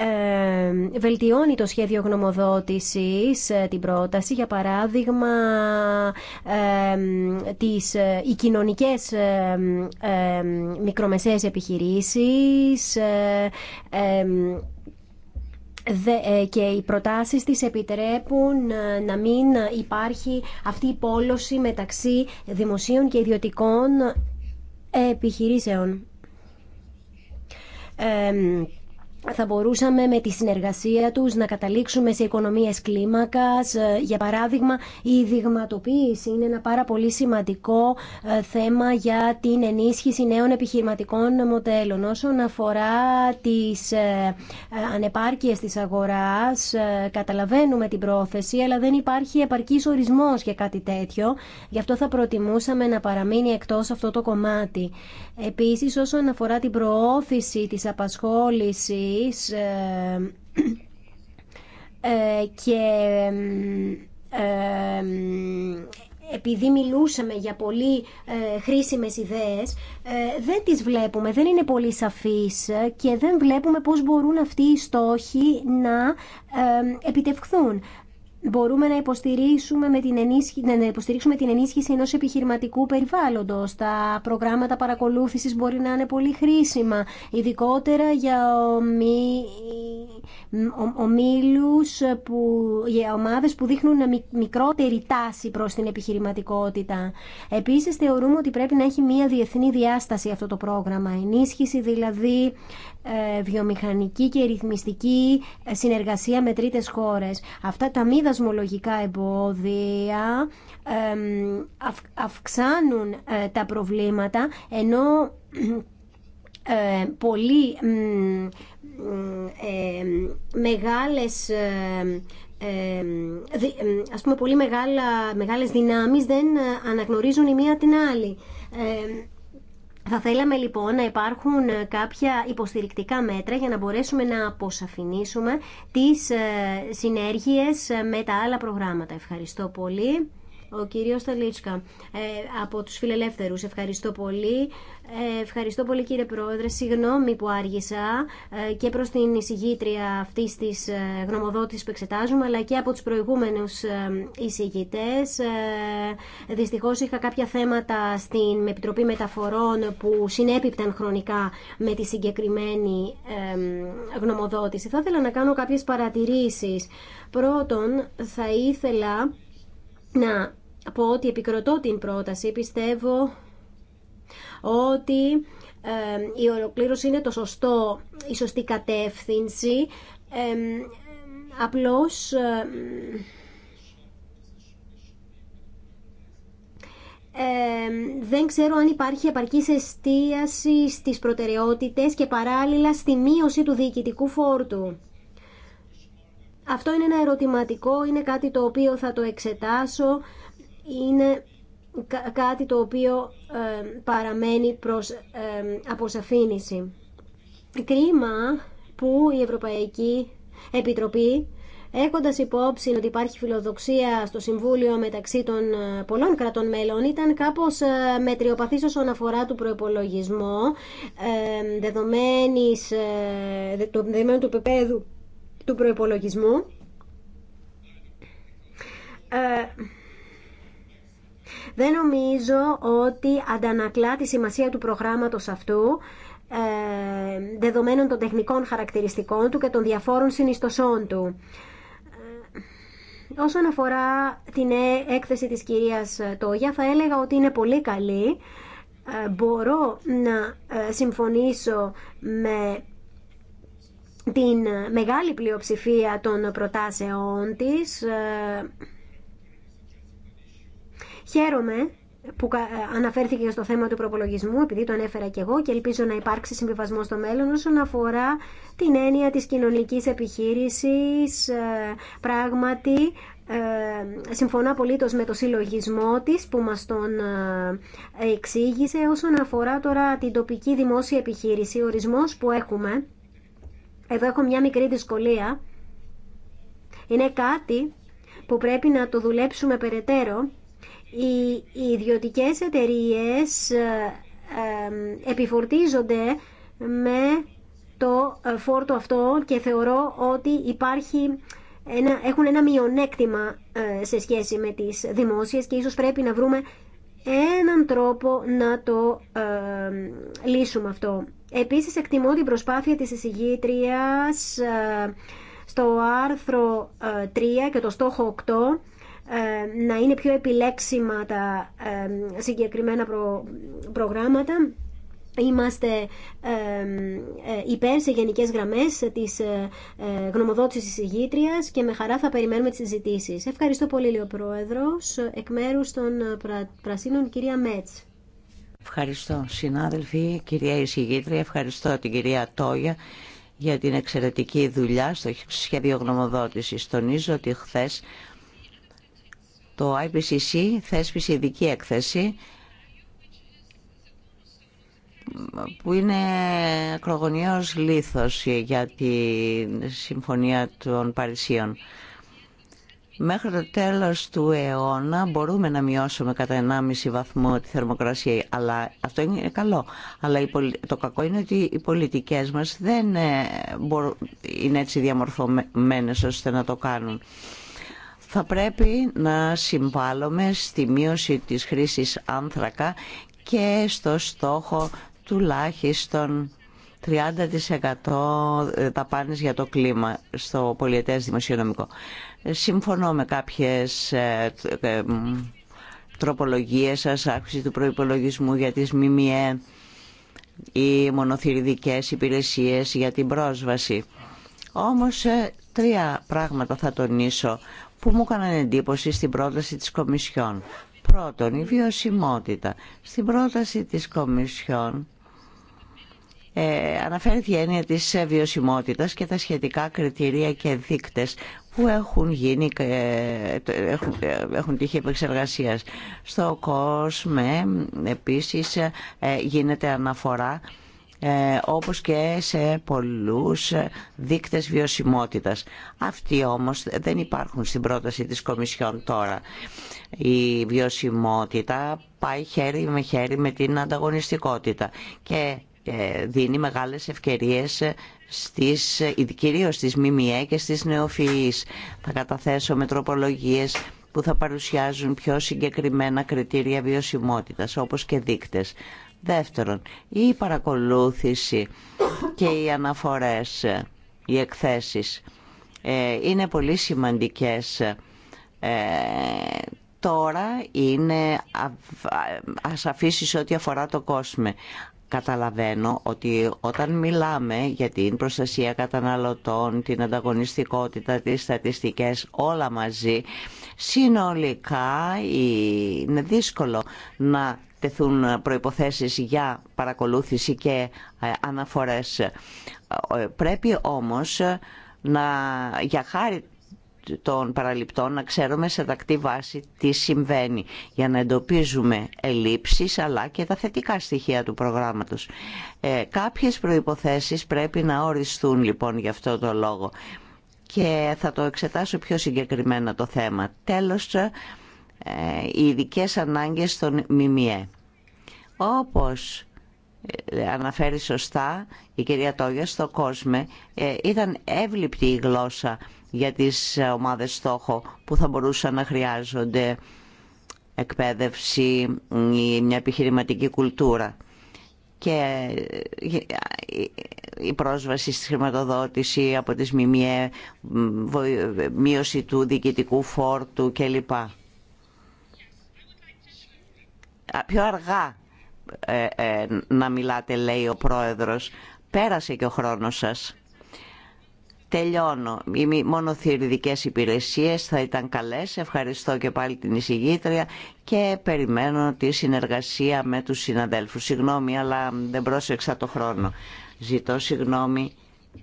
Ε, βελτιώνει το σχέδιο γνωμοδότησης ε, την πρόταση για παράδειγμα ε, τις οι κοινωνικές μικρομεσαίες επιχειρήσεις ε, και οι προτάσεις της επιτρέπουν ε, να μην υπάρχει αυτή η πόλωση μεταξύ δημοσίων και ιδιωτικών ε, επιχειρήσεων θα μπορούσαμε με τη συνεργασία τους να καταλήξουμε σε οικονομίες κλίμακας. Ε, για παράδειγμα, η δειγματοποίηση είναι ένα πάρα πολύ σημαντικό ε, θέμα για την ενίσχυση νέων επιχειρηματικών μοντέλων. Όσον αφορά τις ε, ανεπάρκειες της αγοράς, καταλαβαίνουμε την πρόθεση, αλλά δεν υπάρχει επαρκής ορισμός για κάτι τέτοιο. Γι' αυτό θα προτιμούσαμε να παραμείνει εκτός αυτό το κομμάτι. Επίσης, όσον αφορά την προώθηση της απασχόλησης, ε, ε, και ε, επειδή μιλούσαμε για πολύ χρήσιμες ιδέες, δεν τις βλέπουμε, δεν είναι πολύ σαφείς και δεν βλέπουμε πώς μπορούν αυτοί οι στόχοι να επιτευχθούν μπορούμε να υποστηρίξουμε, με την ενίσχυση, να υποστηρίξουμε την ενίσχυση ενός επιχειρηματικού περιβάλλοντος. Τα προγράμματα παρακολούθησης μπορεί να είναι πολύ χρήσιμα, ειδικότερα για ομί... ομίλους, που... για ομάδες που δείχνουν μικρότερη τάση προς την επιχειρηματικότητα. Επίσης θεωρούμε ότι πρέπει να έχει μια διεθνή διάσταση αυτό το πρόγραμμα, ενίσχυση δηλαδή ε, βιομηχανική και ρυθμιστική συνεργασία με τρίτες χώρες. Αυτά τα μη δασμολογικά εμπόδια αυξάνουν ε, τα προβλήματα ενώ ε, πολύ μεγάλες ας πούμε πολύ μεγάλα, μεγάλες δυνάμεις δεν αναγνωρίζουν η μία την άλλη. Θα θέλαμε λοιπόν να υπάρχουν ε, κάποια υποστηρικτικά μέτρα για να μπορέσουμε να αποσαφηνίσουμε τις ε, συνέργειες ε, με τα άλλα προγράμματα. Ευχαριστώ πολύ. Ο κύριος ε, από τους φιλελεύθερους. Ευχαριστώ πολύ. Ε, ευχαριστώ πολύ κύριε Πρόεδρε. Συγγνώμη που άργησα ε, και προς την εισηγήτρια αυτής της ε, γνωμοδότησης που εξετάζουμε αλλά και από τους προηγούμενους εισηγητές. Δυστυχώς είχα κάποια θέματα στην Επιτροπή Μεταφορών που συνέπιπταν χρονικά με τη συγκεκριμένη γνωμοδότηση. Θα ήθελα να κάνω κάποιες παρατηρήσεις. Πρώτον, θα ήθελα να πω ότι επικροτώ την πρόταση. Πιστεύω ότι η ολοκλήρωση είναι το σωστό, η σωστή κατεύθυνση. Απλώς... δεν ξέρω αν υπάρχει επαρκής εστίαση στις προτεραιότητες και παράλληλα στη μείωση του διοικητικού φόρτου. Αυτό είναι ένα ερωτηματικό, είναι κάτι το οποίο θα το εξετάσω, είναι κάτι το οποίο ε, παραμένει προς ε, αποσαφήνιση. Κρίμα που η Ευρωπαϊκή Επιτροπή έχοντας υπόψη ότι υπάρχει φιλοδοξία στο Συμβούλιο μεταξύ των ε, πολλών κρατών μέλων, ήταν κάπως μετριοπαθής όσον αφορά του ε, δεδομένου του πεπέδου του προϋπολογισμού. Ε, δεν νομίζω ότι αντανακλά τη σημασία του προγράμματος αυτού ε, δεδομένων των τεχνικών χαρακτηριστικών του και των διαφόρων συνιστοσών του. Ε, όσον αφορά την ε, έκθεση της κυρίας Τόγια, θα έλεγα ότι είναι πολύ καλή. μπορώ να συμφωνήσω με την ε, μεγάλη πλειοψηφία των προτάσεών της. Ε, χαίρομαι που ε, αναφέρθηκε στο θέμα του προπολογισμού, επειδή το ανέφερα και εγώ και ελπίζω να υπάρξει συμβιβασμό στο μέλλον όσον αφορά την έννοια της κοινωνικής επιχείρησης, πράγματι συμφωνώ απολύτως με το συλλογισμό της που μας τον εξήγησε όσον αφορά τώρα την τοπική δημόσια επιχείρηση, ορισμός που έχουμε εδώ έχω μια μικρή δυσκολία. Είναι κάτι που πρέπει να το δουλέψουμε περαιτέρω. Οι ιδιωτικές εταιρείες ε, επιφορτίζονται με το ε, φόρτο αυτό και θεωρώ ότι υπάρχει ένα, έχουν ένα μειονέκτημα ε, σε σχέση με τις δημόσιες και ίσως πρέπει να βρούμε έναν τρόπο να το λύσουμε αυτό. Επίσης εκτιμώ την προσπάθεια της εισηγήτριας ε, στο άρθρο 3 ε, και το στόχο 8 ε, να είναι πιο επιλέξιμα τα συγκεκριμένα προγράμματα. Είμαστε υπέρ σε γενικές γραμμές της γνωμοδότησης της ηγήτριας και με χαρά θα περιμένουμε τις συζητήσεις. Ευχαριστώ πολύ, λέει ο Πρόεδρος, εκ μέρους των Πρασίνων, κυρία Μέτς. Ευχαριστώ συνάδελφοι, κυρία εισηγήτρια, ευχαριστώ την κυρία Τόγια για την εξαιρετική δουλειά στο σχέδιο γνωμοδότησης. Τονίζω ότι χθε το IPCC θέσπισε ειδική έκθεση που είναι ακρογωνιαίος λίθος για τη Συμφωνία των Παρισίων. Μέχρι το τέλος του αιώνα μπορούμε να μειώσουμε κατά 1,5 βαθμό τη θερμοκρασία, αλλά αυτό είναι καλό. Αλλά το κακό είναι ότι οι πολιτικές μας δεν ε, είναι έτσι διαμορφωμένες ώστε να το κάνουν. Θα πρέπει να συμβάλλουμε στη μείωση της χρήσης άνθρακα και στο στόχο τουλάχιστον 30% δαπάνες ε, για το κλίμα στο πολιετές δημοσιονομικό. Συμφωνώ με κάποιες ε, ε, ε, τροπολογίες σας, άκουση του προϋπολογισμού για τις ΜΜΕ ή μονοθυριδικές υπηρεσίες για την πρόσβαση. Όμως τρία πράγματα θα τονίσω που μου έκαναν εντύπωση στην πρόταση της Κομισιόν. Πρώτον, η βιωσιμότητα. Στην πρόταση της Κομισιόν ε, αναφέρεται η έννοια της βιωσιμότητας και τα σχετικά κριτήρια και δείκτες που έχουν γίνει ε, έχουν, ε, έχουν τύχει επεξεργασία. Στο κόσμε επίσης ε, γίνεται αναφορά όπως και σε πολλούς δείκτες βιωσιμότητας. Αυτοί όμως δεν υπάρχουν στην πρόταση της Κομισιόν τώρα. Η βιωσιμότητα πάει χέρι με χέρι με την ανταγωνιστικότητα και ε, δίνει μεγάλες ευκαιρίες στις, ε, κυρίως στις ΜΜΕ και στις νεοφυείς. Θα καταθέσω με που θα παρουσιάζουν πιο συγκεκριμένα κριτήρια βιωσιμότητας, όπως και δείκτες. Δεύτερον, η παρακολούθηση και οι αναφορές, οι εκθέσεις ε, είναι πολύ σημαντικές. τώρα είναι αφήσεις ό,τι αφορά το κόσμο. Καταλαβαίνω ότι όταν μιλάμε για την προστασία καταναλωτών, την ανταγωνιστικότητα, τις στατιστικές, όλα μαζί, συνολικά είναι δύσκολο να τεθούν προϋποθέσεις για παρακολούθηση και ε, αναφορές. Ε, πρέπει όμως να, για χάρη των παραληπτών να ξέρουμε σε τακτή βάση τι συμβαίνει για να εντοπίζουμε ελλείψεις αλλά και τα θετικά στοιχεία του προγράμματος. Ε, κάποιες προϋποθέσεις πρέπει να οριστούν λοιπόν για αυτό το λόγο και θα το εξετάσω πιο συγκεκριμένα το θέμα. Τέλος, ε, οι ειδικέ ανάγκες των ΜΜΕ. Όπως ε, αναφέρει σωστά η κυρία Τόγια στο κόσμο ε, ήταν εύληπτη η γλώσσα για τις ε, ομάδες στόχο που θα μπορούσαν να χρειάζονται εκπαίδευση ή μια επιχειρηματική κουλτούρα και η πρόσβαση στη χρηματοδότηση από τις ΜΜΕ, μείωση του διοικητικού φόρτου κλπ. Πιο αργά ε, ε, να μιλάτε, λέει ο πρόεδρος. Πέρασε και ο χρόνος σας. Τελειώνω. Οι μονοθυριδικές υπηρεσίες θα ήταν καλές. Ευχαριστώ και πάλι την εισηγήτρια και περιμένω τη συνεργασία με τους συναδέλφους. Συγγνώμη, αλλά δεν πρόσεξα το χρόνο. Ζητώ συγγνώμη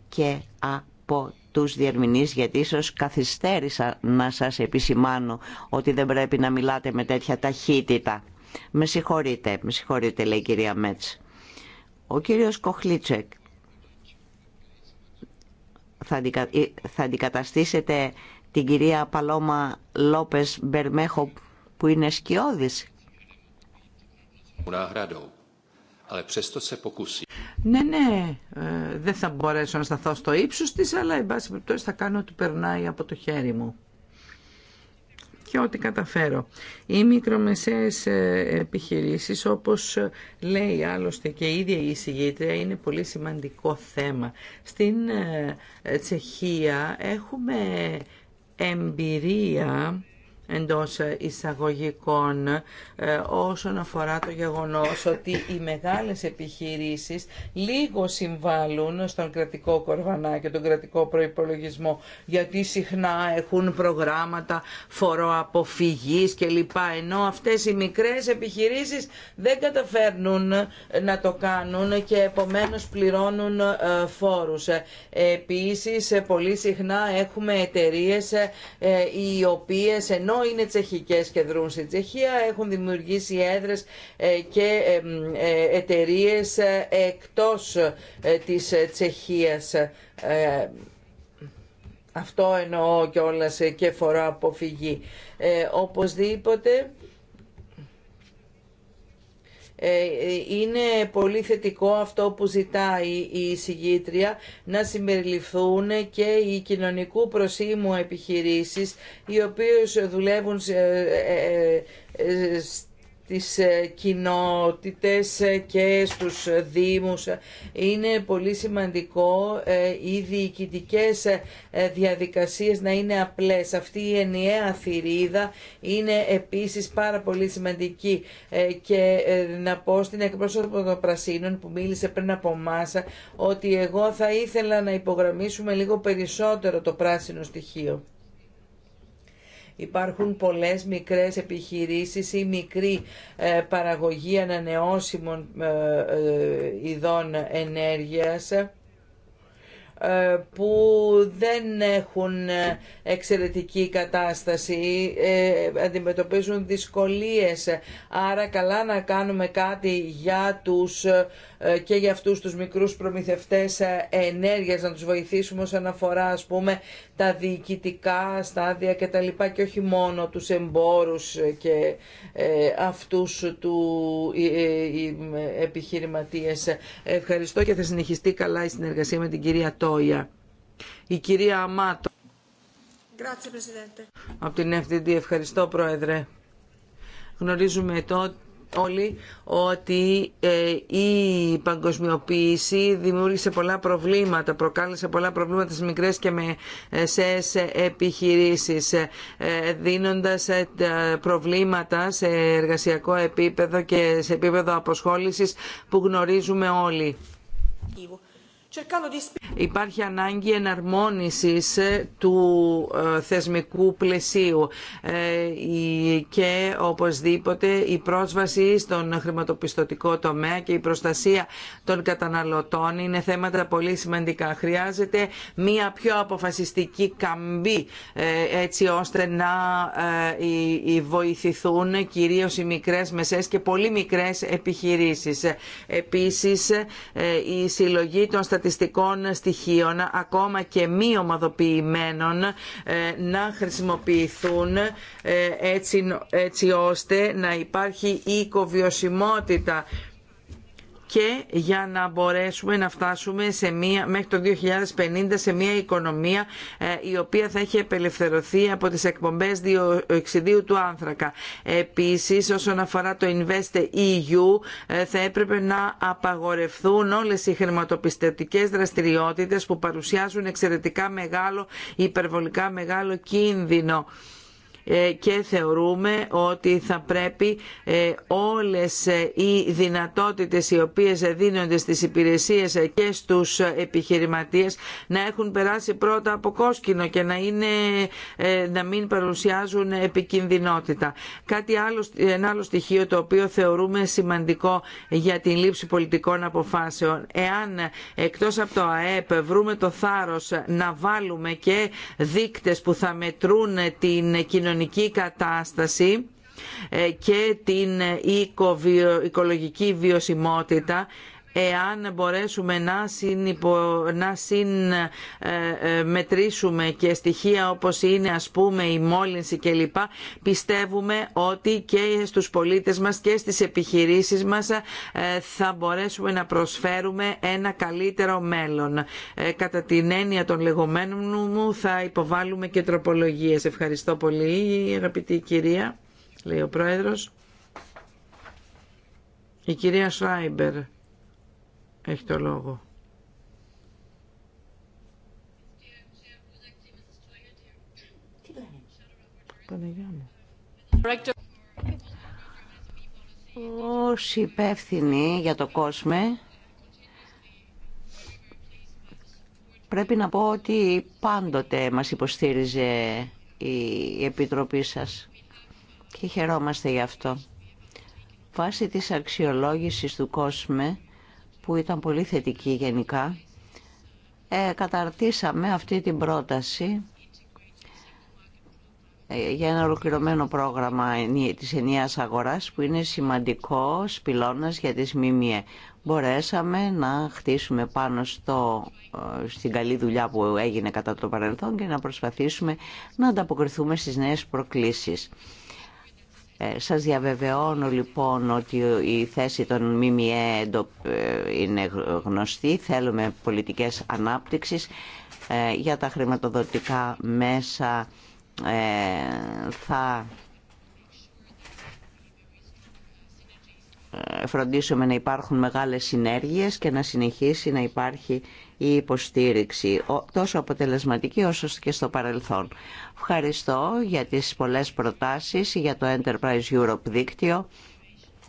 και από τους διερμηνείς γιατί ίσως καθυστέρησα να σας επισημάνω ότι δεν πρέπει να μιλάτε με τέτοια ταχύτητα. Με συγχωρείτε, με συγχωρείτε λέει η κυρία Μέτς. Ο κύριος Κοχλίτσεκ θα, αντικα... Ε, θα αντικαταστήσετε την κυρία Παλώμα Λόπες Μπερμέχο που είναι σκιώδης. Ναι, ναι, ε, δεν θα μπορέσω να σταθώ στο ύψος της, αλλά εν πάση περιπτώσει θα κάνω ό,τι περνάει από το χέρι μου και ό,τι καταφέρω. Οι μικρομεσαίες ε, επιχειρήσεις, όπως λέει άλλωστε και η ίδια η εισηγήτρια, είναι πολύ σημαντικό θέμα. Στην ε, Τσεχία έχουμε εμπειρία εντός εισαγωγικών ε, όσον αφορά το γεγονός ότι οι μεγάλες επιχειρήσεις λίγο συμβάλλουν στον κρατικό κορβανά και τον κρατικό προϋπολογισμό γιατί συχνά έχουν προγράμματα φοροαποφυγής κλπ. Ενώ αυτές οι μικρές επιχειρήσεις δεν καταφέρνουν να το κάνουν και επομένως πληρώνουν ε, φόρους. Επίσης πολύ συχνά έχουμε εταιρείες ε, οι οποίες ενώ ενώ είναι τσεχικές και δρούν στην Τσεχία, έχουν δημιουργήσει έδρες ε, και ε, εταιρείε ε, εκτός της Τσεχίας. Αυτό εννοώ κιόλας και φορά αποφυγή. Ε, οπωσδήποτε ε, είναι πολύ θετικό αυτό που ζητάει η συγγήτρια να συμπεριληφθούν και οι κοινωνικού προσήμου επιχειρήσεις οι οποίες δουλεύουν ε, ε, τις ε, κοινότητες ε, και στους δήμους. Είναι πολύ σημαντικό ε, οι διοικητικέ διαδικασίες να είναι απλές. Αυτή η ενιαία θηρίδα είναι επίσης πάρα πολύ σημαντική και να πω στην εκπρόσωπο των Πρασίνων που μίλησε πριν από εμά ότι εγώ θα ήθελα να υπογραμμίσουμε λίγο περισσότερο το πράσινο στοιχείο. Υπάρχουν πολλές μικρές επιχειρήσεις ή μικρή ε, παραγωγή ανανεώσιμων ε, ε, ειδών ενέργειας που δεν έχουν εξαιρετική κατάσταση, αντιμετωπίζουν δυσκολίες. Άρα καλά να κάνουμε κάτι για τους ε, και για αυτούς τους μικρούς προμηθευτές ε, ενέργειας, να τους βοηθήσουμε όσον αφορά ας πούμε τα διοικητικά στάδια και τα λοιπά και όχι μόνο τους εμπόρους και ε, αυτούς του επιχειρηματίες. Ευχαριστώ και θα συνεχιστεί καλά η συνεργασία με την κυρία Τόια. Η κυρία Αμάτο. Από την FDD. Ευχαριστώ, Πρόεδρε. Γνωρίζουμε το όλοι ότι ε, η παγκοσμιοποίηση δημιούργησε πολλά προβλήματα, προκάλεσε πολλά προβλήματα στις μικρές και μεσαίες επιχειρήσεις, ε, δίνοντας ε, προβλήματα σε εργασιακό επίπεδο και σε επίπεδο αποσχόλησης που γνωρίζουμε όλοι. Υπάρχει ανάγκη εναρμόνισης ε, του ε, θεσμικού πλαισίου ε, και οπωσδήποτε η πρόσβαση στον χρηματοπιστωτικό τομέα και η προστασία των καταναλωτών είναι θέματα πολύ σημαντικά. Χρειάζεται μία πιο αποφασιστική καμπή έτσι ώστε να βοηθηθούν κυρίως οι μικρές, μεσές και πολύ μικρές επιχειρήσεις. Επίσης η συλλογή των στατιστικών στοιχείων ακόμα και μη ομαδοποιημένων ε, να χρησιμοποιηθούν ε, έτσι, έτσι ώστε να υπάρχει οικοβιωσιμότητα και για να μπορέσουμε να φτάσουμε σε μία, μέχρι το 2050 σε μια οικονομία ε, η οποία θα έχει απελευθερωθεί από τις εκπομπές διοξιδίου του άνθρακα. Επίσης όσον αφορά το Invest EU ε, θα έπρεπε να απαγορευθούν όλες οι χρηματοπιστωτικές δραστηριότητες που παρουσιάζουν εξαιρετικά μεγάλο, υπερβολικά μεγάλο κίνδυνο. Ε, και θεωρούμε ότι θα πρέπει ε, όλες ε, οι δυνατότητες οι οποίες δίνονται στις υπηρεσίες και στους επιχειρηματίες να έχουν περάσει πρώτα από κόσκινο και να, είναι, να μην παρουσιάζουν επικινδυνότητα. Κάτι άλλο, ένα άλλο στοιχείο το οποίο θεωρούμε σημαντικό για την λήψη πολιτικών αποφάσεων. Εάν εκτός από το ΑΕΠ βρούμε το θάρρος να βάλουμε και δείκτες που θα μετρούν την κοινωνική κοινωνική κατάσταση ε, και την ε, οικολογική βιωσιμότητα εάν μπορέσουμε να, συνυπο, να συνμετρήσουμε ε, ε, και στοιχεία όπως είναι ας πούμε η μόλυνση κλπ. Πιστεύουμε ότι και στους πολίτες μας και στις επιχειρήσεις μας ε, θα μπορέσουμε να προσφέρουμε ένα καλύτερο μέλλον. Κατά την έννοια των λεγόμενων μου θα υποβάλουμε και τροπολογίες. Ευχαριστώ πολύ αγαπητή κυρία, λέει ο Πρόεδρος. Η κυρία Σράιμπερ. Έχει το λόγο. Παναγιά υπεύθυνοι για το κόσμο πρέπει να πω ότι πάντοτε μας υποστήριζε η Επιτροπή σας και χαιρόμαστε γι' αυτό. Βάσει της αξιολόγησης του κόσμε που ήταν πολύ θετική γενικά, ε, καταρτήσαμε αυτή την πρόταση ε, για ένα ολοκληρωμένο πρόγραμμα της ενιαίας αγοράς που είναι σημαντικό πυλώνας για τις ΜΜΕ. Μπορέσαμε να χτίσουμε πάνω στο, ε, στην καλή δουλειά που έγινε κατά το παρελθόν και να προσπαθήσουμε να ανταποκριθούμε στις νέες προκλήσεις. Ε, σας διαβεβαιώνω λοιπόν ότι η θέση των ΜΜΕ ε, είναι γνωστή. Θέλουμε πολιτικές ανάπτυξης ε, για τα χρηματοδοτικά μέσα ε, θα φροντίσουμε να υπάρχουν μεγάλες συνέργειες και να συνεχίσει να υπάρχει η υποστήριξη τόσο αποτελεσματική όσο και στο παρελθόν. Ευχαριστώ για τις πολλές προτάσεις για το Enterprise Europe δίκτυο.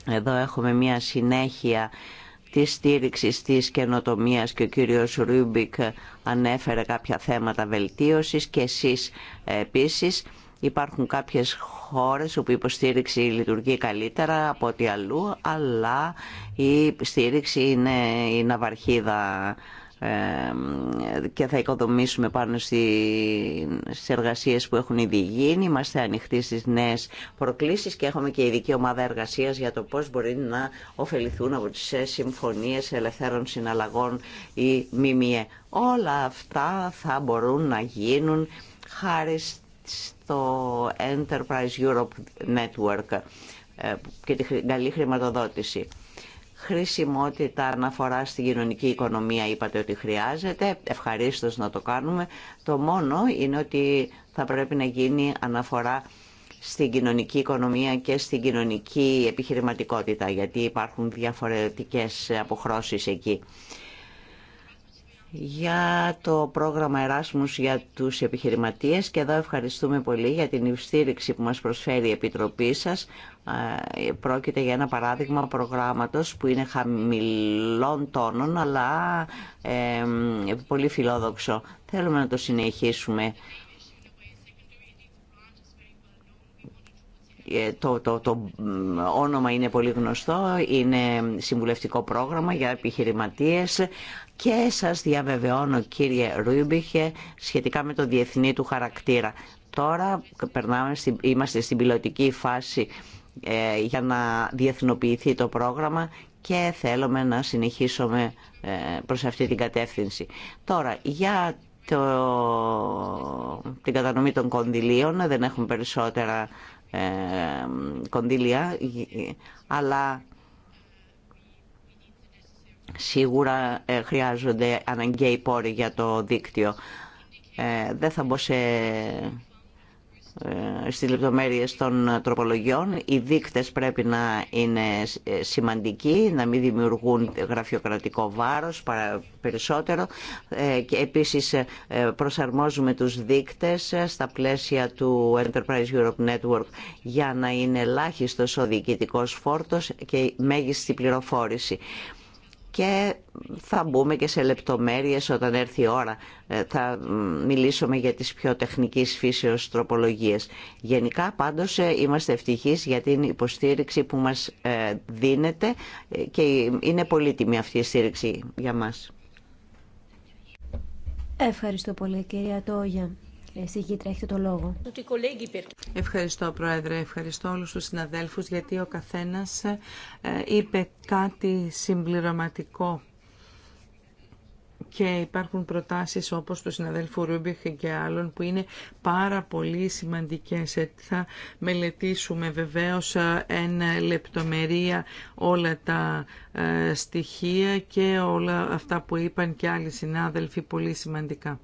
Εδώ έχουμε μια συνέχεια της στήριξης της καινοτομίας και ο κύριος Ρούμπικ ανέφερε κάποια θέματα βελτίωσης και εσείς ε, επίσης. Υπάρχουν κάποιες χώρες όπου η υποστήριξη λειτουργεί καλύτερα από ό,τι αλλού, αλλά η στήριξη είναι η ναυαρχίδα και θα οικοδομήσουμε πάνω στις εργασίες που έχουν ήδη γίνει. Είμαστε ανοιχτοί στις νέες προκλήσεις και έχουμε και ειδική ομάδα εργασίας για το πώς μπορεί να ωφεληθούν από τις συμφωνίες ελευθέρων συναλλαγών ή ΜΜΕ. Όλα αυτά θα μπορούν να γίνουν χάρη στο Enterprise Europe Network ε, και την καλή χρηματοδότηση. Χρησιμότητα αναφορά στην κοινωνική οικονομία είπατε ότι χρειάζεται, ευχαρίστως να το κάνουμε. Το μόνο είναι ότι θα πρέπει να γίνει αναφορά στην κοινωνική οικονομία και στην κοινωνική επιχειρηματικότητα, γιατί υπάρχουν διαφορετικές αποχρώσεις εκεί για το πρόγραμμα Εράσμους για τους επιχειρηματίες και εδώ ευχαριστούμε πολύ για την υστήριξη που μας προσφέρει η Επιτροπή σας. Πρόκειται για ένα παράδειγμα προγράμματος που είναι χαμηλών τόνων αλλά ε, πολύ φιλόδοξο. Θέλουμε να το συνεχίσουμε. Ε, το, το, το όνομα είναι πολύ γνωστό, είναι συμβουλευτικό πρόγραμμα για επιχειρηματίες και σας διαβεβαιώνω κύριε Ρούμπιχε σχετικά με το διεθνή του χαρακτήρα. Τώρα περνάμε, είμαστε στην πιλωτική φάση ε, για να διεθνοποιηθεί το πρόγραμμα και θέλουμε να συνεχίσουμε ε, προς αυτή την κατεύθυνση. Τώρα, για το... την κατανομή των κονδυλίων, δεν έχουμε περισσότερα ε, κονδύλια, αλλά Σίγουρα ε, χρειάζονται αναγκαίοι πόροι για το δίκτυο. Ε, δεν θα μπω σε ε, στις λεπτομέρειες των τροπολογιών. Οι δίκτες πρέπει να είναι σημαντικοί, να μην δημιουργούν γραφειοκρατικό βάρος περισσότερο. Και επίσης προσαρμόζουμε τους δίκτες στα πλαίσια του Enterprise Europe Network για να είναι ελάχιστος ο διοικητικός φόρτος και μέγιστη πληροφόρηση και θα μπούμε και σε λεπτομέρειες όταν έρθει η ώρα. Ε, θα μιλήσουμε για τις πιο τεχνικής φύσεως τροπολογίες. Γενικά πάντως ε, είμαστε ευτυχείς για την υποστήριξη που μας ε, δίνεται και είναι πολύτιμη αυτή η στήριξη για μας. Ευχαριστώ πολύ κυρία Τόγια. Γήτρα, έχετε το λόγο. Ευχαριστώ, Πρόεδρε. Ευχαριστώ όλους τους συναδέλφους, γιατί ο καθένας ε, είπε κάτι συμπληρωματικό και υπάρχουν προτάσεις όπως του συναδέλφου Ρούμπιχ και άλλων που είναι πάρα πολύ σημαντικές. Ε, θα μελετήσουμε βεβαίως ε, εν λεπτομερία όλα τα στοιχεία και όλα αυτά που είπαν και άλλοι συνάδελφοι πολύ σημαντικά.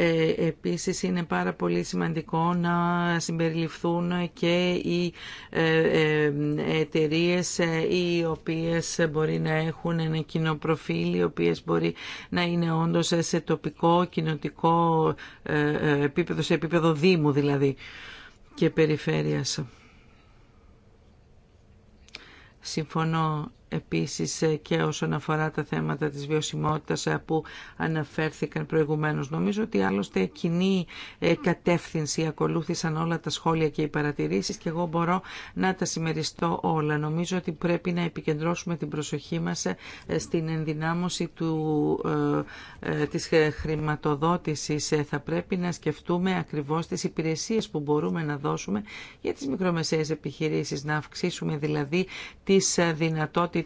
Ε, επίσης είναι πάρα πολύ σημαντικό να συμπεριληφθούν και οι ε, ε, εταιρείε οι οποίες μπορεί να έχουν ένα κοινό προφίλ, οι οποίες μπορεί να είναι όντως σε τοπικό, κοινοτικό επίπεδο, σε επίπεδο Δήμου δηλαδή και περιφέρειας. Συμφωνώ επίσης ε, και όσον αφορά τα θέματα της βιωσιμότητας ε, που αναφέρθηκαν προηγουμένως. Νομίζω ότι άλλωστε κοινή ε, κατεύθυνση ακολούθησαν όλα τα σχόλια και οι παρατηρήσεις και εγώ μπορώ να τα συμμεριστώ όλα. Νομίζω ότι πρέπει να επικεντρώσουμε την προσοχή μας στην ενδυνάμωση του, της χρηματοδότησης. Θα πρέπει να σκεφτούμε ακριβώς τις υπηρεσίες που μπορούμε να δώσουμε για τις μικρομεσαίες επιχειρήσεις, να αυξήσουμε δηλαδή τις δυνατότητες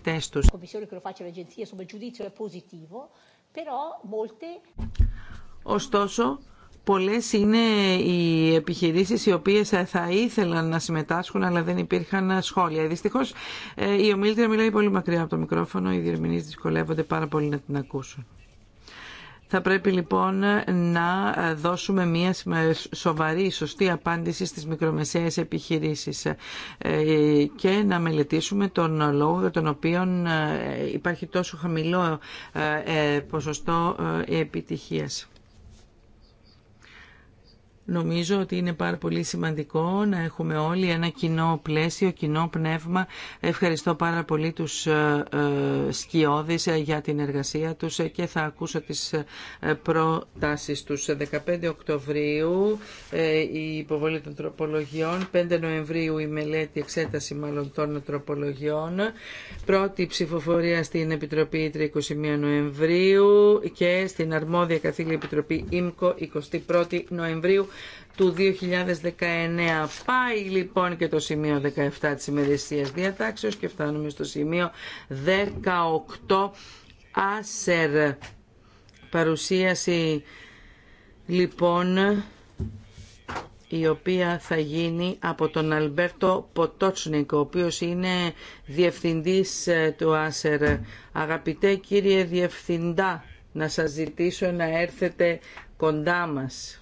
Ωστόσο, πολλές είναι οι επιχειρήσεις οι οποίες ε, θα ήθελαν να συμμετάσχουν αλλά δεν υπήρχαν ε, σχόλια. Δυστυχώ, ε, η ομίλητρια μιλάει πολύ μακριά από το μικρόφωνο, οι διερμηνείς δυσκολεύονται πάρα πολύ να την ακούσουν. Θα πρέπει λοιπόν να δώσουμε μια σοβαρή, σωστή απάντηση στις μικρομεσαίες επιχειρήσεις ε, και να μελετήσουμε τον λόγο για τον οποίο ε, υπάρχει τόσο χαμηλό ε, ποσοστό επιτυχίας. Νομίζω ότι είναι πάρα πολύ σημαντικό να έχουμε όλοι ένα κοινό πλαίσιο, κοινό πνεύμα. Ευχαριστώ πάρα πολύ τους ε, ε, σκιώδεις ε, για την εργασία τους και θα ακούσω τις προτάσεις τους. 15 Οκτωβρίου η υποβολή των τροπολογιών, 5 Νοεμβρίου η μελέτη εξέταση μάλλον των τροπολογιών, πρώτη ψηφοφορία στην Επιτροπή 21 Νοεμβρίου και στην αρμόδια καθήλια Επιτροπή ΙΜΚΟ 21 Νοεμβρίου του 2019. Πάει λοιπόν και το σημείο 17 της ημερησίας διατάξεως και φτάνουμε στο σημείο 18 άσερ παρουσίαση λοιπόν η οποία θα γίνει από τον Αλμπέρτο Ποτότσνικ, ο οποίος είναι διευθυντής ε, του Άσερ. Αγαπητέ κύριε Διευθυντά, να σας ζητήσω να έρθετε κοντά μας.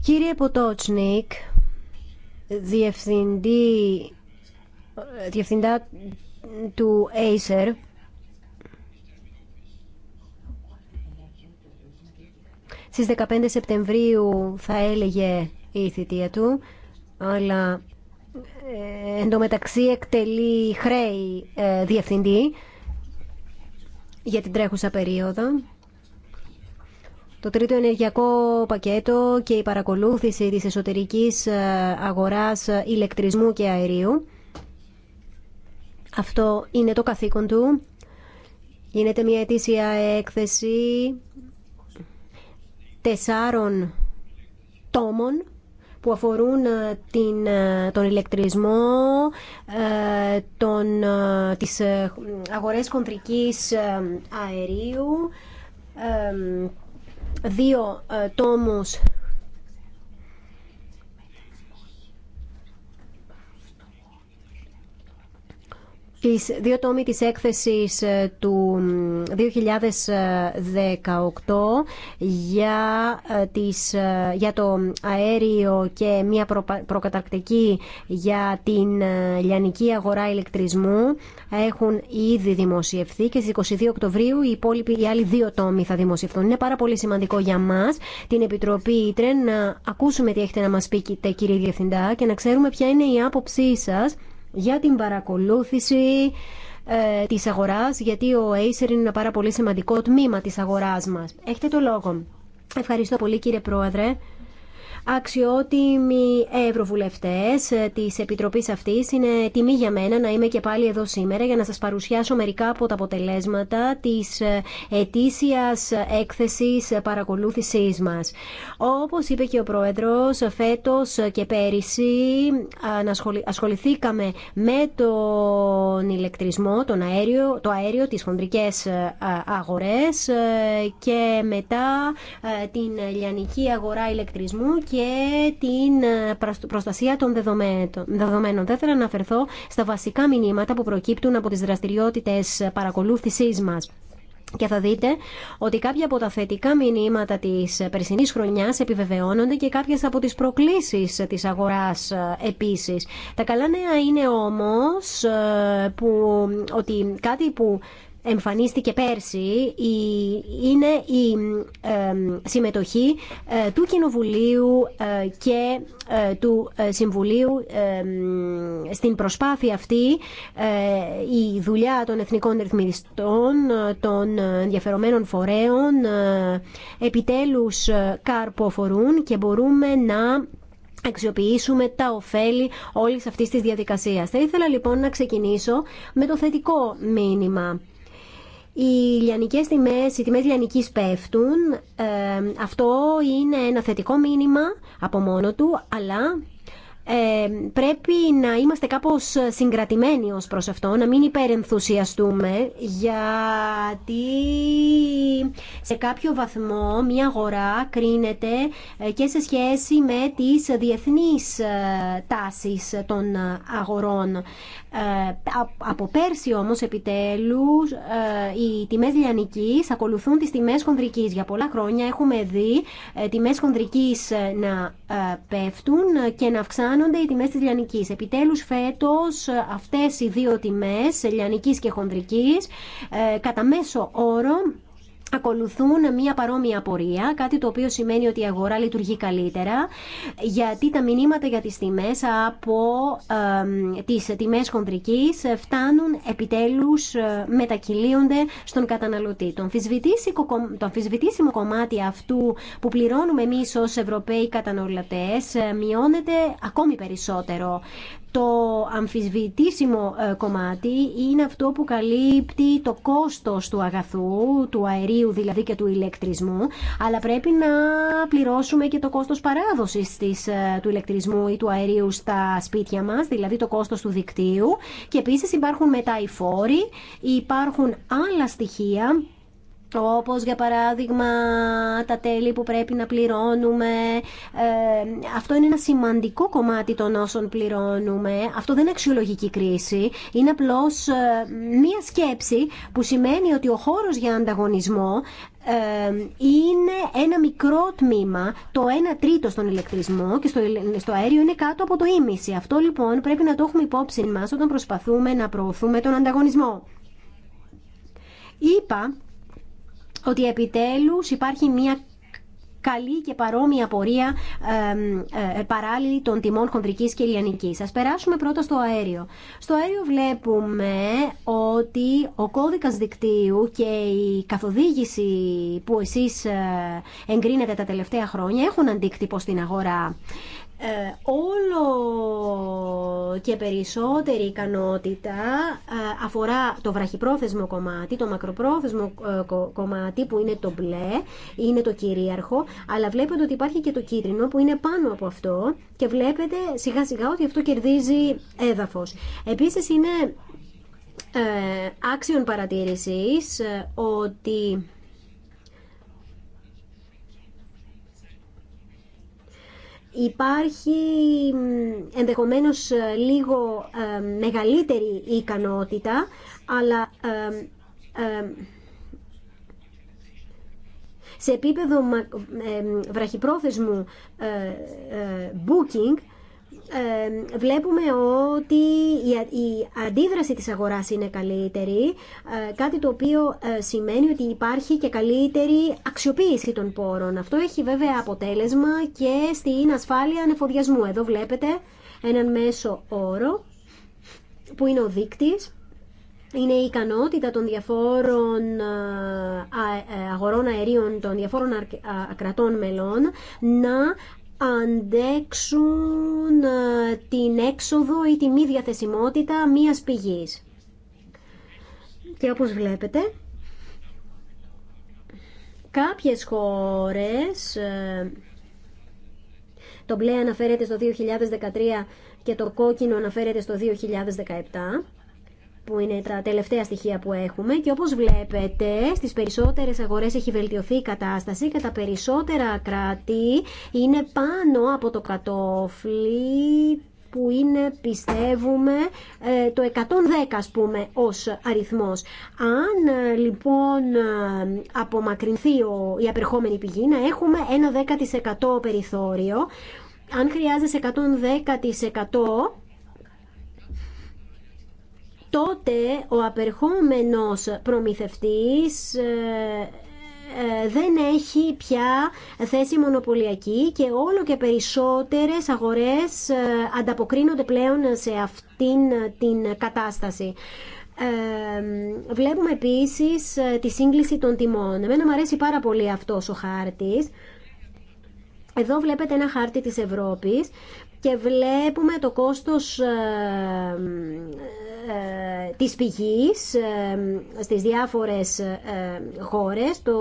Κύριε Ποτότσνικ, διευθυντή, διευθυντά του Acer, στις 15 Σεπτεμβρίου θα έλεγε η θητεία του, αλλά ε, εν εκτελεί χρέη ε, διευθυντή για την τρέχουσα περίοδο. Το τρίτο ενεργειακό πακέτο και η παρακολούθηση της εσωτερικής ε, αγοράς ηλεκτρισμού και αερίου. Αυτό είναι το καθήκον του. Γίνεται μια αιτήσια έκθεση τεσσάρων τόμων που αφορούν ε, την, ε, τον ηλεκτρισμό, ε, τον, τις αγορές κοντρικής αερίου, δύο τόμους τις δύο τόμοι της έκθεσης ε, του 2018 για, ε, τις, ε, για το αέριο και μια προκαταρκτική για την λιανική αγορά ηλεκτρισμού έχουν ήδη δημοσιευθεί και στις 22 Οκτωβρίου οι, υπόλοιποι, οι άλλοι δύο τόμοι θα δημοσιευθούν. Είναι πάρα πολύ σημαντικό για μας την Επιτροπή Ήτρεν να ακούσουμε τι έχετε να μας πει κύριε Διευθυντά και να ξέρουμε ποια είναι η άποψή σας για την παρακολούθηση ε, της αγοράς, γιατί ο Acer είναι ένα πάρα πολύ σημαντικό τμήμα της αγοράς μας. Έχετε το λόγο. Ευχαριστώ πολύ κύριε Πρόεδρε αξιότιμοι ευρωβουλευτέ τη επιτροπή αυτής. Είναι τιμή για μένα να είμαι και πάλι εδώ σήμερα για να σας παρουσιάσω μερικά από τα αποτελέσματα της ετήσιας έκθεσης παρακολούθησής μας. Όπως είπε και ο πρόεδρο, φέτο και πέρυσι ασχοληθήκαμε με τον ηλεκτρισμό, τον αέριο, το αέριο, τις χοντρικέ ε, αγορέ ε, και μετά ε, την λιανική αγορά ηλεκτρισμού και την ε, προστασία των δεδομένων. Δεν θέλω να αναφερθώ στα βασικά μηνύματα που προκύπτουν από τις δραστηριότητες παρακολούθησής μας. Και θα δείτε ότι κάποια από τα θετικά μηνύματα της περσινής χρονιάς επιβεβαιώνονται και κάποιες από τις προκλήσεις της αγοράς ε, επίσης. Τα καλά νέα είναι όμως ε, που, ότι κάτι που εμφανίστηκε πέρσι είναι η συμμετοχή ε, του Κοινοβουλίου ε, και ε, του Συμβουλίου στην προσπάθεια αυτή η δουλειά των εθνικών ρυθμιστών, των ενδιαφερομένων φορέων επιτέλους καρποφορούν και μπορούμε να αξιοποιήσουμε τα ωφέλη όλης αυτής της διαδικασίας. Θα ήθελα λοιπόν να ξεκινήσω με το θετικό μήνυμα. Οι λιανικές τιμέ, οι τιμέ λιανική πέφτουν. Ε, αυτό είναι ένα θετικό μήνυμα από μόνο του, αλλά ε, πρέπει να είμαστε κάπως συγκρατημένοι ως προς αυτό, να μην υπερενθουσιαστούμε, γιατί σε κάποιο βαθμό μια αγορά κρίνεται ε, και σε σχέση με τις διεθνείς τάσεις των αγορών. Ε, από πέρσι όμως επιτέλους ε, οι τιμές λιανικής ακολουθούν τις τιμές χονδρικής. Για πολλά χρόνια έχουμε δει ε, τιμές χονδρικής να πέφτουν και να αυξάνονται οι τιμές της λιανικής. Επιτέλους φέτος αυτές οι δύο τιμές, λιανικής και χονδρικής, κατά μέσο όρο ακολουθούν μια παρόμοια πορεία, κάτι το οποίο σημαίνει ότι η αγορά λειτουργεί καλύτερα, γιατί τα μηνύματα για τις τιμές από ε, τις τιμές χοντρικής φτάνουν επιτέλους, ε, μετακυλίονται στον καταναλωτή. Το, το αμφισβητήσιμο κομμάτι αυτού που πληρώνουμε εμείς ως Ευρωπαίοι καταναλωτές ε, μειώνεται ακόμη περισσότερο. Το αμφισβητήσιμο ε, κομμάτι είναι αυτό που καλύπτει το κόστος του αγαθού, του αερίου δηλαδή και του ηλεκτρισμού, αλλά πρέπει να πληρώσουμε και το κόστος παράδοσης της, ε, του ηλεκτρισμού ή του αερίου στα σπίτια μας, δηλαδή το κόστος του δικτύου. Και επίσης υπάρχουν μετά οι φόροι, υπάρχουν άλλα στοιχεία όπως για παράδειγμα τα τέλη που πρέπει να πληρώνουμε. Ε, αυτό είναι ένα σημαντικό κομμάτι των όσων πληρώνουμε. Αυτό δεν είναι αξιολογική κρίση. Είναι απλώς ε, μία σκέψη που σημαίνει ότι ο χώρος για ανταγωνισμό ε, είναι ένα μικρό τμήμα, το 1 τρίτο στον ηλεκτρισμό και στο αέριο είναι κάτω από το ίμιση. Αυτό λοιπόν πρέπει να το έχουμε υπόψη μας όταν προσπαθούμε να προωθούμε τον ανταγωνισμό. Είπα ότι επιτέλους υπάρχει μια καλή και παρόμοια πορεία ε, παράλληλη των τιμών χονδρικής και ηλιανικής. Ας περάσουμε πρώτα στο αέριο. Στο αέριο βλέπουμε ότι ο κώδικας δικτύου και η καθοδήγηση που εσείς ε, εγκρίνετε τα τελευταία χρόνια έχουν αντίκτυπο στην αγορά. Ε, όλο και περισσότερη ικανότητα ε, αφορά το βραχυπρόθεσμο κομμάτι, το μακροπρόθεσμο ε, κομμάτι που είναι το μπλε, είναι το κυρίαρχο, αλλά βλέπετε ότι υπάρχει και το κίτρινο που είναι πάνω από αυτό και βλέπετε σιγά σιγά ότι αυτό κερδίζει έδαφος. Επίσης είναι άξιον παρατήρησης ότι υπάρχει ενδεχομένως ε, λίγο ε, μεγαλύτερη ικανότητα, αλλά ε, σε επίπεδο βραχυπρόθεσμου booking ε, βλέπουμε ότι η, η αντίδραση της αγοράς είναι καλύτερη, ε, κάτι το οποίο ε, σημαίνει ότι υπάρχει και καλύτερη αξιοποίηση των πόρων. Αυτό έχει βέβαια αποτέλεσμα και στην ασφάλεια ανεφοδιασμού. Εδώ βλέπετε έναν μέσο όρο που είναι ο δείκτης. Είναι η ικανότητα των διαφόρων αγορών αερίων των διαφόρων κρατών μελών να αντέξουν ε, την έξοδο ή τη μη διαθεσιμότητα μίας πηγής. Και όπως βλέπετε, κάποιες χώρες, ε, το μπλε αναφέρεται στο 2013 και το κόκκινο αναφέρεται στο 2017, που είναι τα τελευταία στοιχεία που έχουμε και όπως βλέπετε στις περισσότερες αγορές έχει βελτιωθεί η κατάσταση και τα περισσότερα κράτη είναι πάνω από το κατόφλι που είναι πιστεύουμε ε, το 110 ας πούμε ως αριθμός. Αν ε, λοιπόν ε, απομακρυνθεί η απερχόμενη πηγή να έχουμε ένα 10% περιθώριο. Αν χρειάζεσαι 110% τότε ο απερχόμενος προμηθευτής ε, ε, δεν έχει πια θέση μονοπωλιακή και όλο και περισσότερες αγορές ε, ανταποκρίνονται πλέον σε αυτήν την κατάσταση. βλέπουμε επίσης τη σύγκληση των τιμών. Εμένα μου αρέσει πάρα πολύ αυτός ο χάρτης. Εδώ βλέπετε ένα χάρτη της Ευρώπης και βλέπουμε το κόστος ε, της πηγής ε, στις διάφορες ε, χώρες. Το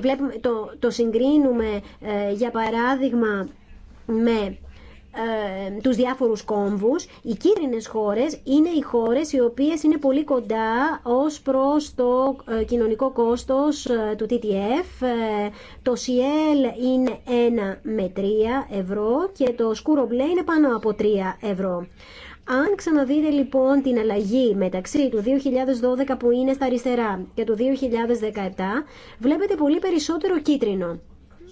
βλέπουμε, το, το συγκρίνουμε για παράδειγμα με τους διάφορους κόμβους. Οι κίτρινες χώρες είναι οι χώρες οι οποίες είναι πολύ κοντά ως προς το ε, κοινωνικό κόστος ε, του TTF. Ε, το CL είναι 1 με 3 ευρώ και το σκούρο μπλε είναι πάνω από 3 ευρώ. Αν ξαναδείτε λοιπόν την αλλαγή μεταξύ του 2012 που είναι στα αριστερά και του 2017, βλέπετε πολύ περισσότερο κίτρινο.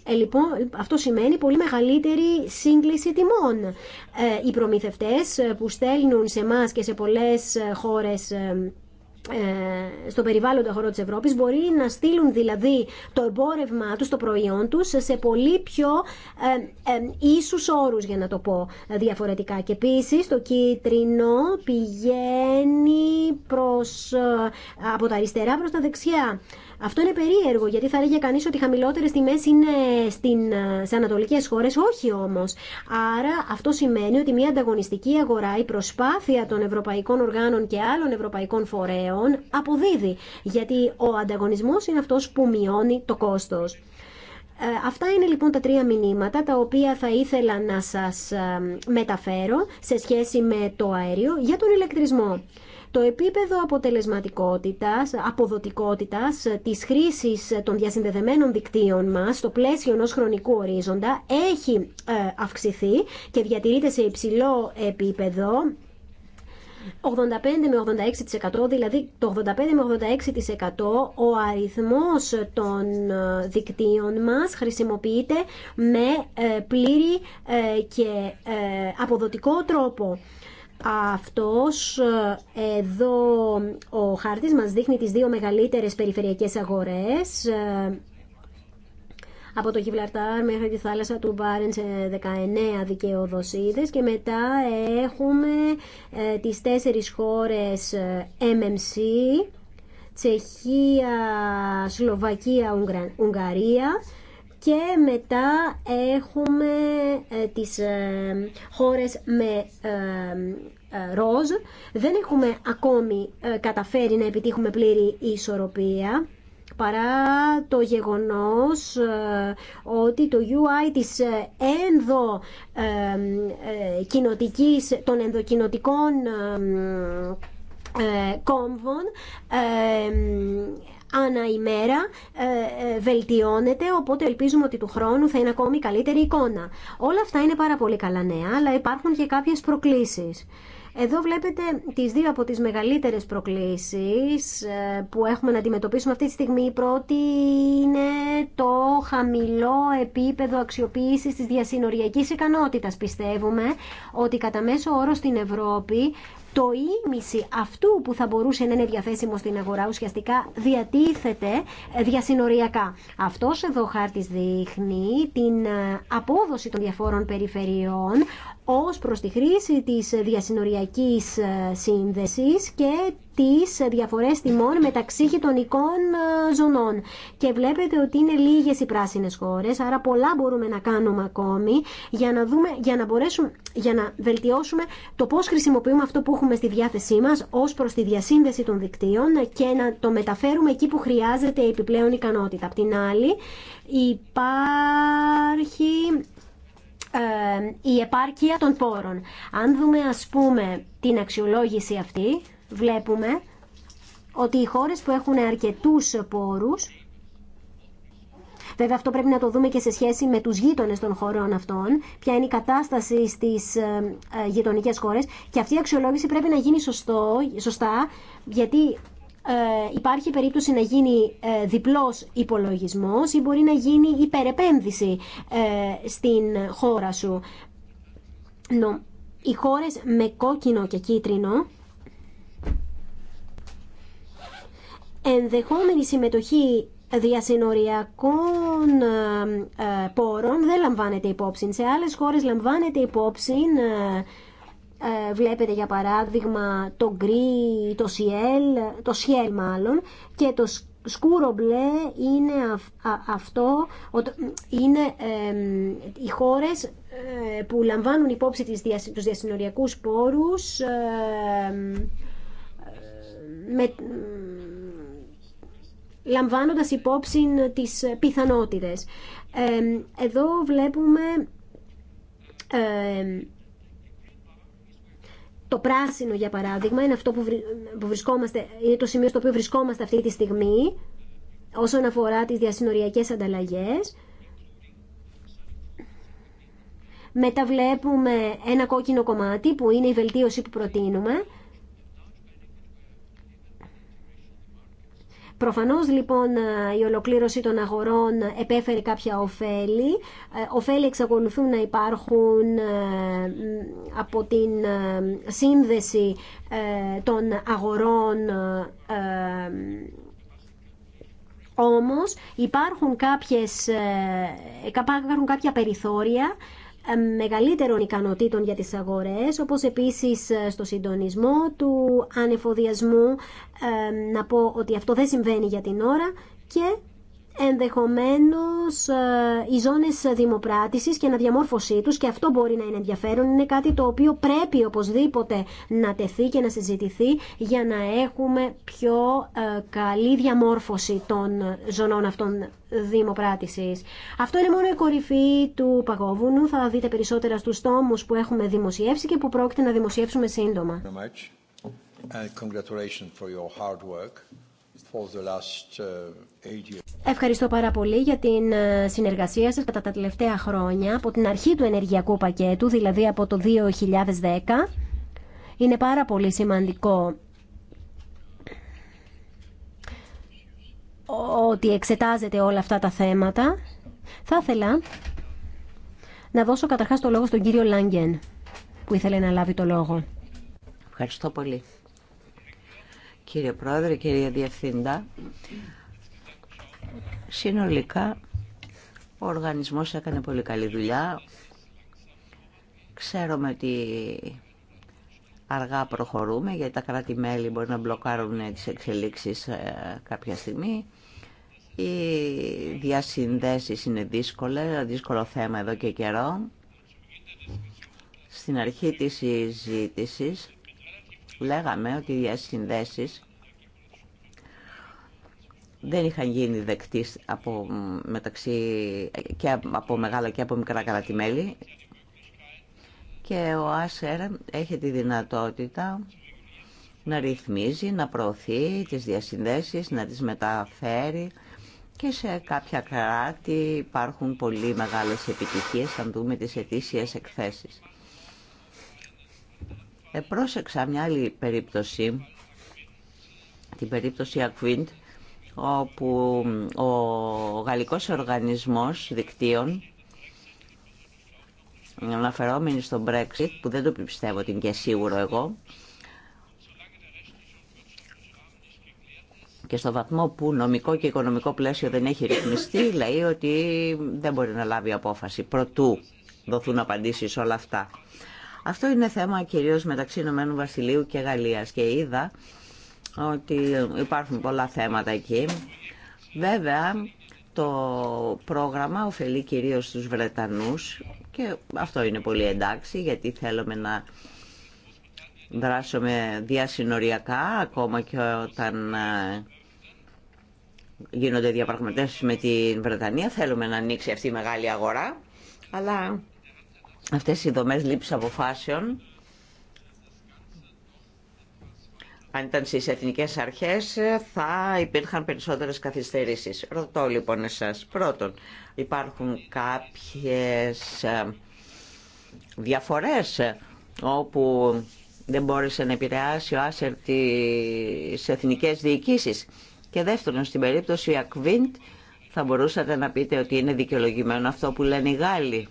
Ε, λοιπόν, αυτό σημαίνει πολύ μεγαλύτερη σύγκληση τιμών. Ε, οι προμηθευτές ε, που στέλνουν σε εμά και σε πολλές ε, χώρες ε, στο περιβάλλον των χωρών της Ευρώπης μπορεί να στείλουν δηλαδή το εμπόρευμά τους, το προϊόν τους σε πολύ πιο ε, ε, ίσους όρους για να το πω διαφορετικά και επίση το κίτρινο πηγαίνει προς, από τα αριστερά προς τα δεξιά αυτό είναι περίεργο, γιατί θα έλεγε κανεί ότι οι χαμηλότερε τιμέ είναι στην, ε, σε ανατολικέ χώρε. Όχι όμω. Άρα αυτό σημαίνει ότι μια ανταγωνιστική αγορά, η προσπάθεια των ευρωπαϊκών οργάνων και άλλων ευρωπαϊκών φορέων αποδίδει. Γιατί ο ανταγωνισμό είναι αυτό που μειώνει το κόστο. Ε, αυτά είναι λοιπόν τα τρία μηνύματα τα οποία θα ήθελα να σας ε, μεταφέρω σε σχέση με το αέριο για τον ηλεκτρισμό. Το επίπεδο αποτελεσματικότητας, αποδοτικότητας της χρήσης των διασυνδεδεμένων δικτύων μας στο πλαίσιο ενός χρονικού ορίζοντα έχει ε, αυξηθεί και διατηρείται σε υψηλό επίπεδο 85 με 86%, δηλαδή το 85 με 86% ο αριθμός των ε, δικτύων μας χρησιμοποιείται με ε, πλήρη και αποδοτικό τρόπο. Αυτός ε, εδώ ο χάρτης μας δείχνει τις δύο μεγαλύτερες περιφερειακές αγορές ε, από το Γιβλαρτάρ μέχρι τη θάλασσα του Μπάρεν σε 19 δικαιοδοσίδες και μετά έχουμε ε, τις τέσσερις χώρες MMC Τσεχία, Σλοβακία, Ουγγαρία και μετά έχουμε ε, τις ε, χώρες με ε, ροζ. Δεν έχουμε ακόμη καταφέρει να επιτύχουμε πλήρη ισορροπία παρά το γεγονός ότι το UI της ενδο, των ενδοκοινοτικών κόμβων ανά ημέρα ε, ε, βελτιώνεται, οπότε ελπίζουμε ότι του χρόνου θα είναι ακόμη καλύτερη εικόνα. Όλα αυτά είναι πάρα πολύ καλά νέα, αλλά υπάρχουν και κάποιες προκλήσεις. Εδώ βλέπετε τις δύο από τις μεγαλύτερες προκλήσεις ε, που έχουμε να αντιμετωπίσουμε αυτή τη στιγμή. Η πρώτη είναι το χαμηλό επίπεδο αξιοποίησης της διασυνοριακής ικανότητας. Πιστεύουμε ότι κατά μέσο όρο στην Ευρώπη το ίμιση αυτού που θα μπορούσε να είναι διαθέσιμο στην αγορά ουσιαστικά διατίθεται ε, διασυνοριακά. Αυτός εδώ χάρτης δείχνει την ε, απόδοση των διαφόρων περιφερειών ως προς τη χρήση της διασυνοριακής ε, σύνδεσης και τις διαφορές τιμών μεταξύ γειτονικών ε, ζωνών. Και βλέπετε ότι είναι λίγες οι πράσινες χώρες, άρα πολλά μπορούμε να κάνουμε ακόμη για να, δούμε, για να, μπορέσουμε, για να βελτιώσουμε το πώς χρησιμοποιούμε αυτό που έχουμε στη διάθεσή μας ως προς τη διασύνδεση των δικτύων και να το μεταφέρουμε εκεί που χρειάζεται επιπλέον ικανότητα. Απ' την άλλη υπάρχει ε, η επάρκεια των πόρων. Αν δούμε ας πούμε την αξιολόγηση αυτή, βλέπουμε ότι οι χώρες που έχουν αρκετούς πόρους Βέβαια αυτό πρέπει να το δούμε και σε σχέση με τους γείτονες των χωρών αυτών, ποια είναι η κατάσταση στις ε, ε, γειτονικές χώρες και αυτή η αξιολόγηση πρέπει να γίνει σωστό, σωστά γιατί ε, υπάρχει περίπτωση να γίνει ε, διπλός υπολογισμός ή μπορεί να γίνει υπερεπένδυση ε, στην χώρα σου. Οι χώρες με κόκκινο και κίτρινο ενδεχόμενη συμμετοχή διασυνοριακών πόρων δεν λαμβάνεται υπόψη. Σε άλλες χώρες λαμβάνεται υπόψη ε, βλέπετε για παράδειγμα το γκρι, το σιέλ, το σιέλ μάλλον και το σκούρο μπλε είναι αυτό, είναι οι χώρες ε, που λαμβάνουν υπόψη τις, τους διασυνοριακούς πόρους ε, με, λαμβάνοντας υπόψη τις πιθανότητες. εδώ βλέπουμε το πράσινο, για παράδειγμα, είναι, αυτό που βρισκόμαστε, είναι το σημείο στο οποίο βρισκόμαστε αυτή τη στιγμή όσον αφορά τις διασυνοριακές ανταλλαγές. Μετά βλέπουμε ένα κόκκινο κομμάτι που είναι η βελτίωση που προτείνουμε Προφανώς λοιπόν ε, η ολοκλήρωση των αγορών επέφερε κάποια ωφέλη. Οφέλη ε, εξακολουθούν να υπάρχουν ε, από την σύνδεση των αγορών όμως υπάρχουν, κάποιες, υπάρχουν κάποια περιθώρια ε, μεγαλύτερων ικανοτήτων για τις αγορές, όπως επίσης ε, στο συντονισμό του ανεφοδιασμού. Ε, να πω ότι αυτό δεν συμβαίνει για την ώρα και ενδεχομένως ε, οι ζώνε δημοπράτηση και αναδιαμόρφωσή τους και αυτό μπορεί να είναι ενδιαφέρον είναι κάτι το οποίο πρέπει οπωσδήποτε να τεθεί και να συζητηθεί για να έχουμε πιο ε, καλή διαμόρφωση των ζωνών αυτών δημοπράτηση. Αυτό είναι μόνο η κορυφή του παγόβουνου. Θα δείτε περισσότερα στους τόμους που έχουμε δημοσιεύσει και που πρόκειται να δημοσιεύσουμε σύντομα. Uh, Ευχαριστώ πάρα πολύ για την ε, συνεργασία σας κατά τα τελευταία χρόνια από την αρχή του ενεργειακού πακέτου, δηλαδή από το 2010. Είναι πάρα πολύ σημαντικό ότι εξετάζεται όλα αυτά τα θέματα. Θα ήθελα να δώσω καταρχάς το λόγο στον κύριο Λάγκεν, που ήθελε να λάβει το λόγο. Ευχαριστώ πολύ κύριε Πρόεδρε, κύριε Διευθύντα. Συνολικά, ο οργανισμός έκανε πολύ καλή δουλειά. Ξέρουμε ότι αργά προχωρούμε, γιατί τα κράτη-μέλη μπορεί να μπλοκάρουν τις εξελίξεις ε, κάποια στιγμή. Οι διασυνδέσεις είναι δύσκολες, δύσκολο θέμα εδώ και καιρό. Στην αρχή της συζήτηση λέγαμε ότι οι διασυνδέσεις δεν είχαν γίνει δεκτής από, μεταξύ, και από μεγάλα και από μικρά κρατημέλη και ο ΆΣΕΡ έχει τη δυνατότητα να ρυθμίζει, να προωθεί τις διασυνδέσεις, να τις μεταφέρει και σε κάποια κράτη υπάρχουν πολύ μεγάλες επιτυχίες αν δούμε τις ετήσιες εκθέσεις. Ε, πρόσεξα μια άλλη περίπτωση, την περίπτωση Ακβίντ, όπου ο γαλλικός οργανισμός δικτύων αναφερόμενοι στο Brexit που δεν το πιστεύω ότι και σίγουρο εγώ και στο βαθμό που νομικό και οικονομικό πλαίσιο δεν έχει ρυθμιστεί λέει ότι δεν μπορεί να λάβει απόφαση προτού δοθούν απαντήσεις όλα αυτά. Αυτό είναι θέμα κυρίως μεταξύ Ηνωμένου Βασιλείου και Γαλλίας και είδα ότι υπάρχουν πολλά θέματα εκεί. Βέβαια, το πρόγραμμα ωφελεί κυρίως στους Βρετανούς και αυτό είναι πολύ εντάξει γιατί θέλουμε να δράσουμε διασυνοριακά ακόμα και όταν ε, γίνονται διαπραγματεύσεις με την Βρετανία θέλουμε να ανοίξει αυτή η μεγάλη αγορά αλλά αυτές οι δομές λήψης αποφάσεων Αν ήταν στι εθνικές αρχές θα υπήρχαν περισσότερες καθυστερήσει. Ρωτώ λοιπόν εσάς. Πρώτον, υπάρχουν κάποιες ε, διαφορές όπου δεν μπόρεσε να επηρεάσει ο Άσερ τι εθνικές διοικησει Και δεύτερον, στην περίπτωση Ακβίντ θα μπορούσατε να πείτε ότι είναι δικαιολογημένο αυτό που λένε οι Γάλλοι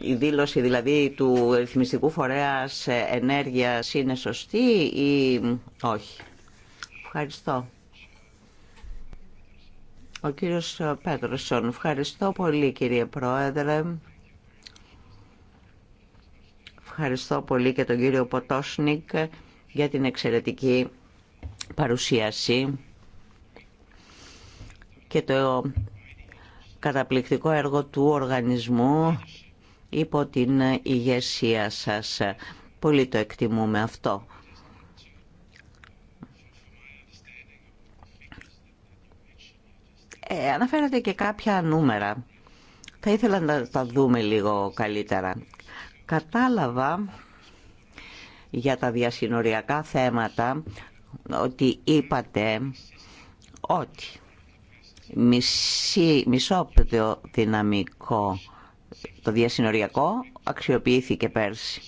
η δήλωση δηλαδή του ρυθμιστικού φορέα ενέργεια είναι σωστή ή όχι. Ευχαριστώ. Ο κύριος Πέτροσον, ευχαριστώ πολύ κύριε Πρόεδρε. Ευχαριστώ πολύ και τον κύριο Ποτόσνικ για την εξαιρετική παρουσίαση και το καταπληκτικό έργο του οργανισμού υπό την ηγεσία σας. Πολύ το εκτιμούμε αυτό. Ε, αναφέρατε και κάποια νούμερα. Θα ήθελα να τα δούμε λίγο καλύτερα. Κατάλαβα για τα διασυνοριακά θέματα ότι είπατε ότι μισή, μισό δυναμικό το διασυνοριακό αξιοποιήθηκε πέρσι.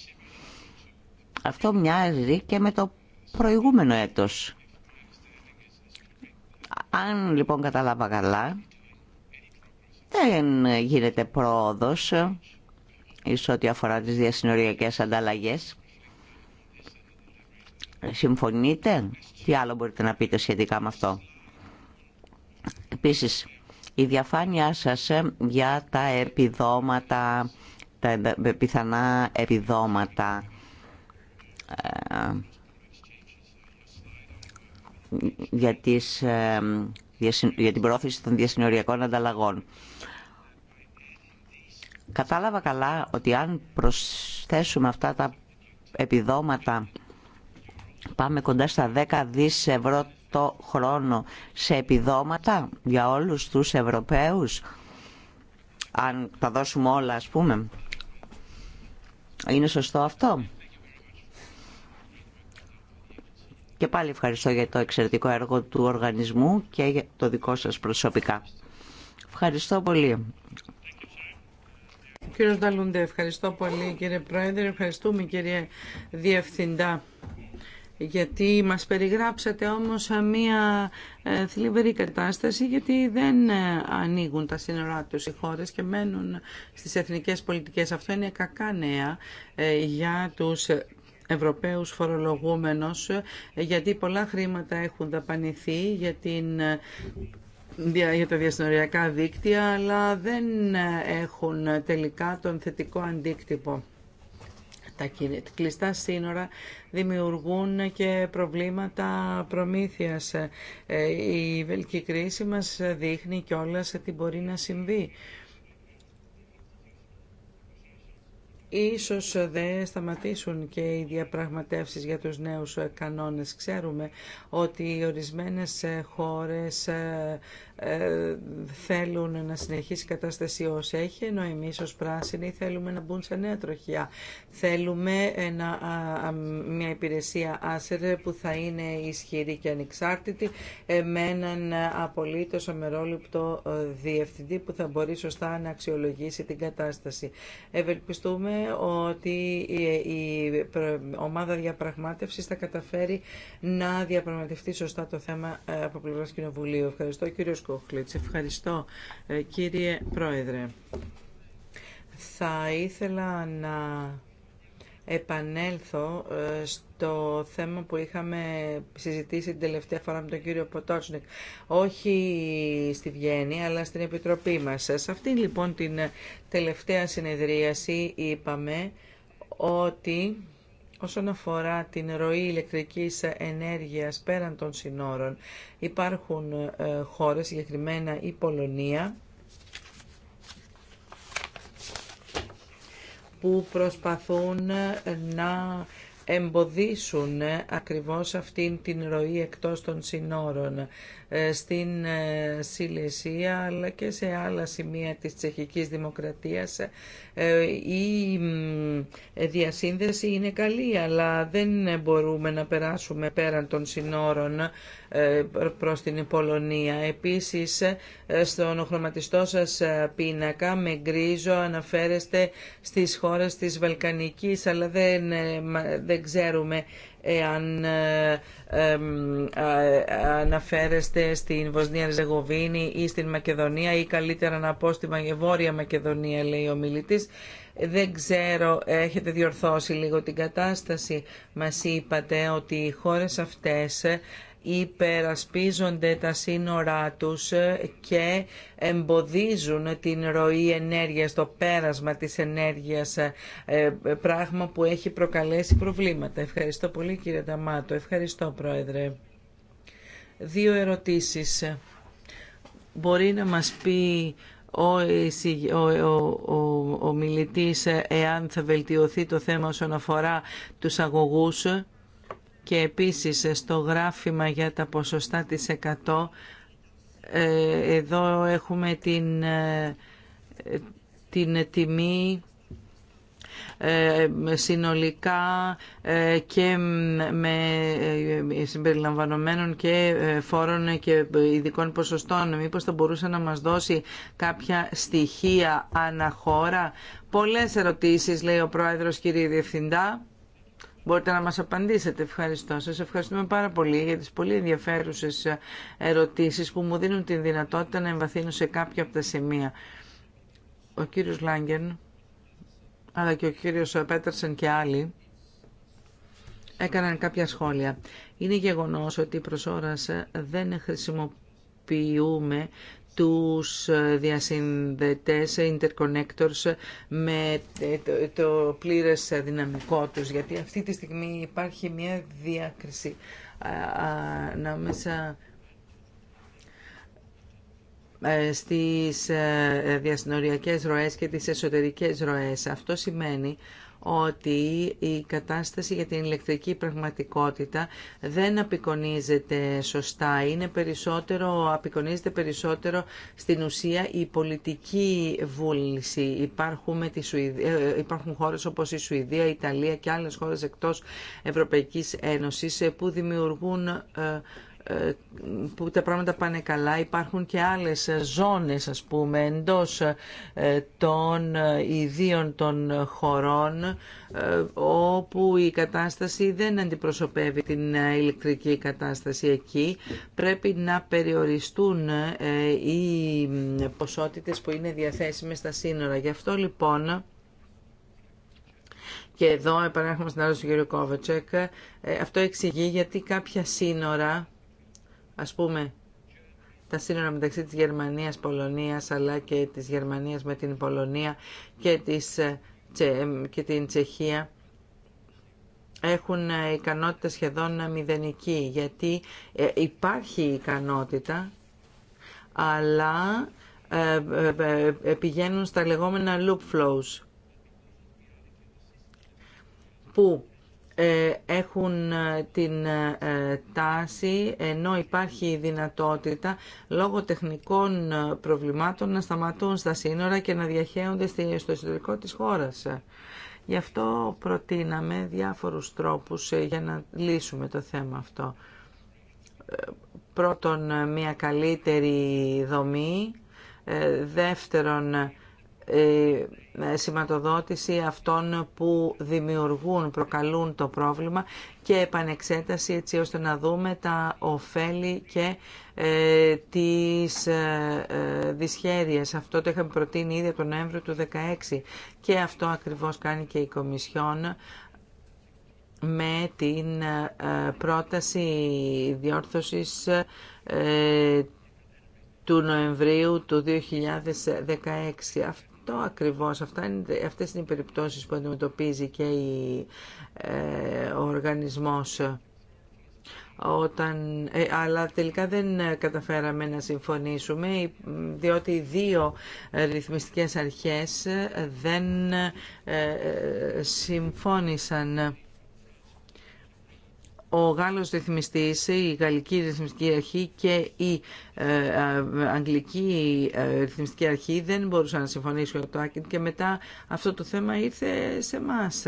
Αυτό μοιάζει και με το προηγούμενο έτος. Αν λοιπόν κατάλαβα καλά, δεν γίνεται πρόοδος εις ό,τι αφορά τις διασυνοριακές ανταλλαγές. Συμφωνείτε? Τι άλλο μπορείτε να πείτε σχετικά με αυτό. Επίσης, η διαφάνειά σας ε, για τα επιδόματα, τα πιθανά επιδόματα ε, για, ε, για την πρόθεση των διασυνοριακών ανταλλαγών. Κατάλαβα καλά ότι αν προσθέσουμε αυτά τα επιδόματα πάμε κοντά στα 10 δις ευρώ το χρόνο σε επιδόματα για όλους τους Ευρωπαίους αν τα δώσουμε όλα ας πούμε είναι σωστό αυτό και πάλι ευχαριστώ για το εξαιρετικό έργο του οργανισμού και για το δικό σας προσωπικά ευχαριστώ πολύ Κύριος Δαλούντε, ευχαριστώ πολύ κύριε Πρόεδρε, ευχαριστούμε κύριε Διευθυντά γιατί μας περιγράψατε όμως μια ε, θλιβερή κατάσταση γιατί δεν ε, ανοίγουν τα σύνορά τους οι χώρες και μένουν στις εθνικές πολιτικές. Αυτό είναι κακά νέα ε, για τους Ευρωπαίους φορολογούμενους γιατί πολλά χρήματα έχουν δαπανηθεί για την για τα διασυνοριακά δίκτυα, αλλά δεν έχουν τελικά τον θετικό αντίκτυπο. Τα κλειστά σύνορα δημιουργούν και προβλήματα προμήθειας. Ε, η μεγάλη κρίση μας δείχνει κιόλας τι μπορεί να συμβεί. Ίσως δεν σταματήσουν και οι διαπραγματεύσεις για τους νέους κανόνες. Ξέρουμε ότι ορισμένες χώρες ε, ε, θέλουν να συνεχίσει η κατάσταση όσο έχει, ενώ εμείς ως πράσινοι θέλουμε να μπουν σε νέα τροχιά. Θέλουμε ένα, μια υπηρεσία άσερε που θα είναι ισχυρή και ανεξάρτητη, ε, με έναν απολύτως αμερόληπτο διευθυντή που θα μπορεί σωστά να αξιολογήσει την κατάσταση. Ευελπιστούμε ότι η ομάδα διαπραγμάτευσης θα καταφέρει να διαπραγματευτεί σωστά το θέμα ε, από πλευρά Κοινοβουλίου. Ευχαριστώ κύριο Σκόχλητς. Ευχαριστώ ε, κύριε Πρόεδρε. Θα ήθελα να επανέλθω ε, στο θέμα που είχαμε συζητήσει την τελευταία φορά με τον κύριο Ποτότσνικ. Όχι στη Βιέννη, αλλά στην Επιτροπή μας. Σε αυτήν λοιπόν την τελευταία συνεδρίαση είπαμε ότι όσον αφορά την ροή ηλεκτρικής ενέργειας πέραν των συνόρων υπάρχουν ε, χώρες, συγκεκριμένα η Πολωνία, που προσπαθούν να εμποδίσουν ακριβώς αυτήν την ροή εκτός των συνόρων. Ε, στην ε, Σιλεσία αλλά και σε άλλα σημεία της τσεχικής δημοκρατίας. Ε, η διασύνδεση είναι καλή αλλά δεν μπορούμε να περάσουμε πέραν των συνόρων προς την Πολωνία. Επίσης στον χρωματιστό σας πίνακα με γκρίζο αναφέρεστε στις χώρες της Βαλκανικής αλλά δεν, δεν ξέρουμε εάν ε, ε, αναφέρεστε στην Βοσνία Ριζεγοβίνη ή στην Μακεδονία ή καλύτερα να πω στη Βόρεια Μακεδονία λέει ο μιλητής δεν ξέρω, έχετε διορθώσει λίγο την κατάσταση. Μας είπατε ότι οι χώρες αυτές υπερασπίζονται τα σύνορά τους και εμποδίζουν την ροή ενέργειας, το πέρασμα της ενέργειας, ε, πράγμα που έχει προκαλέσει προβλήματα. Ευχαριστώ πολύ κύριε Ταμάτο. Ευχαριστώ Πρόεδρε. Δύο ερωτήσεις. Μπορεί να μας πει ο, ο, ο, ο μιλητής εάν θα βελτιωθεί το θέμα όσον αφορά τους αγωγούς και επίσης στο γράφημα για τα ποσοστά της 100 ε, εδώ έχουμε την, ε, την τιμή ε, συνολικά και με συμπεριλαμβανομένων και φόρων και ειδικών ποσοστών. Μήπως θα μπορούσε να μας δώσει κάποια στοιχεία αναχώρα. Πολλές ερωτήσεις λέει ο Πρόεδρος κύριε Διευθυντά. Μπορείτε να μας απαντήσετε. Ευχαριστώ σας. Ευχαριστούμε πάρα πολύ για τις πολύ ενδιαφέρουσες ερωτήσεις που μου δίνουν την δυνατότητα να εμβαθύνω σε κάποια από τα σημεία. Ο κύριος Λάγκεν, αλλά και ο κύριος Πέτερσεν και άλλοι, έκαναν κάποια σχόλια. Είναι γεγονός ότι η προσόραση δεν χρησιμοποιεί χρησιμοποιούμε τους διασυνδετές, interconnectors με το πλήρες δυναμικό τους, γιατί αυτή τη στιγμή υπάρχει μια διάκριση ανάμεσα ε, στις ε, διασυνοριακές ροές και τις εσωτερικές ροές. Αυτό σημαίνει ότι η κατάσταση για την ηλεκτρική πραγματικότητα δεν απεικονίζεται σωστά. Είναι περισσότερο, απεικονίζεται περισσότερο στην ουσία η πολιτική βούληση. Υπάρχουν, τη Σουηδία, ε, ε, υπάρχουν χώρες όπως η Σουηδία, η Ιταλία και άλλες χώρες εκτός Ευρωπαϊκής Ένωσης ε, που δημιουργούν ε, που τα πράγματα πάνε καλά υπάρχουν και άλλες ζώνες ας πούμε εντός ε, των ε, ιδίων των χωρών όπου η κατάσταση δεν αντιπροσωπεύει την ηλεκτρική κατάσταση εκεί πρέπει να περιοριστούν οι ποσότητες που είναι διαθέσιμες στα σύνορα. Γι' αυτό λοιπόν και εδώ επανέρχομαι στην άλλη του κ. Κόβετσεκ. Αυτό εξηγεί γιατί κάποια σύνορα ας πούμε, τα σύνορα μεταξύ της Γερμανίας, Πολωνίας, αλλά και της Γερμανίας με την Πολωνία και, της, ε, ε, και την Τσεχία έχουν ε, ικανότητα σχεδόν μηδενική, γιατί υπάρχει ικανότητα, αλλά πηγαίνουν στα λεγόμενα loop flows, που ε, έχουν ε, την ε, τάση, ενώ υπάρχει η δυνατότητα λόγω τεχνικών προβλημάτων να σταματούν στα σύνορα και να διαχέονται στο εσωτερικό της χώρας. Γι' αυτό προτείναμε διάφορους τρόπους για να λύσουμε το θέμα αυτό. Πρώτον, μια καλύτερη δομή. Δεύτερον, ε, ε, σηματοδότηση αυτών που δημιουργούν, προκαλούν το πρόβλημα και επανεξέταση έτσι ώστε να δούμε τα ωφέλη και ε, τις ε, δυσχέρειες. Αυτό το είχαμε προτείνει ήδη τον Νοέμβριο του 2016 και αυτό ακριβώς κάνει και η Κομισιόν με την πρόταση διόρθωσης του Νοεμβρίου του 2016. Αυτό ακριβώς, αυτά είναι, αυτές είναι οι περιπτώσεις που αντιμετωπίζει και ε, ο οργανισμός όταν, ε, αλλά τελικά δεν καταφέραμε να συμφωνήσουμε διότι οι δύο ρυθμιστικές αρχές δεν ε, συμφώνησαν ο Γάλλος ρυθμιστής, η Γαλλική ρυθμιστική αρχή και η ε, ε, Αγγλική ε, ρυθμιστική αρχή δεν μπορούσαν να συμφωνήσουν το Άκεντ και μετά αυτό το θέμα ήρθε σε μας.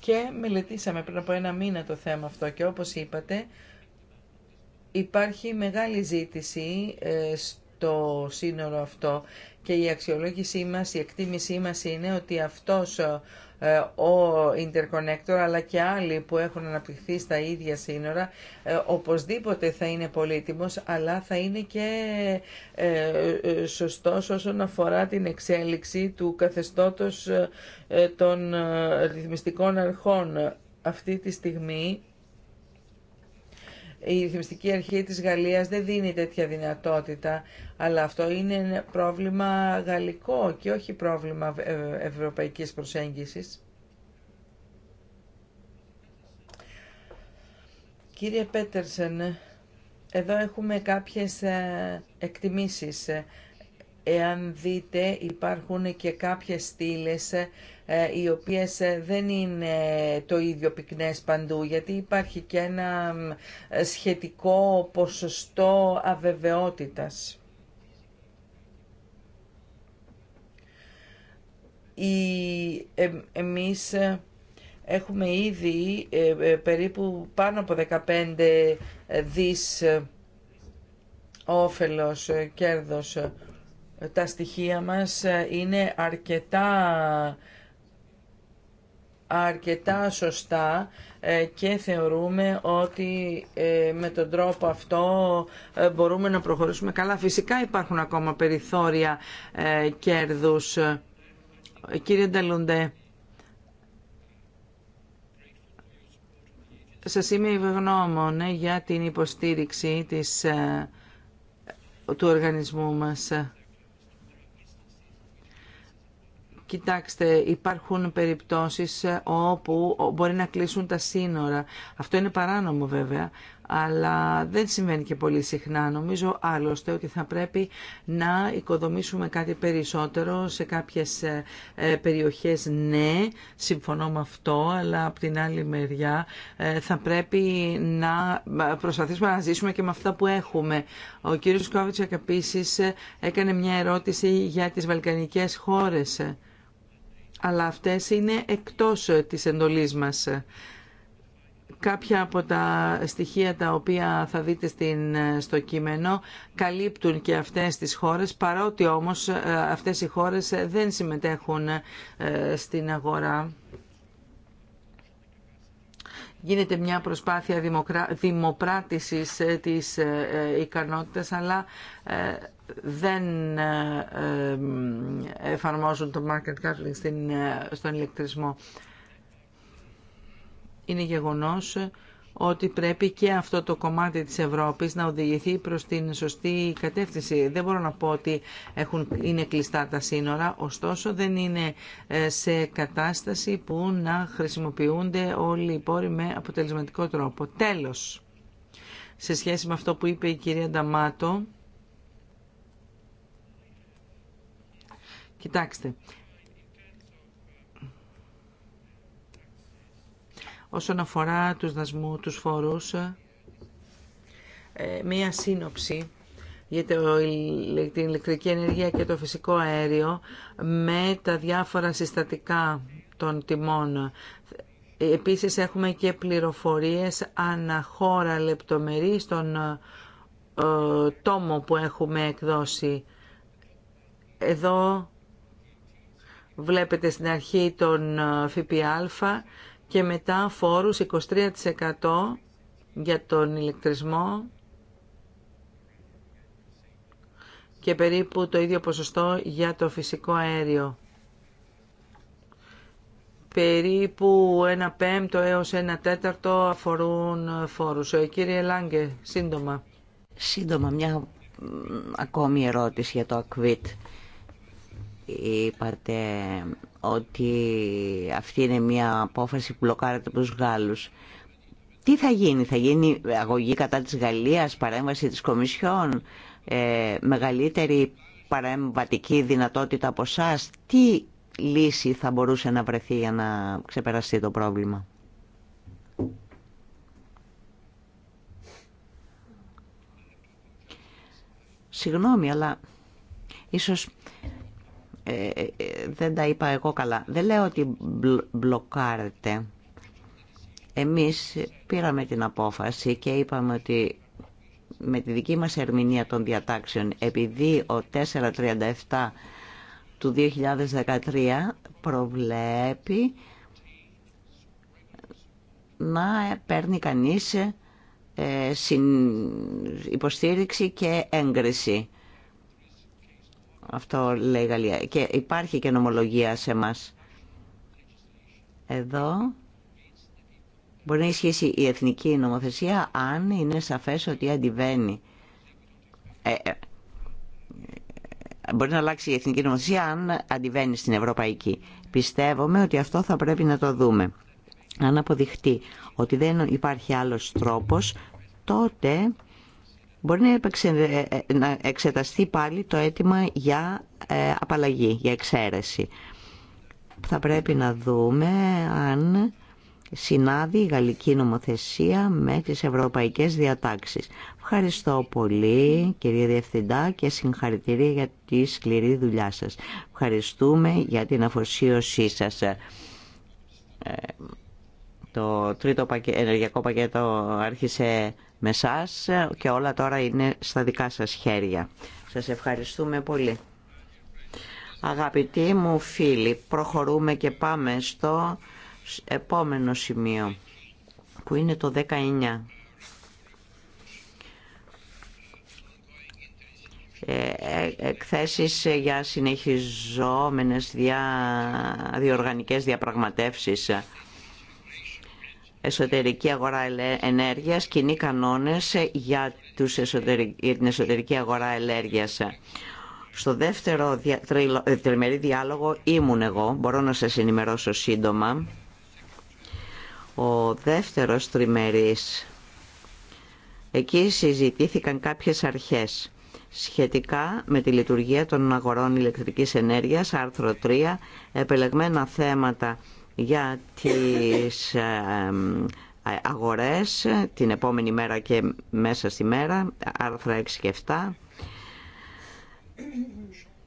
Και μελετήσαμε πριν από ένα μήνα το θέμα αυτό και όπως είπατε υπάρχει μεγάλη ζήτηση στο σύνορο αυτό και η αξιολόγησή μας, η εκτίμησή μας είναι ότι αυτός ε, ο Interconnector αλλά και άλλοι που έχουν αναπτυχθεί στα ίδια σύνορα ε, οπωσδήποτε θα είναι πολύτιμος αλλά θα είναι και ε, σωστός όσον αφορά την εξέλιξη του καθεστώτος των ρυθμιστικών αρχών αυτή τη στιγμή η ρυθμιστική αρχή της Γαλλίας δεν δίνει τέτοια δυνατότητα, αλλά αυτό είναι πρόβλημα γαλλικό και όχι πρόβλημα ευρωπαϊκής προσέγγισης. Κύριε Πέτερσεν, εδώ έχουμε κάποιες ε, εκτιμήσεις. Εάν δείτε υπάρχουν και κάποιες στήλες ε, ε, οι οποίες ε, δεν είναι το ίδιο πυκνές παντού, γιατί υπάρχει και ένα ε, σχετικό ποσοστό αβεβαιότητας. Η, ε, εμείς έχουμε ήδη περίπου πάνω από 15 δις όφελος, κέρδος. Τα στοιχεία μας είναι αρκετά αρκετά σωστά ε, και θεωρούμε ότι ε, με τον τρόπο αυτό ε, μπορούμε να προχωρήσουμε καλά. Φυσικά υπάρχουν ακόμα περιθώρια κέρδους. Κύριε Νταλούντε, σας είμαι ευγνώμων για την υποστήριξη της, του οργανισμού μας. Κοιτάξτε, υπάρχουν περιπτώσεις όπου μπορεί να κλείσουν τα σύνορα. Αυτό είναι παράνομο βέβαια, αλλά δεν συμβαίνει και πολύ συχνά. Νομίζω άλλωστε ότι θα πρέπει να οικοδομήσουμε κάτι περισσότερο σε κάποιες ε, ε, περιοχές ναι, συμφωνώ με αυτό, αλλά από την άλλη μεριά ε, θα πρέπει να προσπαθήσουμε να ζήσουμε και με αυτά που έχουμε. Ο κύριος Κόβιτσακ επίση έκανε μια ερώτηση για τις βαλκανικές χώρες αλλά αυτές είναι εκτός της εντολής μας. Κάποια από τα στοιχεία τα οποία θα δείτε στο κείμενο καλύπτουν και αυτές τις χώρες, παρότι όμως ε, αυτές οι χώρες δεν συμμετέχουν ε, στην αγορά. Γίνεται μια προσπάθεια δημοπράτησης ε, της ικανότητας, αλλά δεν εφαρμόζουν το market coupling στον ηλεκτρισμό είναι γεγονός ότι πρέπει και αυτό το κομμάτι της Ευρώπης να οδηγηθεί προς την σωστή κατεύθυνση. Δεν μπορώ να πω ότι έχουν, είναι κλειστά τα σύνορα, ωστόσο δεν είναι ε, σε κατάσταση που να χρησιμοποιούνται όλοι οι πόροι με αποτελεσματικό τρόπο. Τέλος, σε σχέση με αυτό που είπε η κυρία Νταμάτο, κοιτάξτε, όσον αφορά τους δασμού, τους φόρους, ε, μία σύνοψη για την ηλεκτρική ενέργεια και το φυσικό αέριο με τα διάφορα συστατικά των τιμών. Επίσης έχουμε και πληροφορίες αναχώρα λεπτομερή στον ε, τόμο που έχουμε εκδώσει. Εδώ βλέπετε στην αρχή τον ε, ΦΠΑ και μετά φόρους 23% για τον ηλεκτρισμό και περίπου το ίδιο ποσοστό για το φυσικό αέριο. Περίπου ένα πέμπτο έως ένα τέταρτο αφορούν φόρους. Ε, κύριε Λάγκε, σύντομα. Σύντομα, μια ακόμη ερώτηση για το ΑΚΒΙΤ. Είπατε ότι αυτή είναι μια απόφαση που μπλοκάρεται από τους Γάλλους. Τι θα γίνει, θα γίνει αγωγή κατά της Γαλλίας, παρέμβαση της Κομισιόν, ε, μεγαλύτερη παρέμβατική δυνατότητα από εσά. Τι λύση θα μπορούσε να βρεθεί για να ξεπεραστεί το πρόβλημα. Συγγνώμη, αλλά ίσως ε, ε, ε, δεν τα είπα εγώ καλά. Δεν λέω ότι μπλοκάρετε. Εμείς πήραμε την απόφαση και είπαμε ότι με τη δική μας ερμηνεία των διατάξεων, επειδή ο 437 του 2013 προβλέπει να παίρνει κανείς υποστήριξη και έγκριση. Αυτό λέει η Γαλλία. Και υπάρχει και νομολογία σε μας. Εδώ μπορεί να ισχύσει η εθνική νομοθεσία αν είναι σαφές ότι αντιβαίνει. Ε, ε, μπορεί να αλλάξει η εθνική νομοθεσία αν αντιβαίνει στην ευρωπαϊκή. Πιστεύουμε ότι αυτό θα πρέπει να το δούμε. Αν αποδειχτεί ότι δεν υπάρχει άλλος τρόπος, τότε Μπορεί ε, ε, να εξεταστεί πάλι το αίτημα για ε, απαλλαγή, για εξαίρεση. Θα πρέπει να δούμε αν συνάδει η γαλλική νομοθεσία με τις ευρωπαϊκές διατάξεις. Ευχαριστώ πολύ κύριε Διευθυντά και συγχαρητήρια για τη σκληρή δουλειά σας. Ευχαριστούμε για την αφοσίωσή σας. Το τρίτο ενεργειακό πακέτο άρχισε με ε, και όλα τώρα είναι στα δικά σας χέρια. Σας ευχαριστούμε πολύ. Αγαπητοί μου φίλοι, προχωρούμε και πάμε στο επόμενο σημείο που είναι το 19. Ε, ε, εκθέσεις για συνεχιζόμενες δια, διοργανικές διαπραγματεύσεις εσωτερική αγορά ενέργειας, Κοινή κανόνες για τους την εσωτερική αγορά ενέργειας. Στο δεύτερο ε, τριμερή διάλογο ήμουν εγώ, μπορώ να σας ενημερώσω σύντομα. Ο δεύτερος τριμερής, εκεί συζητήθηκαν κάποιες αρχές σχετικά με τη λειτουργία των αγορών ηλεκτρικής ενέργειας, άρθρο 3, επελεγμένα θέματα για τις αγορές την επόμενη μέρα και μέσα στη μέρα, άρθρα 6 και 7.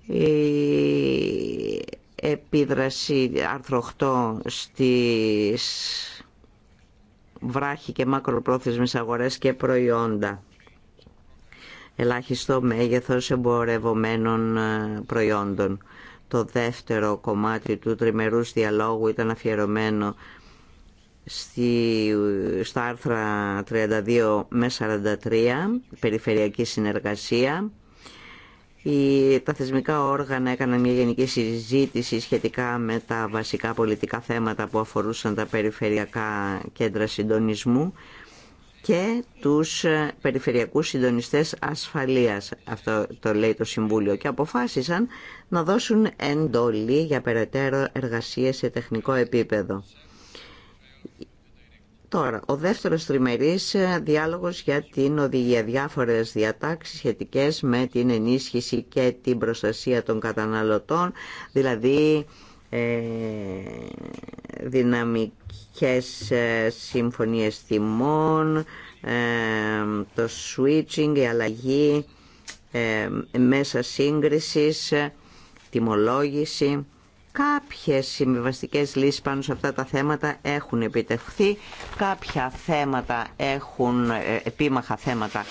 Η επίδραση άρθρο 8 στις βράχη και μακροπρόθεσμες αγορές και προϊόντα. Ελάχιστο μέγεθος εμπορευομένων ε, προϊόντων. Το δεύτερο κομμάτι του τριμερούς διαλόγου ήταν αφιερωμένο στη, στα άρθρα 32 με 43, περιφερειακή συνεργασία. Η, τα θεσμικά όργανα έκαναν μια γενική συζήτηση σχετικά με τα βασικά πολιτικά θέματα που αφορούσαν τα περιφερειακά κέντρα συντονισμού και τους ε, περιφερειακούς συντονιστές ασφαλείας. Αυτό το λέει το Συμβούλιο και αποφάσισαν να δώσουν εντολή για περαιτέρω εργασίες σε τεχνικό επίπεδο. Τώρα, ο δεύτερος τριμερής ε, διάλογος για την οδηγία διάφορες διατάξεις σχετικές με την ενίσχυση και την προστασία των καταναλωτών, δηλαδή ε, ποιες ε, συμφωνίες τιμών, ε, το switching, η αλλαγή ε, μέσα σύγκρισης, τιμολόγηση. Κάποιες συμβιβαστικές λύσεις πάνω σε αυτά τα θέματα έχουν επιτευχθεί, κάποια θέματα έχουν, επίμαχα θέματα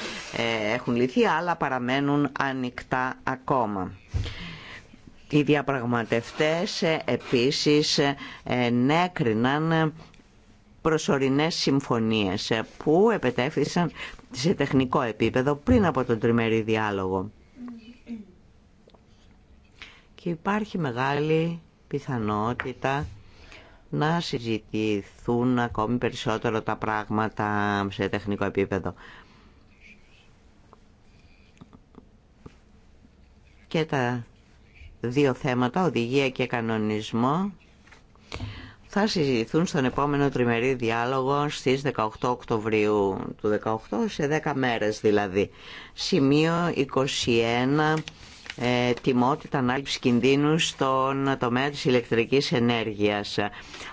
έχουν λυθεί, αλλά παραμένουν ανοιχτά ακόμα. Οι διαπραγματευτές επίσης ενέκριναν προσωρινές συμφωνίες ε, που επετέφθησαν σε τεχνικό επίπεδο πριν από τον τριμερή διάλογο. Και υπάρχει μεγάλη πιθανότητα να συζητηθούν ακόμη περισσότερο τα πράγματα σε τεχνικό επίπεδο. Και τα δύο θέματα, οδηγία και κανονισμό, θα συζητηθούν στον επόμενο τριμερή διάλογο στις 18 Οκτωβρίου του 18, σε 10 μέρες δηλαδή. Σημείο 21 ε, τιμότητα ανάληψη κινδύνου στον τομέα της ηλεκτρικής ενέργειας.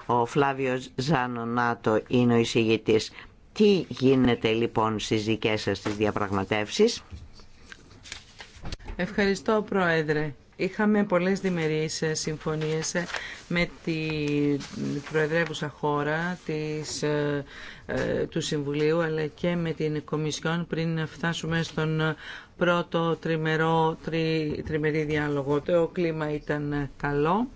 Ο Φλάβιος Ζανονάτο είναι ο εισηγητής. Τι γίνεται λοιπόν στις δικές σας τις διαπραγματεύσεις. Ευχαριστώ Πρόεδρε. Είχαμε πολλές διμερείς ε, συμφωνίες ε, με την προεδρεύουσα χώρα της, ε, του Συμβουλίου αλλά και με την Κομισιόν πριν φτάσουμε στον πρώτο τριμερό, τρι, τριμερή διάλογο. Το κλίμα ήταν καλό.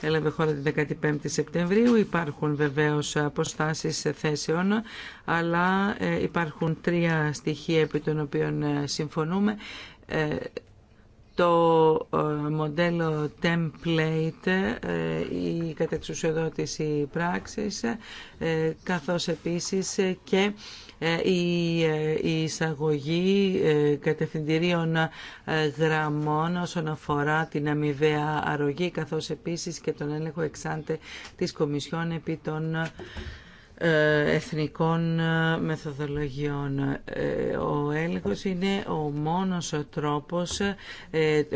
Έλαβε χώρα την 15η Σεπτεμβρίου. Υπάρχουν βεβαίως αποστάσεις θέσεων, αλλά υπάρχουν τρία στοιχεία επί των οποίων συμφωνούμε το ε, μοντέλο template, ε, η κατεξουσιοδότηση πράξης, ε, καθώς επίσης και η εισαγωγή κατευθυντηρίων γραμμών όσον αφορά την αμοιβαία αρρωγή, καθώς επίσης και τον έλεγχο εξάντε της Κομισιόν επί των ε, εθνικών ε, μεθοδολογιών. Ε, ο έλεγχος είναι ο μόνος τρόπος,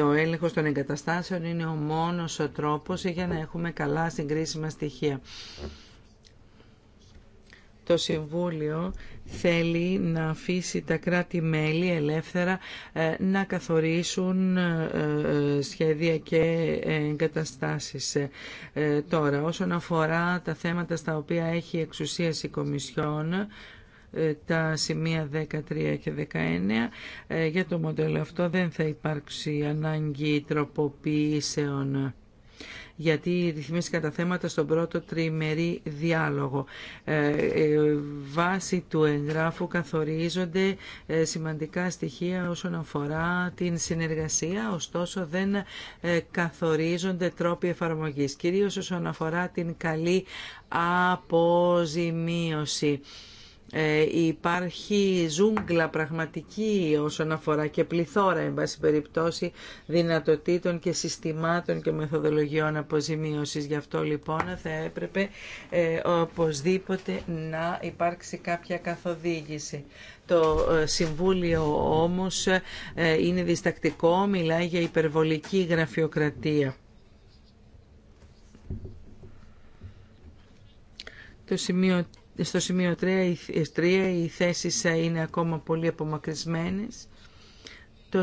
ο έλεγχος των εγκαταστάσεων είναι ο μόνος τρόπος για να έχουμε καλά συγκρίσιμα στοιχεία. Το Συμβούλιο θέλει να αφήσει τα κράτη-μέλη ελεύθερα ε, να καθορίσουν ε, ε, σχέδια και εγκαταστάσεις. Τώρα, όσον αφορά τα θέματα στα οποία έχει εξουσίαση η Κομισιόν, τα σημεία 13 και 19, για το μοντέλο αυτό δεν θα υπάρξει ανάγκη τροποποιήσεων γιατί ρυθμίστηκαν κατά θέματα στον πρώτο τριμερή διάλογο. Ε, ε, βάση του εγγράφου καθορίζονται ε, σημαντικά στοιχεία όσον αφορά την συνεργασία, ωστόσο δεν καθορίζονται τρόποι εφαρμογής, κυρίως όσον αφορά την καλή αποζημίωση. Ε, υπάρχει ζούγκλα πραγματική όσον αφορά και πληθώρα εν πάση περιπτώσει δυνατοτήτων και συστημάτων και μεθοδολογιών αποζημίωσης. Γι' αυτό λοιπόν θα έπρεπε ε, οπωσδήποτε να υπάρξει κάποια καθοδήγηση. Το ε, Συμβούλιο όμως ε, είναι διστακτικό, μιλάει για υπερβολική γραφειοκρατία. Το σημείο στο σημείο 3 ε, οι θέσεις ε, είναι ακόμα πολύ απομακρυσμένες το,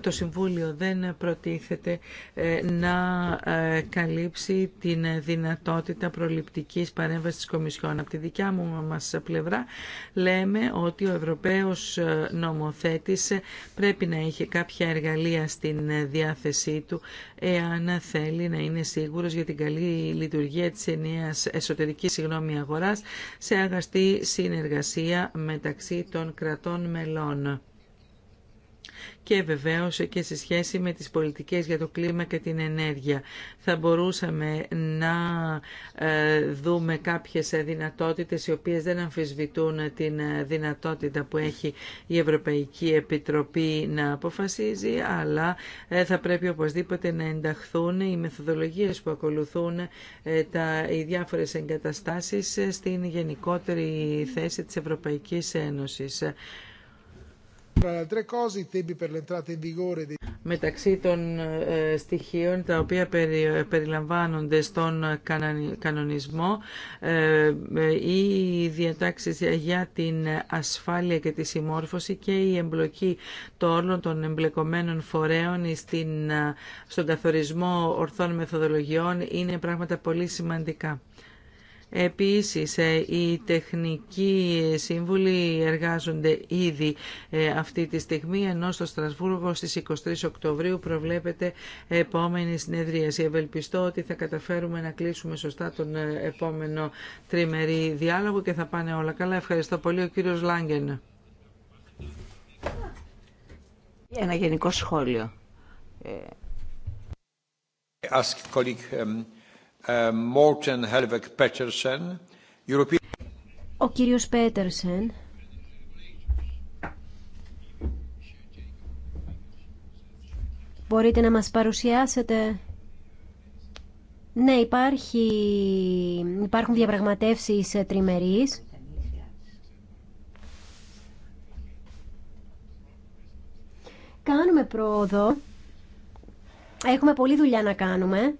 το Συμβούλιο δεν προτίθεται ε, να ε, καλύψει την δυνατότητα προληπτικής παρέμβασης της Κομισιόν. Από τη δικιά μου μας πλευρά λέμε ότι ο Ευρωπαίος ε, νομοθέτης πρέπει να έχει κάποια εργαλεία στην διάθεσή του εάν θέλει να είναι σίγουρος για την καλή λειτουργία της ενιαίας εσωτερικής συγγνώμη αγοράς σε αγαστή συνεργασία μεταξύ των κρατών μελών και βεβαίως και σε σχέση με τις πολιτικές για το κλίμα και την ενέργεια. Θα μπορούσαμε να ε, δούμε κάποιες δυνατότητες οι οποίες δεν αμφισβητούν την δυνατότητα που έχει η Ευρωπαϊκή Επιτροπή να αποφασίζει, αλλά ε, θα πρέπει οπωσδήποτε να ενταχθούν οι μεθοδολογίες που ακολουθούν ε, τα, οι διάφορες εγκαταστάσεις στην γενικότερη θέση της Ευρωπαϊκής Ένωσης. Μεταξύ των ε, στοιχείων τα οποία ε, περιλαμβάνονται στον κανονισμό ε, οι διατάξεις για την ασφάλεια και τη συμμόρφωση και η εμπλοκή των όλων των εμπλεκομένων φορέων στην, στον καθορισμό ορθών μεθοδολογιών είναι πράγματα πολύ σημαντικά. Επίσης, ε, οι τεχνικοί σύμβουλοι εργάζονται ήδη ε, αυτή τη στιγμή, ενώ στο Στρασβούργο στις 23 Οκτωβρίου προβλέπεται επόμενη συνεδρίαση. Ευελπιστώ ότι θα καταφέρουμε να κλείσουμε σωστά τον ε, επόμενο τριμερή διάλογο και θα πάνε όλα καλά. Ευχαριστώ πολύ ο κύριος Λάγκεν. Ένα γενικό σχόλιο. Um, ο κύριος Πέτερσεν Μπορείτε να μας παρουσιάσετε Ναι υπάρχει Υπάρχουν διαπραγματεύσεις ε, τριμερείς Κάνουμε πρόοδο Έχουμε πολλή δουλειά να κάνουμε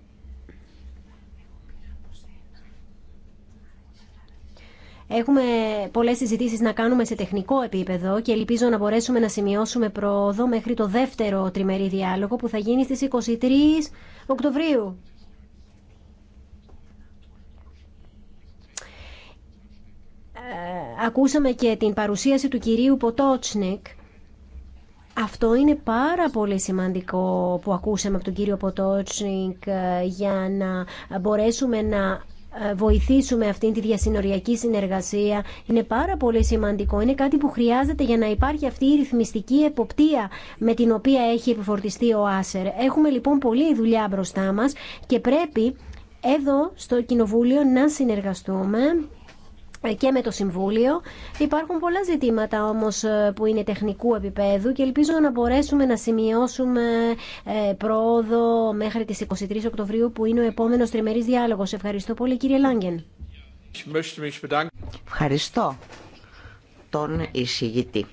Έχουμε πολλές συζητήσει να κάνουμε σε τεχνικό επίπεδο και ελπίζω να μπορέσουμε να σημειώσουμε πρόοδο μέχρι το δεύτερο τριμερή διάλογο που θα γίνει στις 23 Οκτωβρίου. Ε, ακούσαμε και την παρουσίαση του κυρίου Ποτότσνικ. Αυτό είναι πάρα πολύ σημαντικό που ακούσαμε από τον κύριο Ποτότσνικ ε, για να μπορέσουμε να ε, βοηθήσουμε αυτή τη διασυνοριακή συνεργασία. Είναι πάρα πολύ σημαντικό. Είναι κάτι που χρειάζεται για να υπάρχει αυτή η ρυθμιστική εποπτεία με την οποία έχει επιφορτιστεί ο Άσερ. Έχουμε λοιπόν πολλή δουλειά μπροστά μας και πρέπει εδώ στο Κοινοβούλιο να συνεργαστούμε ε, και με το Συμβούλιο. Υπάρχουν πολλά ζητήματα όμως ε, που είναι τεχνικού επίπεδου και ελπίζω να μπορέσουμε να σημειώσουμε ε, πρόοδο μέχρι τις 23 Οκτωβρίου που είναι ο επόμενος τριμερής διάλογος. Ευχαριστώ πολύ κύριε Λάγκεν. Ευχαριστώ τον εισηγητή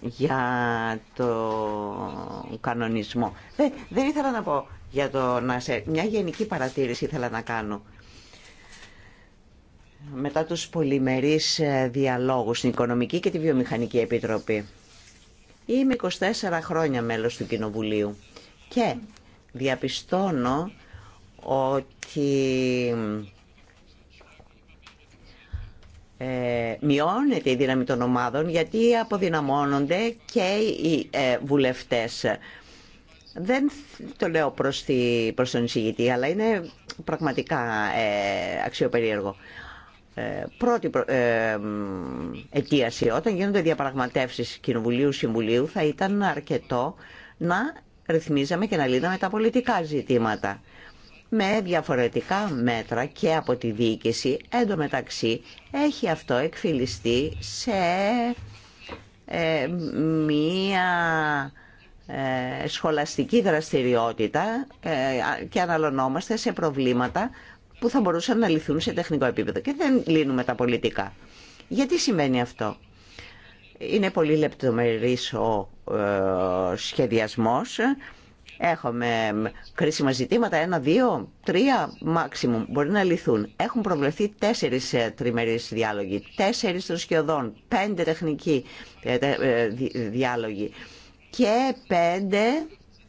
για το κανονισμό. Δεν, δεν ήθελα να πω για το να σε... Μια γενική παρατήρηση ήθελα να κάνω μετά τους πολυμερείς ε, διαλόγους στην Οικονομική και τη Βιομηχανική Επιτροπή. Είμαι 24 χρόνια μέλος του Κοινοβουλίου και διαπιστώνω ότι ε, μειώνεται η δύναμη των ομάδων γιατί αποδυναμώνονται και οι ε, βουλευτές. Δεν το λέω προς, τη, τον εισηγητή, αλλά είναι πραγματικά αξιοπερίεργο. Ε, πρώτη ε, αιτίαση. Όταν γίνονται διαπραγματεύσεις Κοινοβουλίου-Συμβουλίου θα ήταν αρκετό να ρυθμίζαμε και να λύναμε τα πολιτικά ζητήματα με διαφορετικά μέτρα και από τη διοίκηση. εντωμεταξύ έχει αυτό εκφυλιστεί σε ε, μία σχολαστική δραστηριότητα και αναλωνόμαστε σε προβλήματα που θα μπορούσαν να λυθούν σε τεχνικό επίπεδο και δεν λύνουμε τα πολιτικά. Γιατί σημαίνει αυτό. Είναι πολύ λεπτομερής ο ε, σχεδιασμός. Έχουμε κρίσιμα ζητήματα, ένα, δύο, τρία μάξιμουμ μπορεί να λυθούν. Έχουν προβλεφθεί τέσσερις ε, τριμερείς διάλογοι, τέσσερις σχεδόν πέντε τεχνικοί ε, ε, διάλογοι και πέντε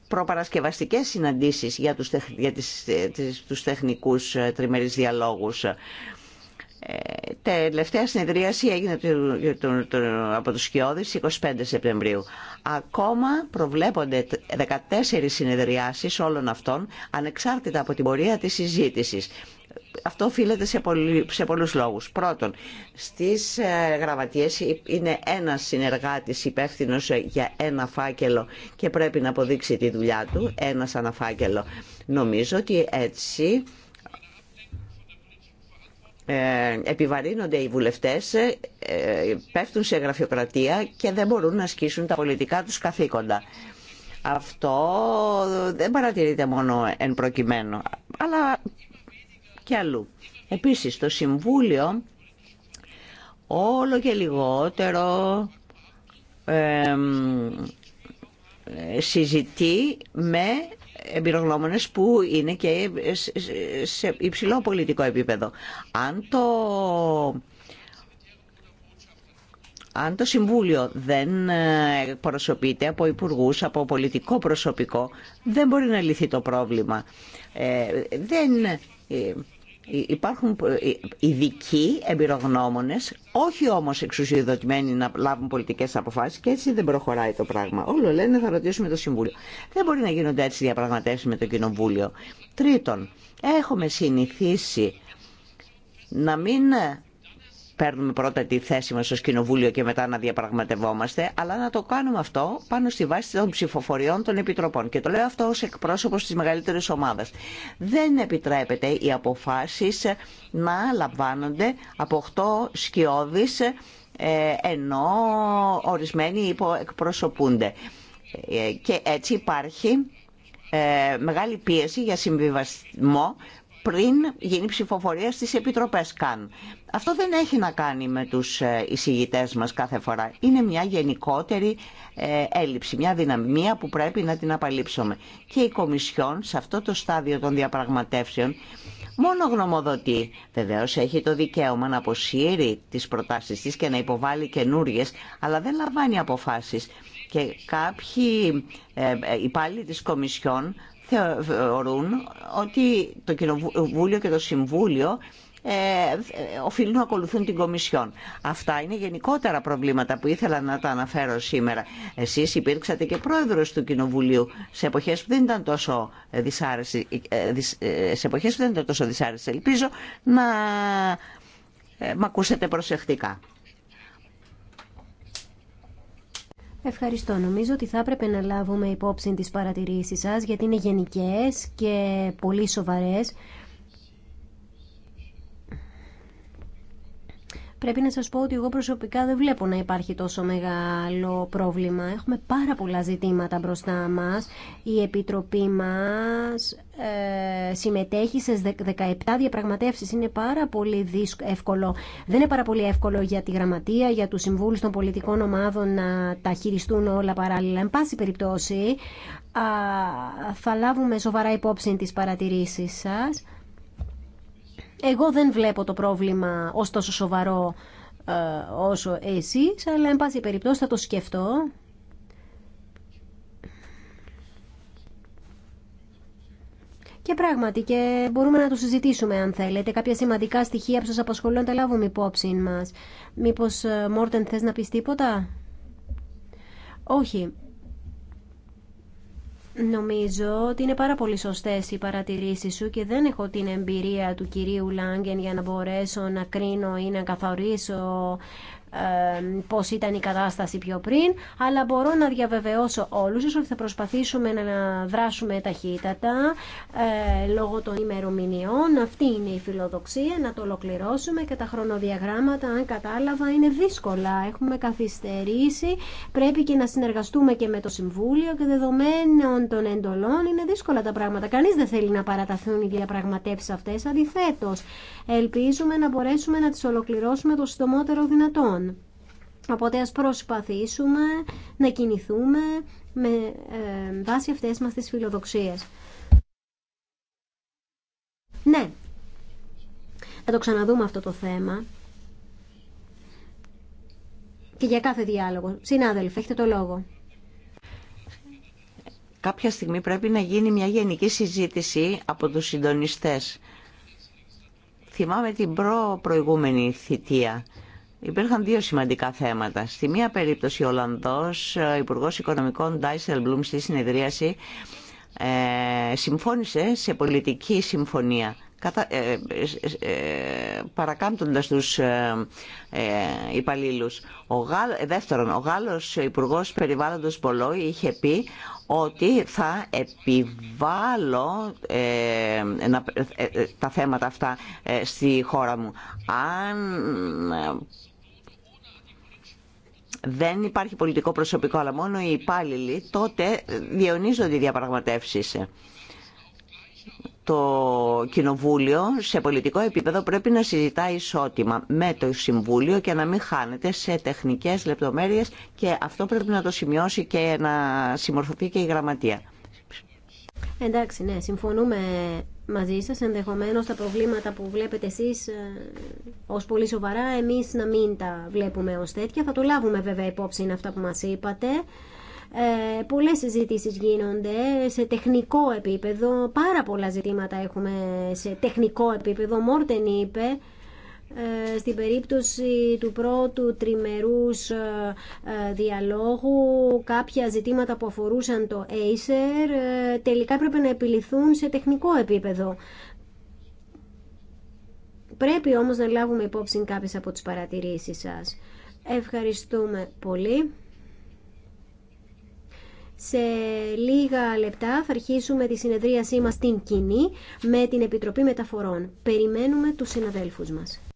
προπαρασκευαστικές συναντήσεις για τους, για τις, τις, τους τεχνικούς ε, τριμερείς διαλόγους. Ε, τελευταία συνεδρίαση έγινε από τους Σκιώδης 25 Σεπτεμβρίου. Ακόμα προβλέπονται 14 συνεδριάσεις όλων αυτών ανεξάρτητα από την πορεία της συζήτησης. Αυτό οφείλεται σε, πολλού πολλούς λόγους. Πρώτον, στις ε, γραμματείες είναι ένας συνεργάτης υπεύθυνο για ένα φάκελο και πρέπει να αποδείξει τη δουλειά του, ένας αναφάκελο. Νομίζω ότι έτσι ε, επιβαρύνονται οι βουλευτές, ε, πέφτουν σε γραφειοκρατία και δεν μπορούν να ασκήσουν τα πολιτικά τους καθήκοντα. Αυτό δεν παρατηρείται μόνο εν προκειμένου, αλλά και Επίσης το Συμβούλιο όλο και λιγότερο ε, συζητεί με εμπειρογνώμονες που είναι και σε υψηλό πολιτικό επίπεδο. Αν το, αν το Συμβούλιο δεν ε, προσωπείται από υπουργούς, από πολιτικό προσωπικό, δεν μπορεί να λυθεί το πρόβλημα. Ε, δεν ε, Υπάρχουν ειδικοί εμπειρογνώμονε, όχι όμως εξουσιοδοτημένοι να λάβουν πολιτικές αποφάσεις και έτσι δεν προχωράει το πράγμα. Όλο λένε θα ρωτήσουμε το Συμβούλιο. Δεν μπορεί να γίνονται έτσι διαπραγματεύσει με το Κοινοβούλιο. Τρίτον, έχουμε συνηθίσει να μην παίρνουμε πρώτα τη θέση μας στο Κοινοβούλιο και μετά να διαπραγματευόμαστε, αλλά να το κάνουμε αυτό πάνω στη βάση των ψηφοφοριών των επιτροπών. Και το λέω αυτό ως εκπρόσωπος της μεγαλύτερης ομάδας. Δεν επιτρέπεται οι αποφάσεις να λαμβάνονται από 8 σκιώδεις ε, ενώ ορισμένοι υποεκπροσωπούνται. Ε, και έτσι υπάρχει ε, μεγάλη πίεση για συμβιβασμό πριν γίνει ψηφοφορία στις επιτροπές καν. Αυτό δεν έχει να κάνει με τους ε, εισηγητές μας κάθε φορά. Είναι μια γενικότερη ε, έλλειψη, μια δυναμία που πρέπει να την απαλείψουμε. Και η Κομισιόν σε αυτό το στάδιο των διαπραγματεύσεων μόνο γνωμοδοτεί. Βεβαίω έχει το δικαίωμα να αποσύρει τις προτάσεις της και να υποβάλει καινούριε, αλλά δεν λαμβάνει αποφάσεις. Και κάποιοι ε, υπάλληλοι της Κομισιόν θεωρούν ότι το Κοινοβούλιο και το Συμβούλιο ε, οφείλουν να ακολουθούν την Κομισιόν. Αυτά είναι γενικότερα προβλήματα που ήθελα να τα αναφέρω σήμερα. Εσείς υπήρξατε και πρόεδρος του Κοινοβουλίου σε εποχές που δεν ήταν τόσο δυσάρεστες. Ε, σε εποχές που δεν ήταν τόσο Ελπίζω να ε, μ' ακούσετε προσεκτικά. Ευχαριστώ. Νομίζω ότι θα έπρεπε να λάβουμε υπόψη τις παρατηρήσεις σας γιατί είναι γενικές και πολύ σοβαρές Πρέπει να σας πω ότι εγώ προσωπικά δεν βλέπω να υπάρχει τόσο μεγάλο πρόβλημα. Έχουμε πάρα πολλά ζητήματα μπροστά μας. Η Επιτροπή μας ε, συμμετέχει σε 17 διαπραγματεύσεις. Είναι πάρα πολύ εύκολο. Δεν είναι πάρα πολύ εύκολο για τη γραμματεία, για τους συμβούλους των πολιτικών ομάδων να τα χειριστούν όλα παράλληλα. Εν πάση περιπτώσει, α, θα λάβουμε σοβαρά υπόψη τις παρατηρήσεις σας. Εγώ δεν βλέπω το πρόβλημα ως τόσο σοβαρό ε, όσο εσείς, αλλά εν πάση περιπτώσει θα το σκεφτώ. Και πράγματι, και μπορούμε να το συζητήσουμε αν θέλετε. Κάποια σημαντικά στοιχεία που σας απασχολούν τα λάβουμε υπόψη μας. Μήπως, ε, Μόρτεν, θες να πεις τίποτα? Όχι. Νομίζω ότι είναι πάρα πολύ σωστέ οι παρατηρήσει σου και δεν έχω την εμπειρία του κυρίου Λάγκεν για να μπορέσω να κρίνω ή να καθαρίσω πώς ήταν η κατάσταση πιο πριν, αλλά μπορώ να διαβεβαιώσω όλους σας ότι θα προσπαθήσουμε να δράσουμε ταχύτατα ε, λόγω των ημερομηνιών. Αυτή είναι η φιλοδοξία, να το ολοκληρώσουμε και τα χρονοδιαγράμματα, αν κατάλαβα, είναι δύσκολα. Έχουμε καθυστερήσει, πρέπει και να συνεργαστούμε και με το Συμβούλιο και δεδομένων των εντολών είναι δύσκολα τα πράγματα. Κανείς δεν θέλει να παραταθούν οι διαπραγματεύσεις αυτές, αντιθέτως. Ελπίζουμε να μπορέσουμε να τις ολοκληρώσουμε το συντομότερο δυνατόν. Οπότε ας προσπαθήσουμε να κινηθούμε με ε, βάση αυτές μας τις φιλοδοξίες. Ναι, θα το ξαναδούμε αυτό το θέμα και για κάθε διάλογο. Συνάδελφε, έχετε το λόγο. Κάποια στιγμή πρέπει να γίνει μια γενική συζήτηση από τους συντονιστές. Θυμάμαι την προ προηγούμενη θητεία Υπήρχαν δύο σημαντικά θέματα. Στη μία περίπτωση ο Ολλανδός ε, Υπουργός Οικονομικών Ντάισελ Μπλουμ στη συνεδρίαση ε, συμφώνησε σε πολιτική συμφωνία κατα, ε, ε, ε παρακάμπτοντας τους ε, υπαλλήλους. Ο δεύτερον, ο Γάλλος Υπουργός Περιβάλλοντος Πολό είχε πει ότι θα επιβάλλω τα θέματα αυτά στη χώρα μου. Αν δεν υπάρχει πολιτικό προσωπικό, αλλά μόνο οι υπάλληλοι, τότε διαιωνίζονται οι διαπραγματεύσεις. Το Κοινοβούλιο σε πολιτικό επίπεδο πρέπει να συζητά ισότιμα με το Συμβούλιο και να μην χάνεται σε τεχνικές λεπτομέρειες και αυτό πρέπει να το σημειώσει και να συμμορφωθεί και η Γραμματεία. Εντάξει, ναι, συμφωνούμε μαζί σας. Ενδεχομένως τα προβλήματα που βλέπετε εσείς ε, ως πολύ σοβαρά, εμείς να μην τα βλέπουμε ως τέτοια. Θα το λάβουμε βέβαια υπόψη είναι αυτά που μας είπατε. Ε, πολλές συζητήσεις γίνονται σε τεχνικό επίπεδο. Πάρα πολλά ζητήματα έχουμε σε τεχνικό επίπεδο. Μόρτεν είπε ε, στην περίπτωση του πρώτου τριμερούς ε, ε, διαλόγου κάποια ζητήματα που αφορούσαν το Acer τελικά πρέπει να επιληθούν σε τεχνικό επίπεδο. Πρέπει όμως να λάβουμε υπόψη κάποιες από τις παρατηρήσεις σας. Ευχαριστούμε πολύ. Σε λίγα λεπτά θα αρχίσουμε τη συνεδρίασή μας στην κοινή με την Επιτροπή Μεταφορών. Περιμένουμε τους συναδέλφους μας.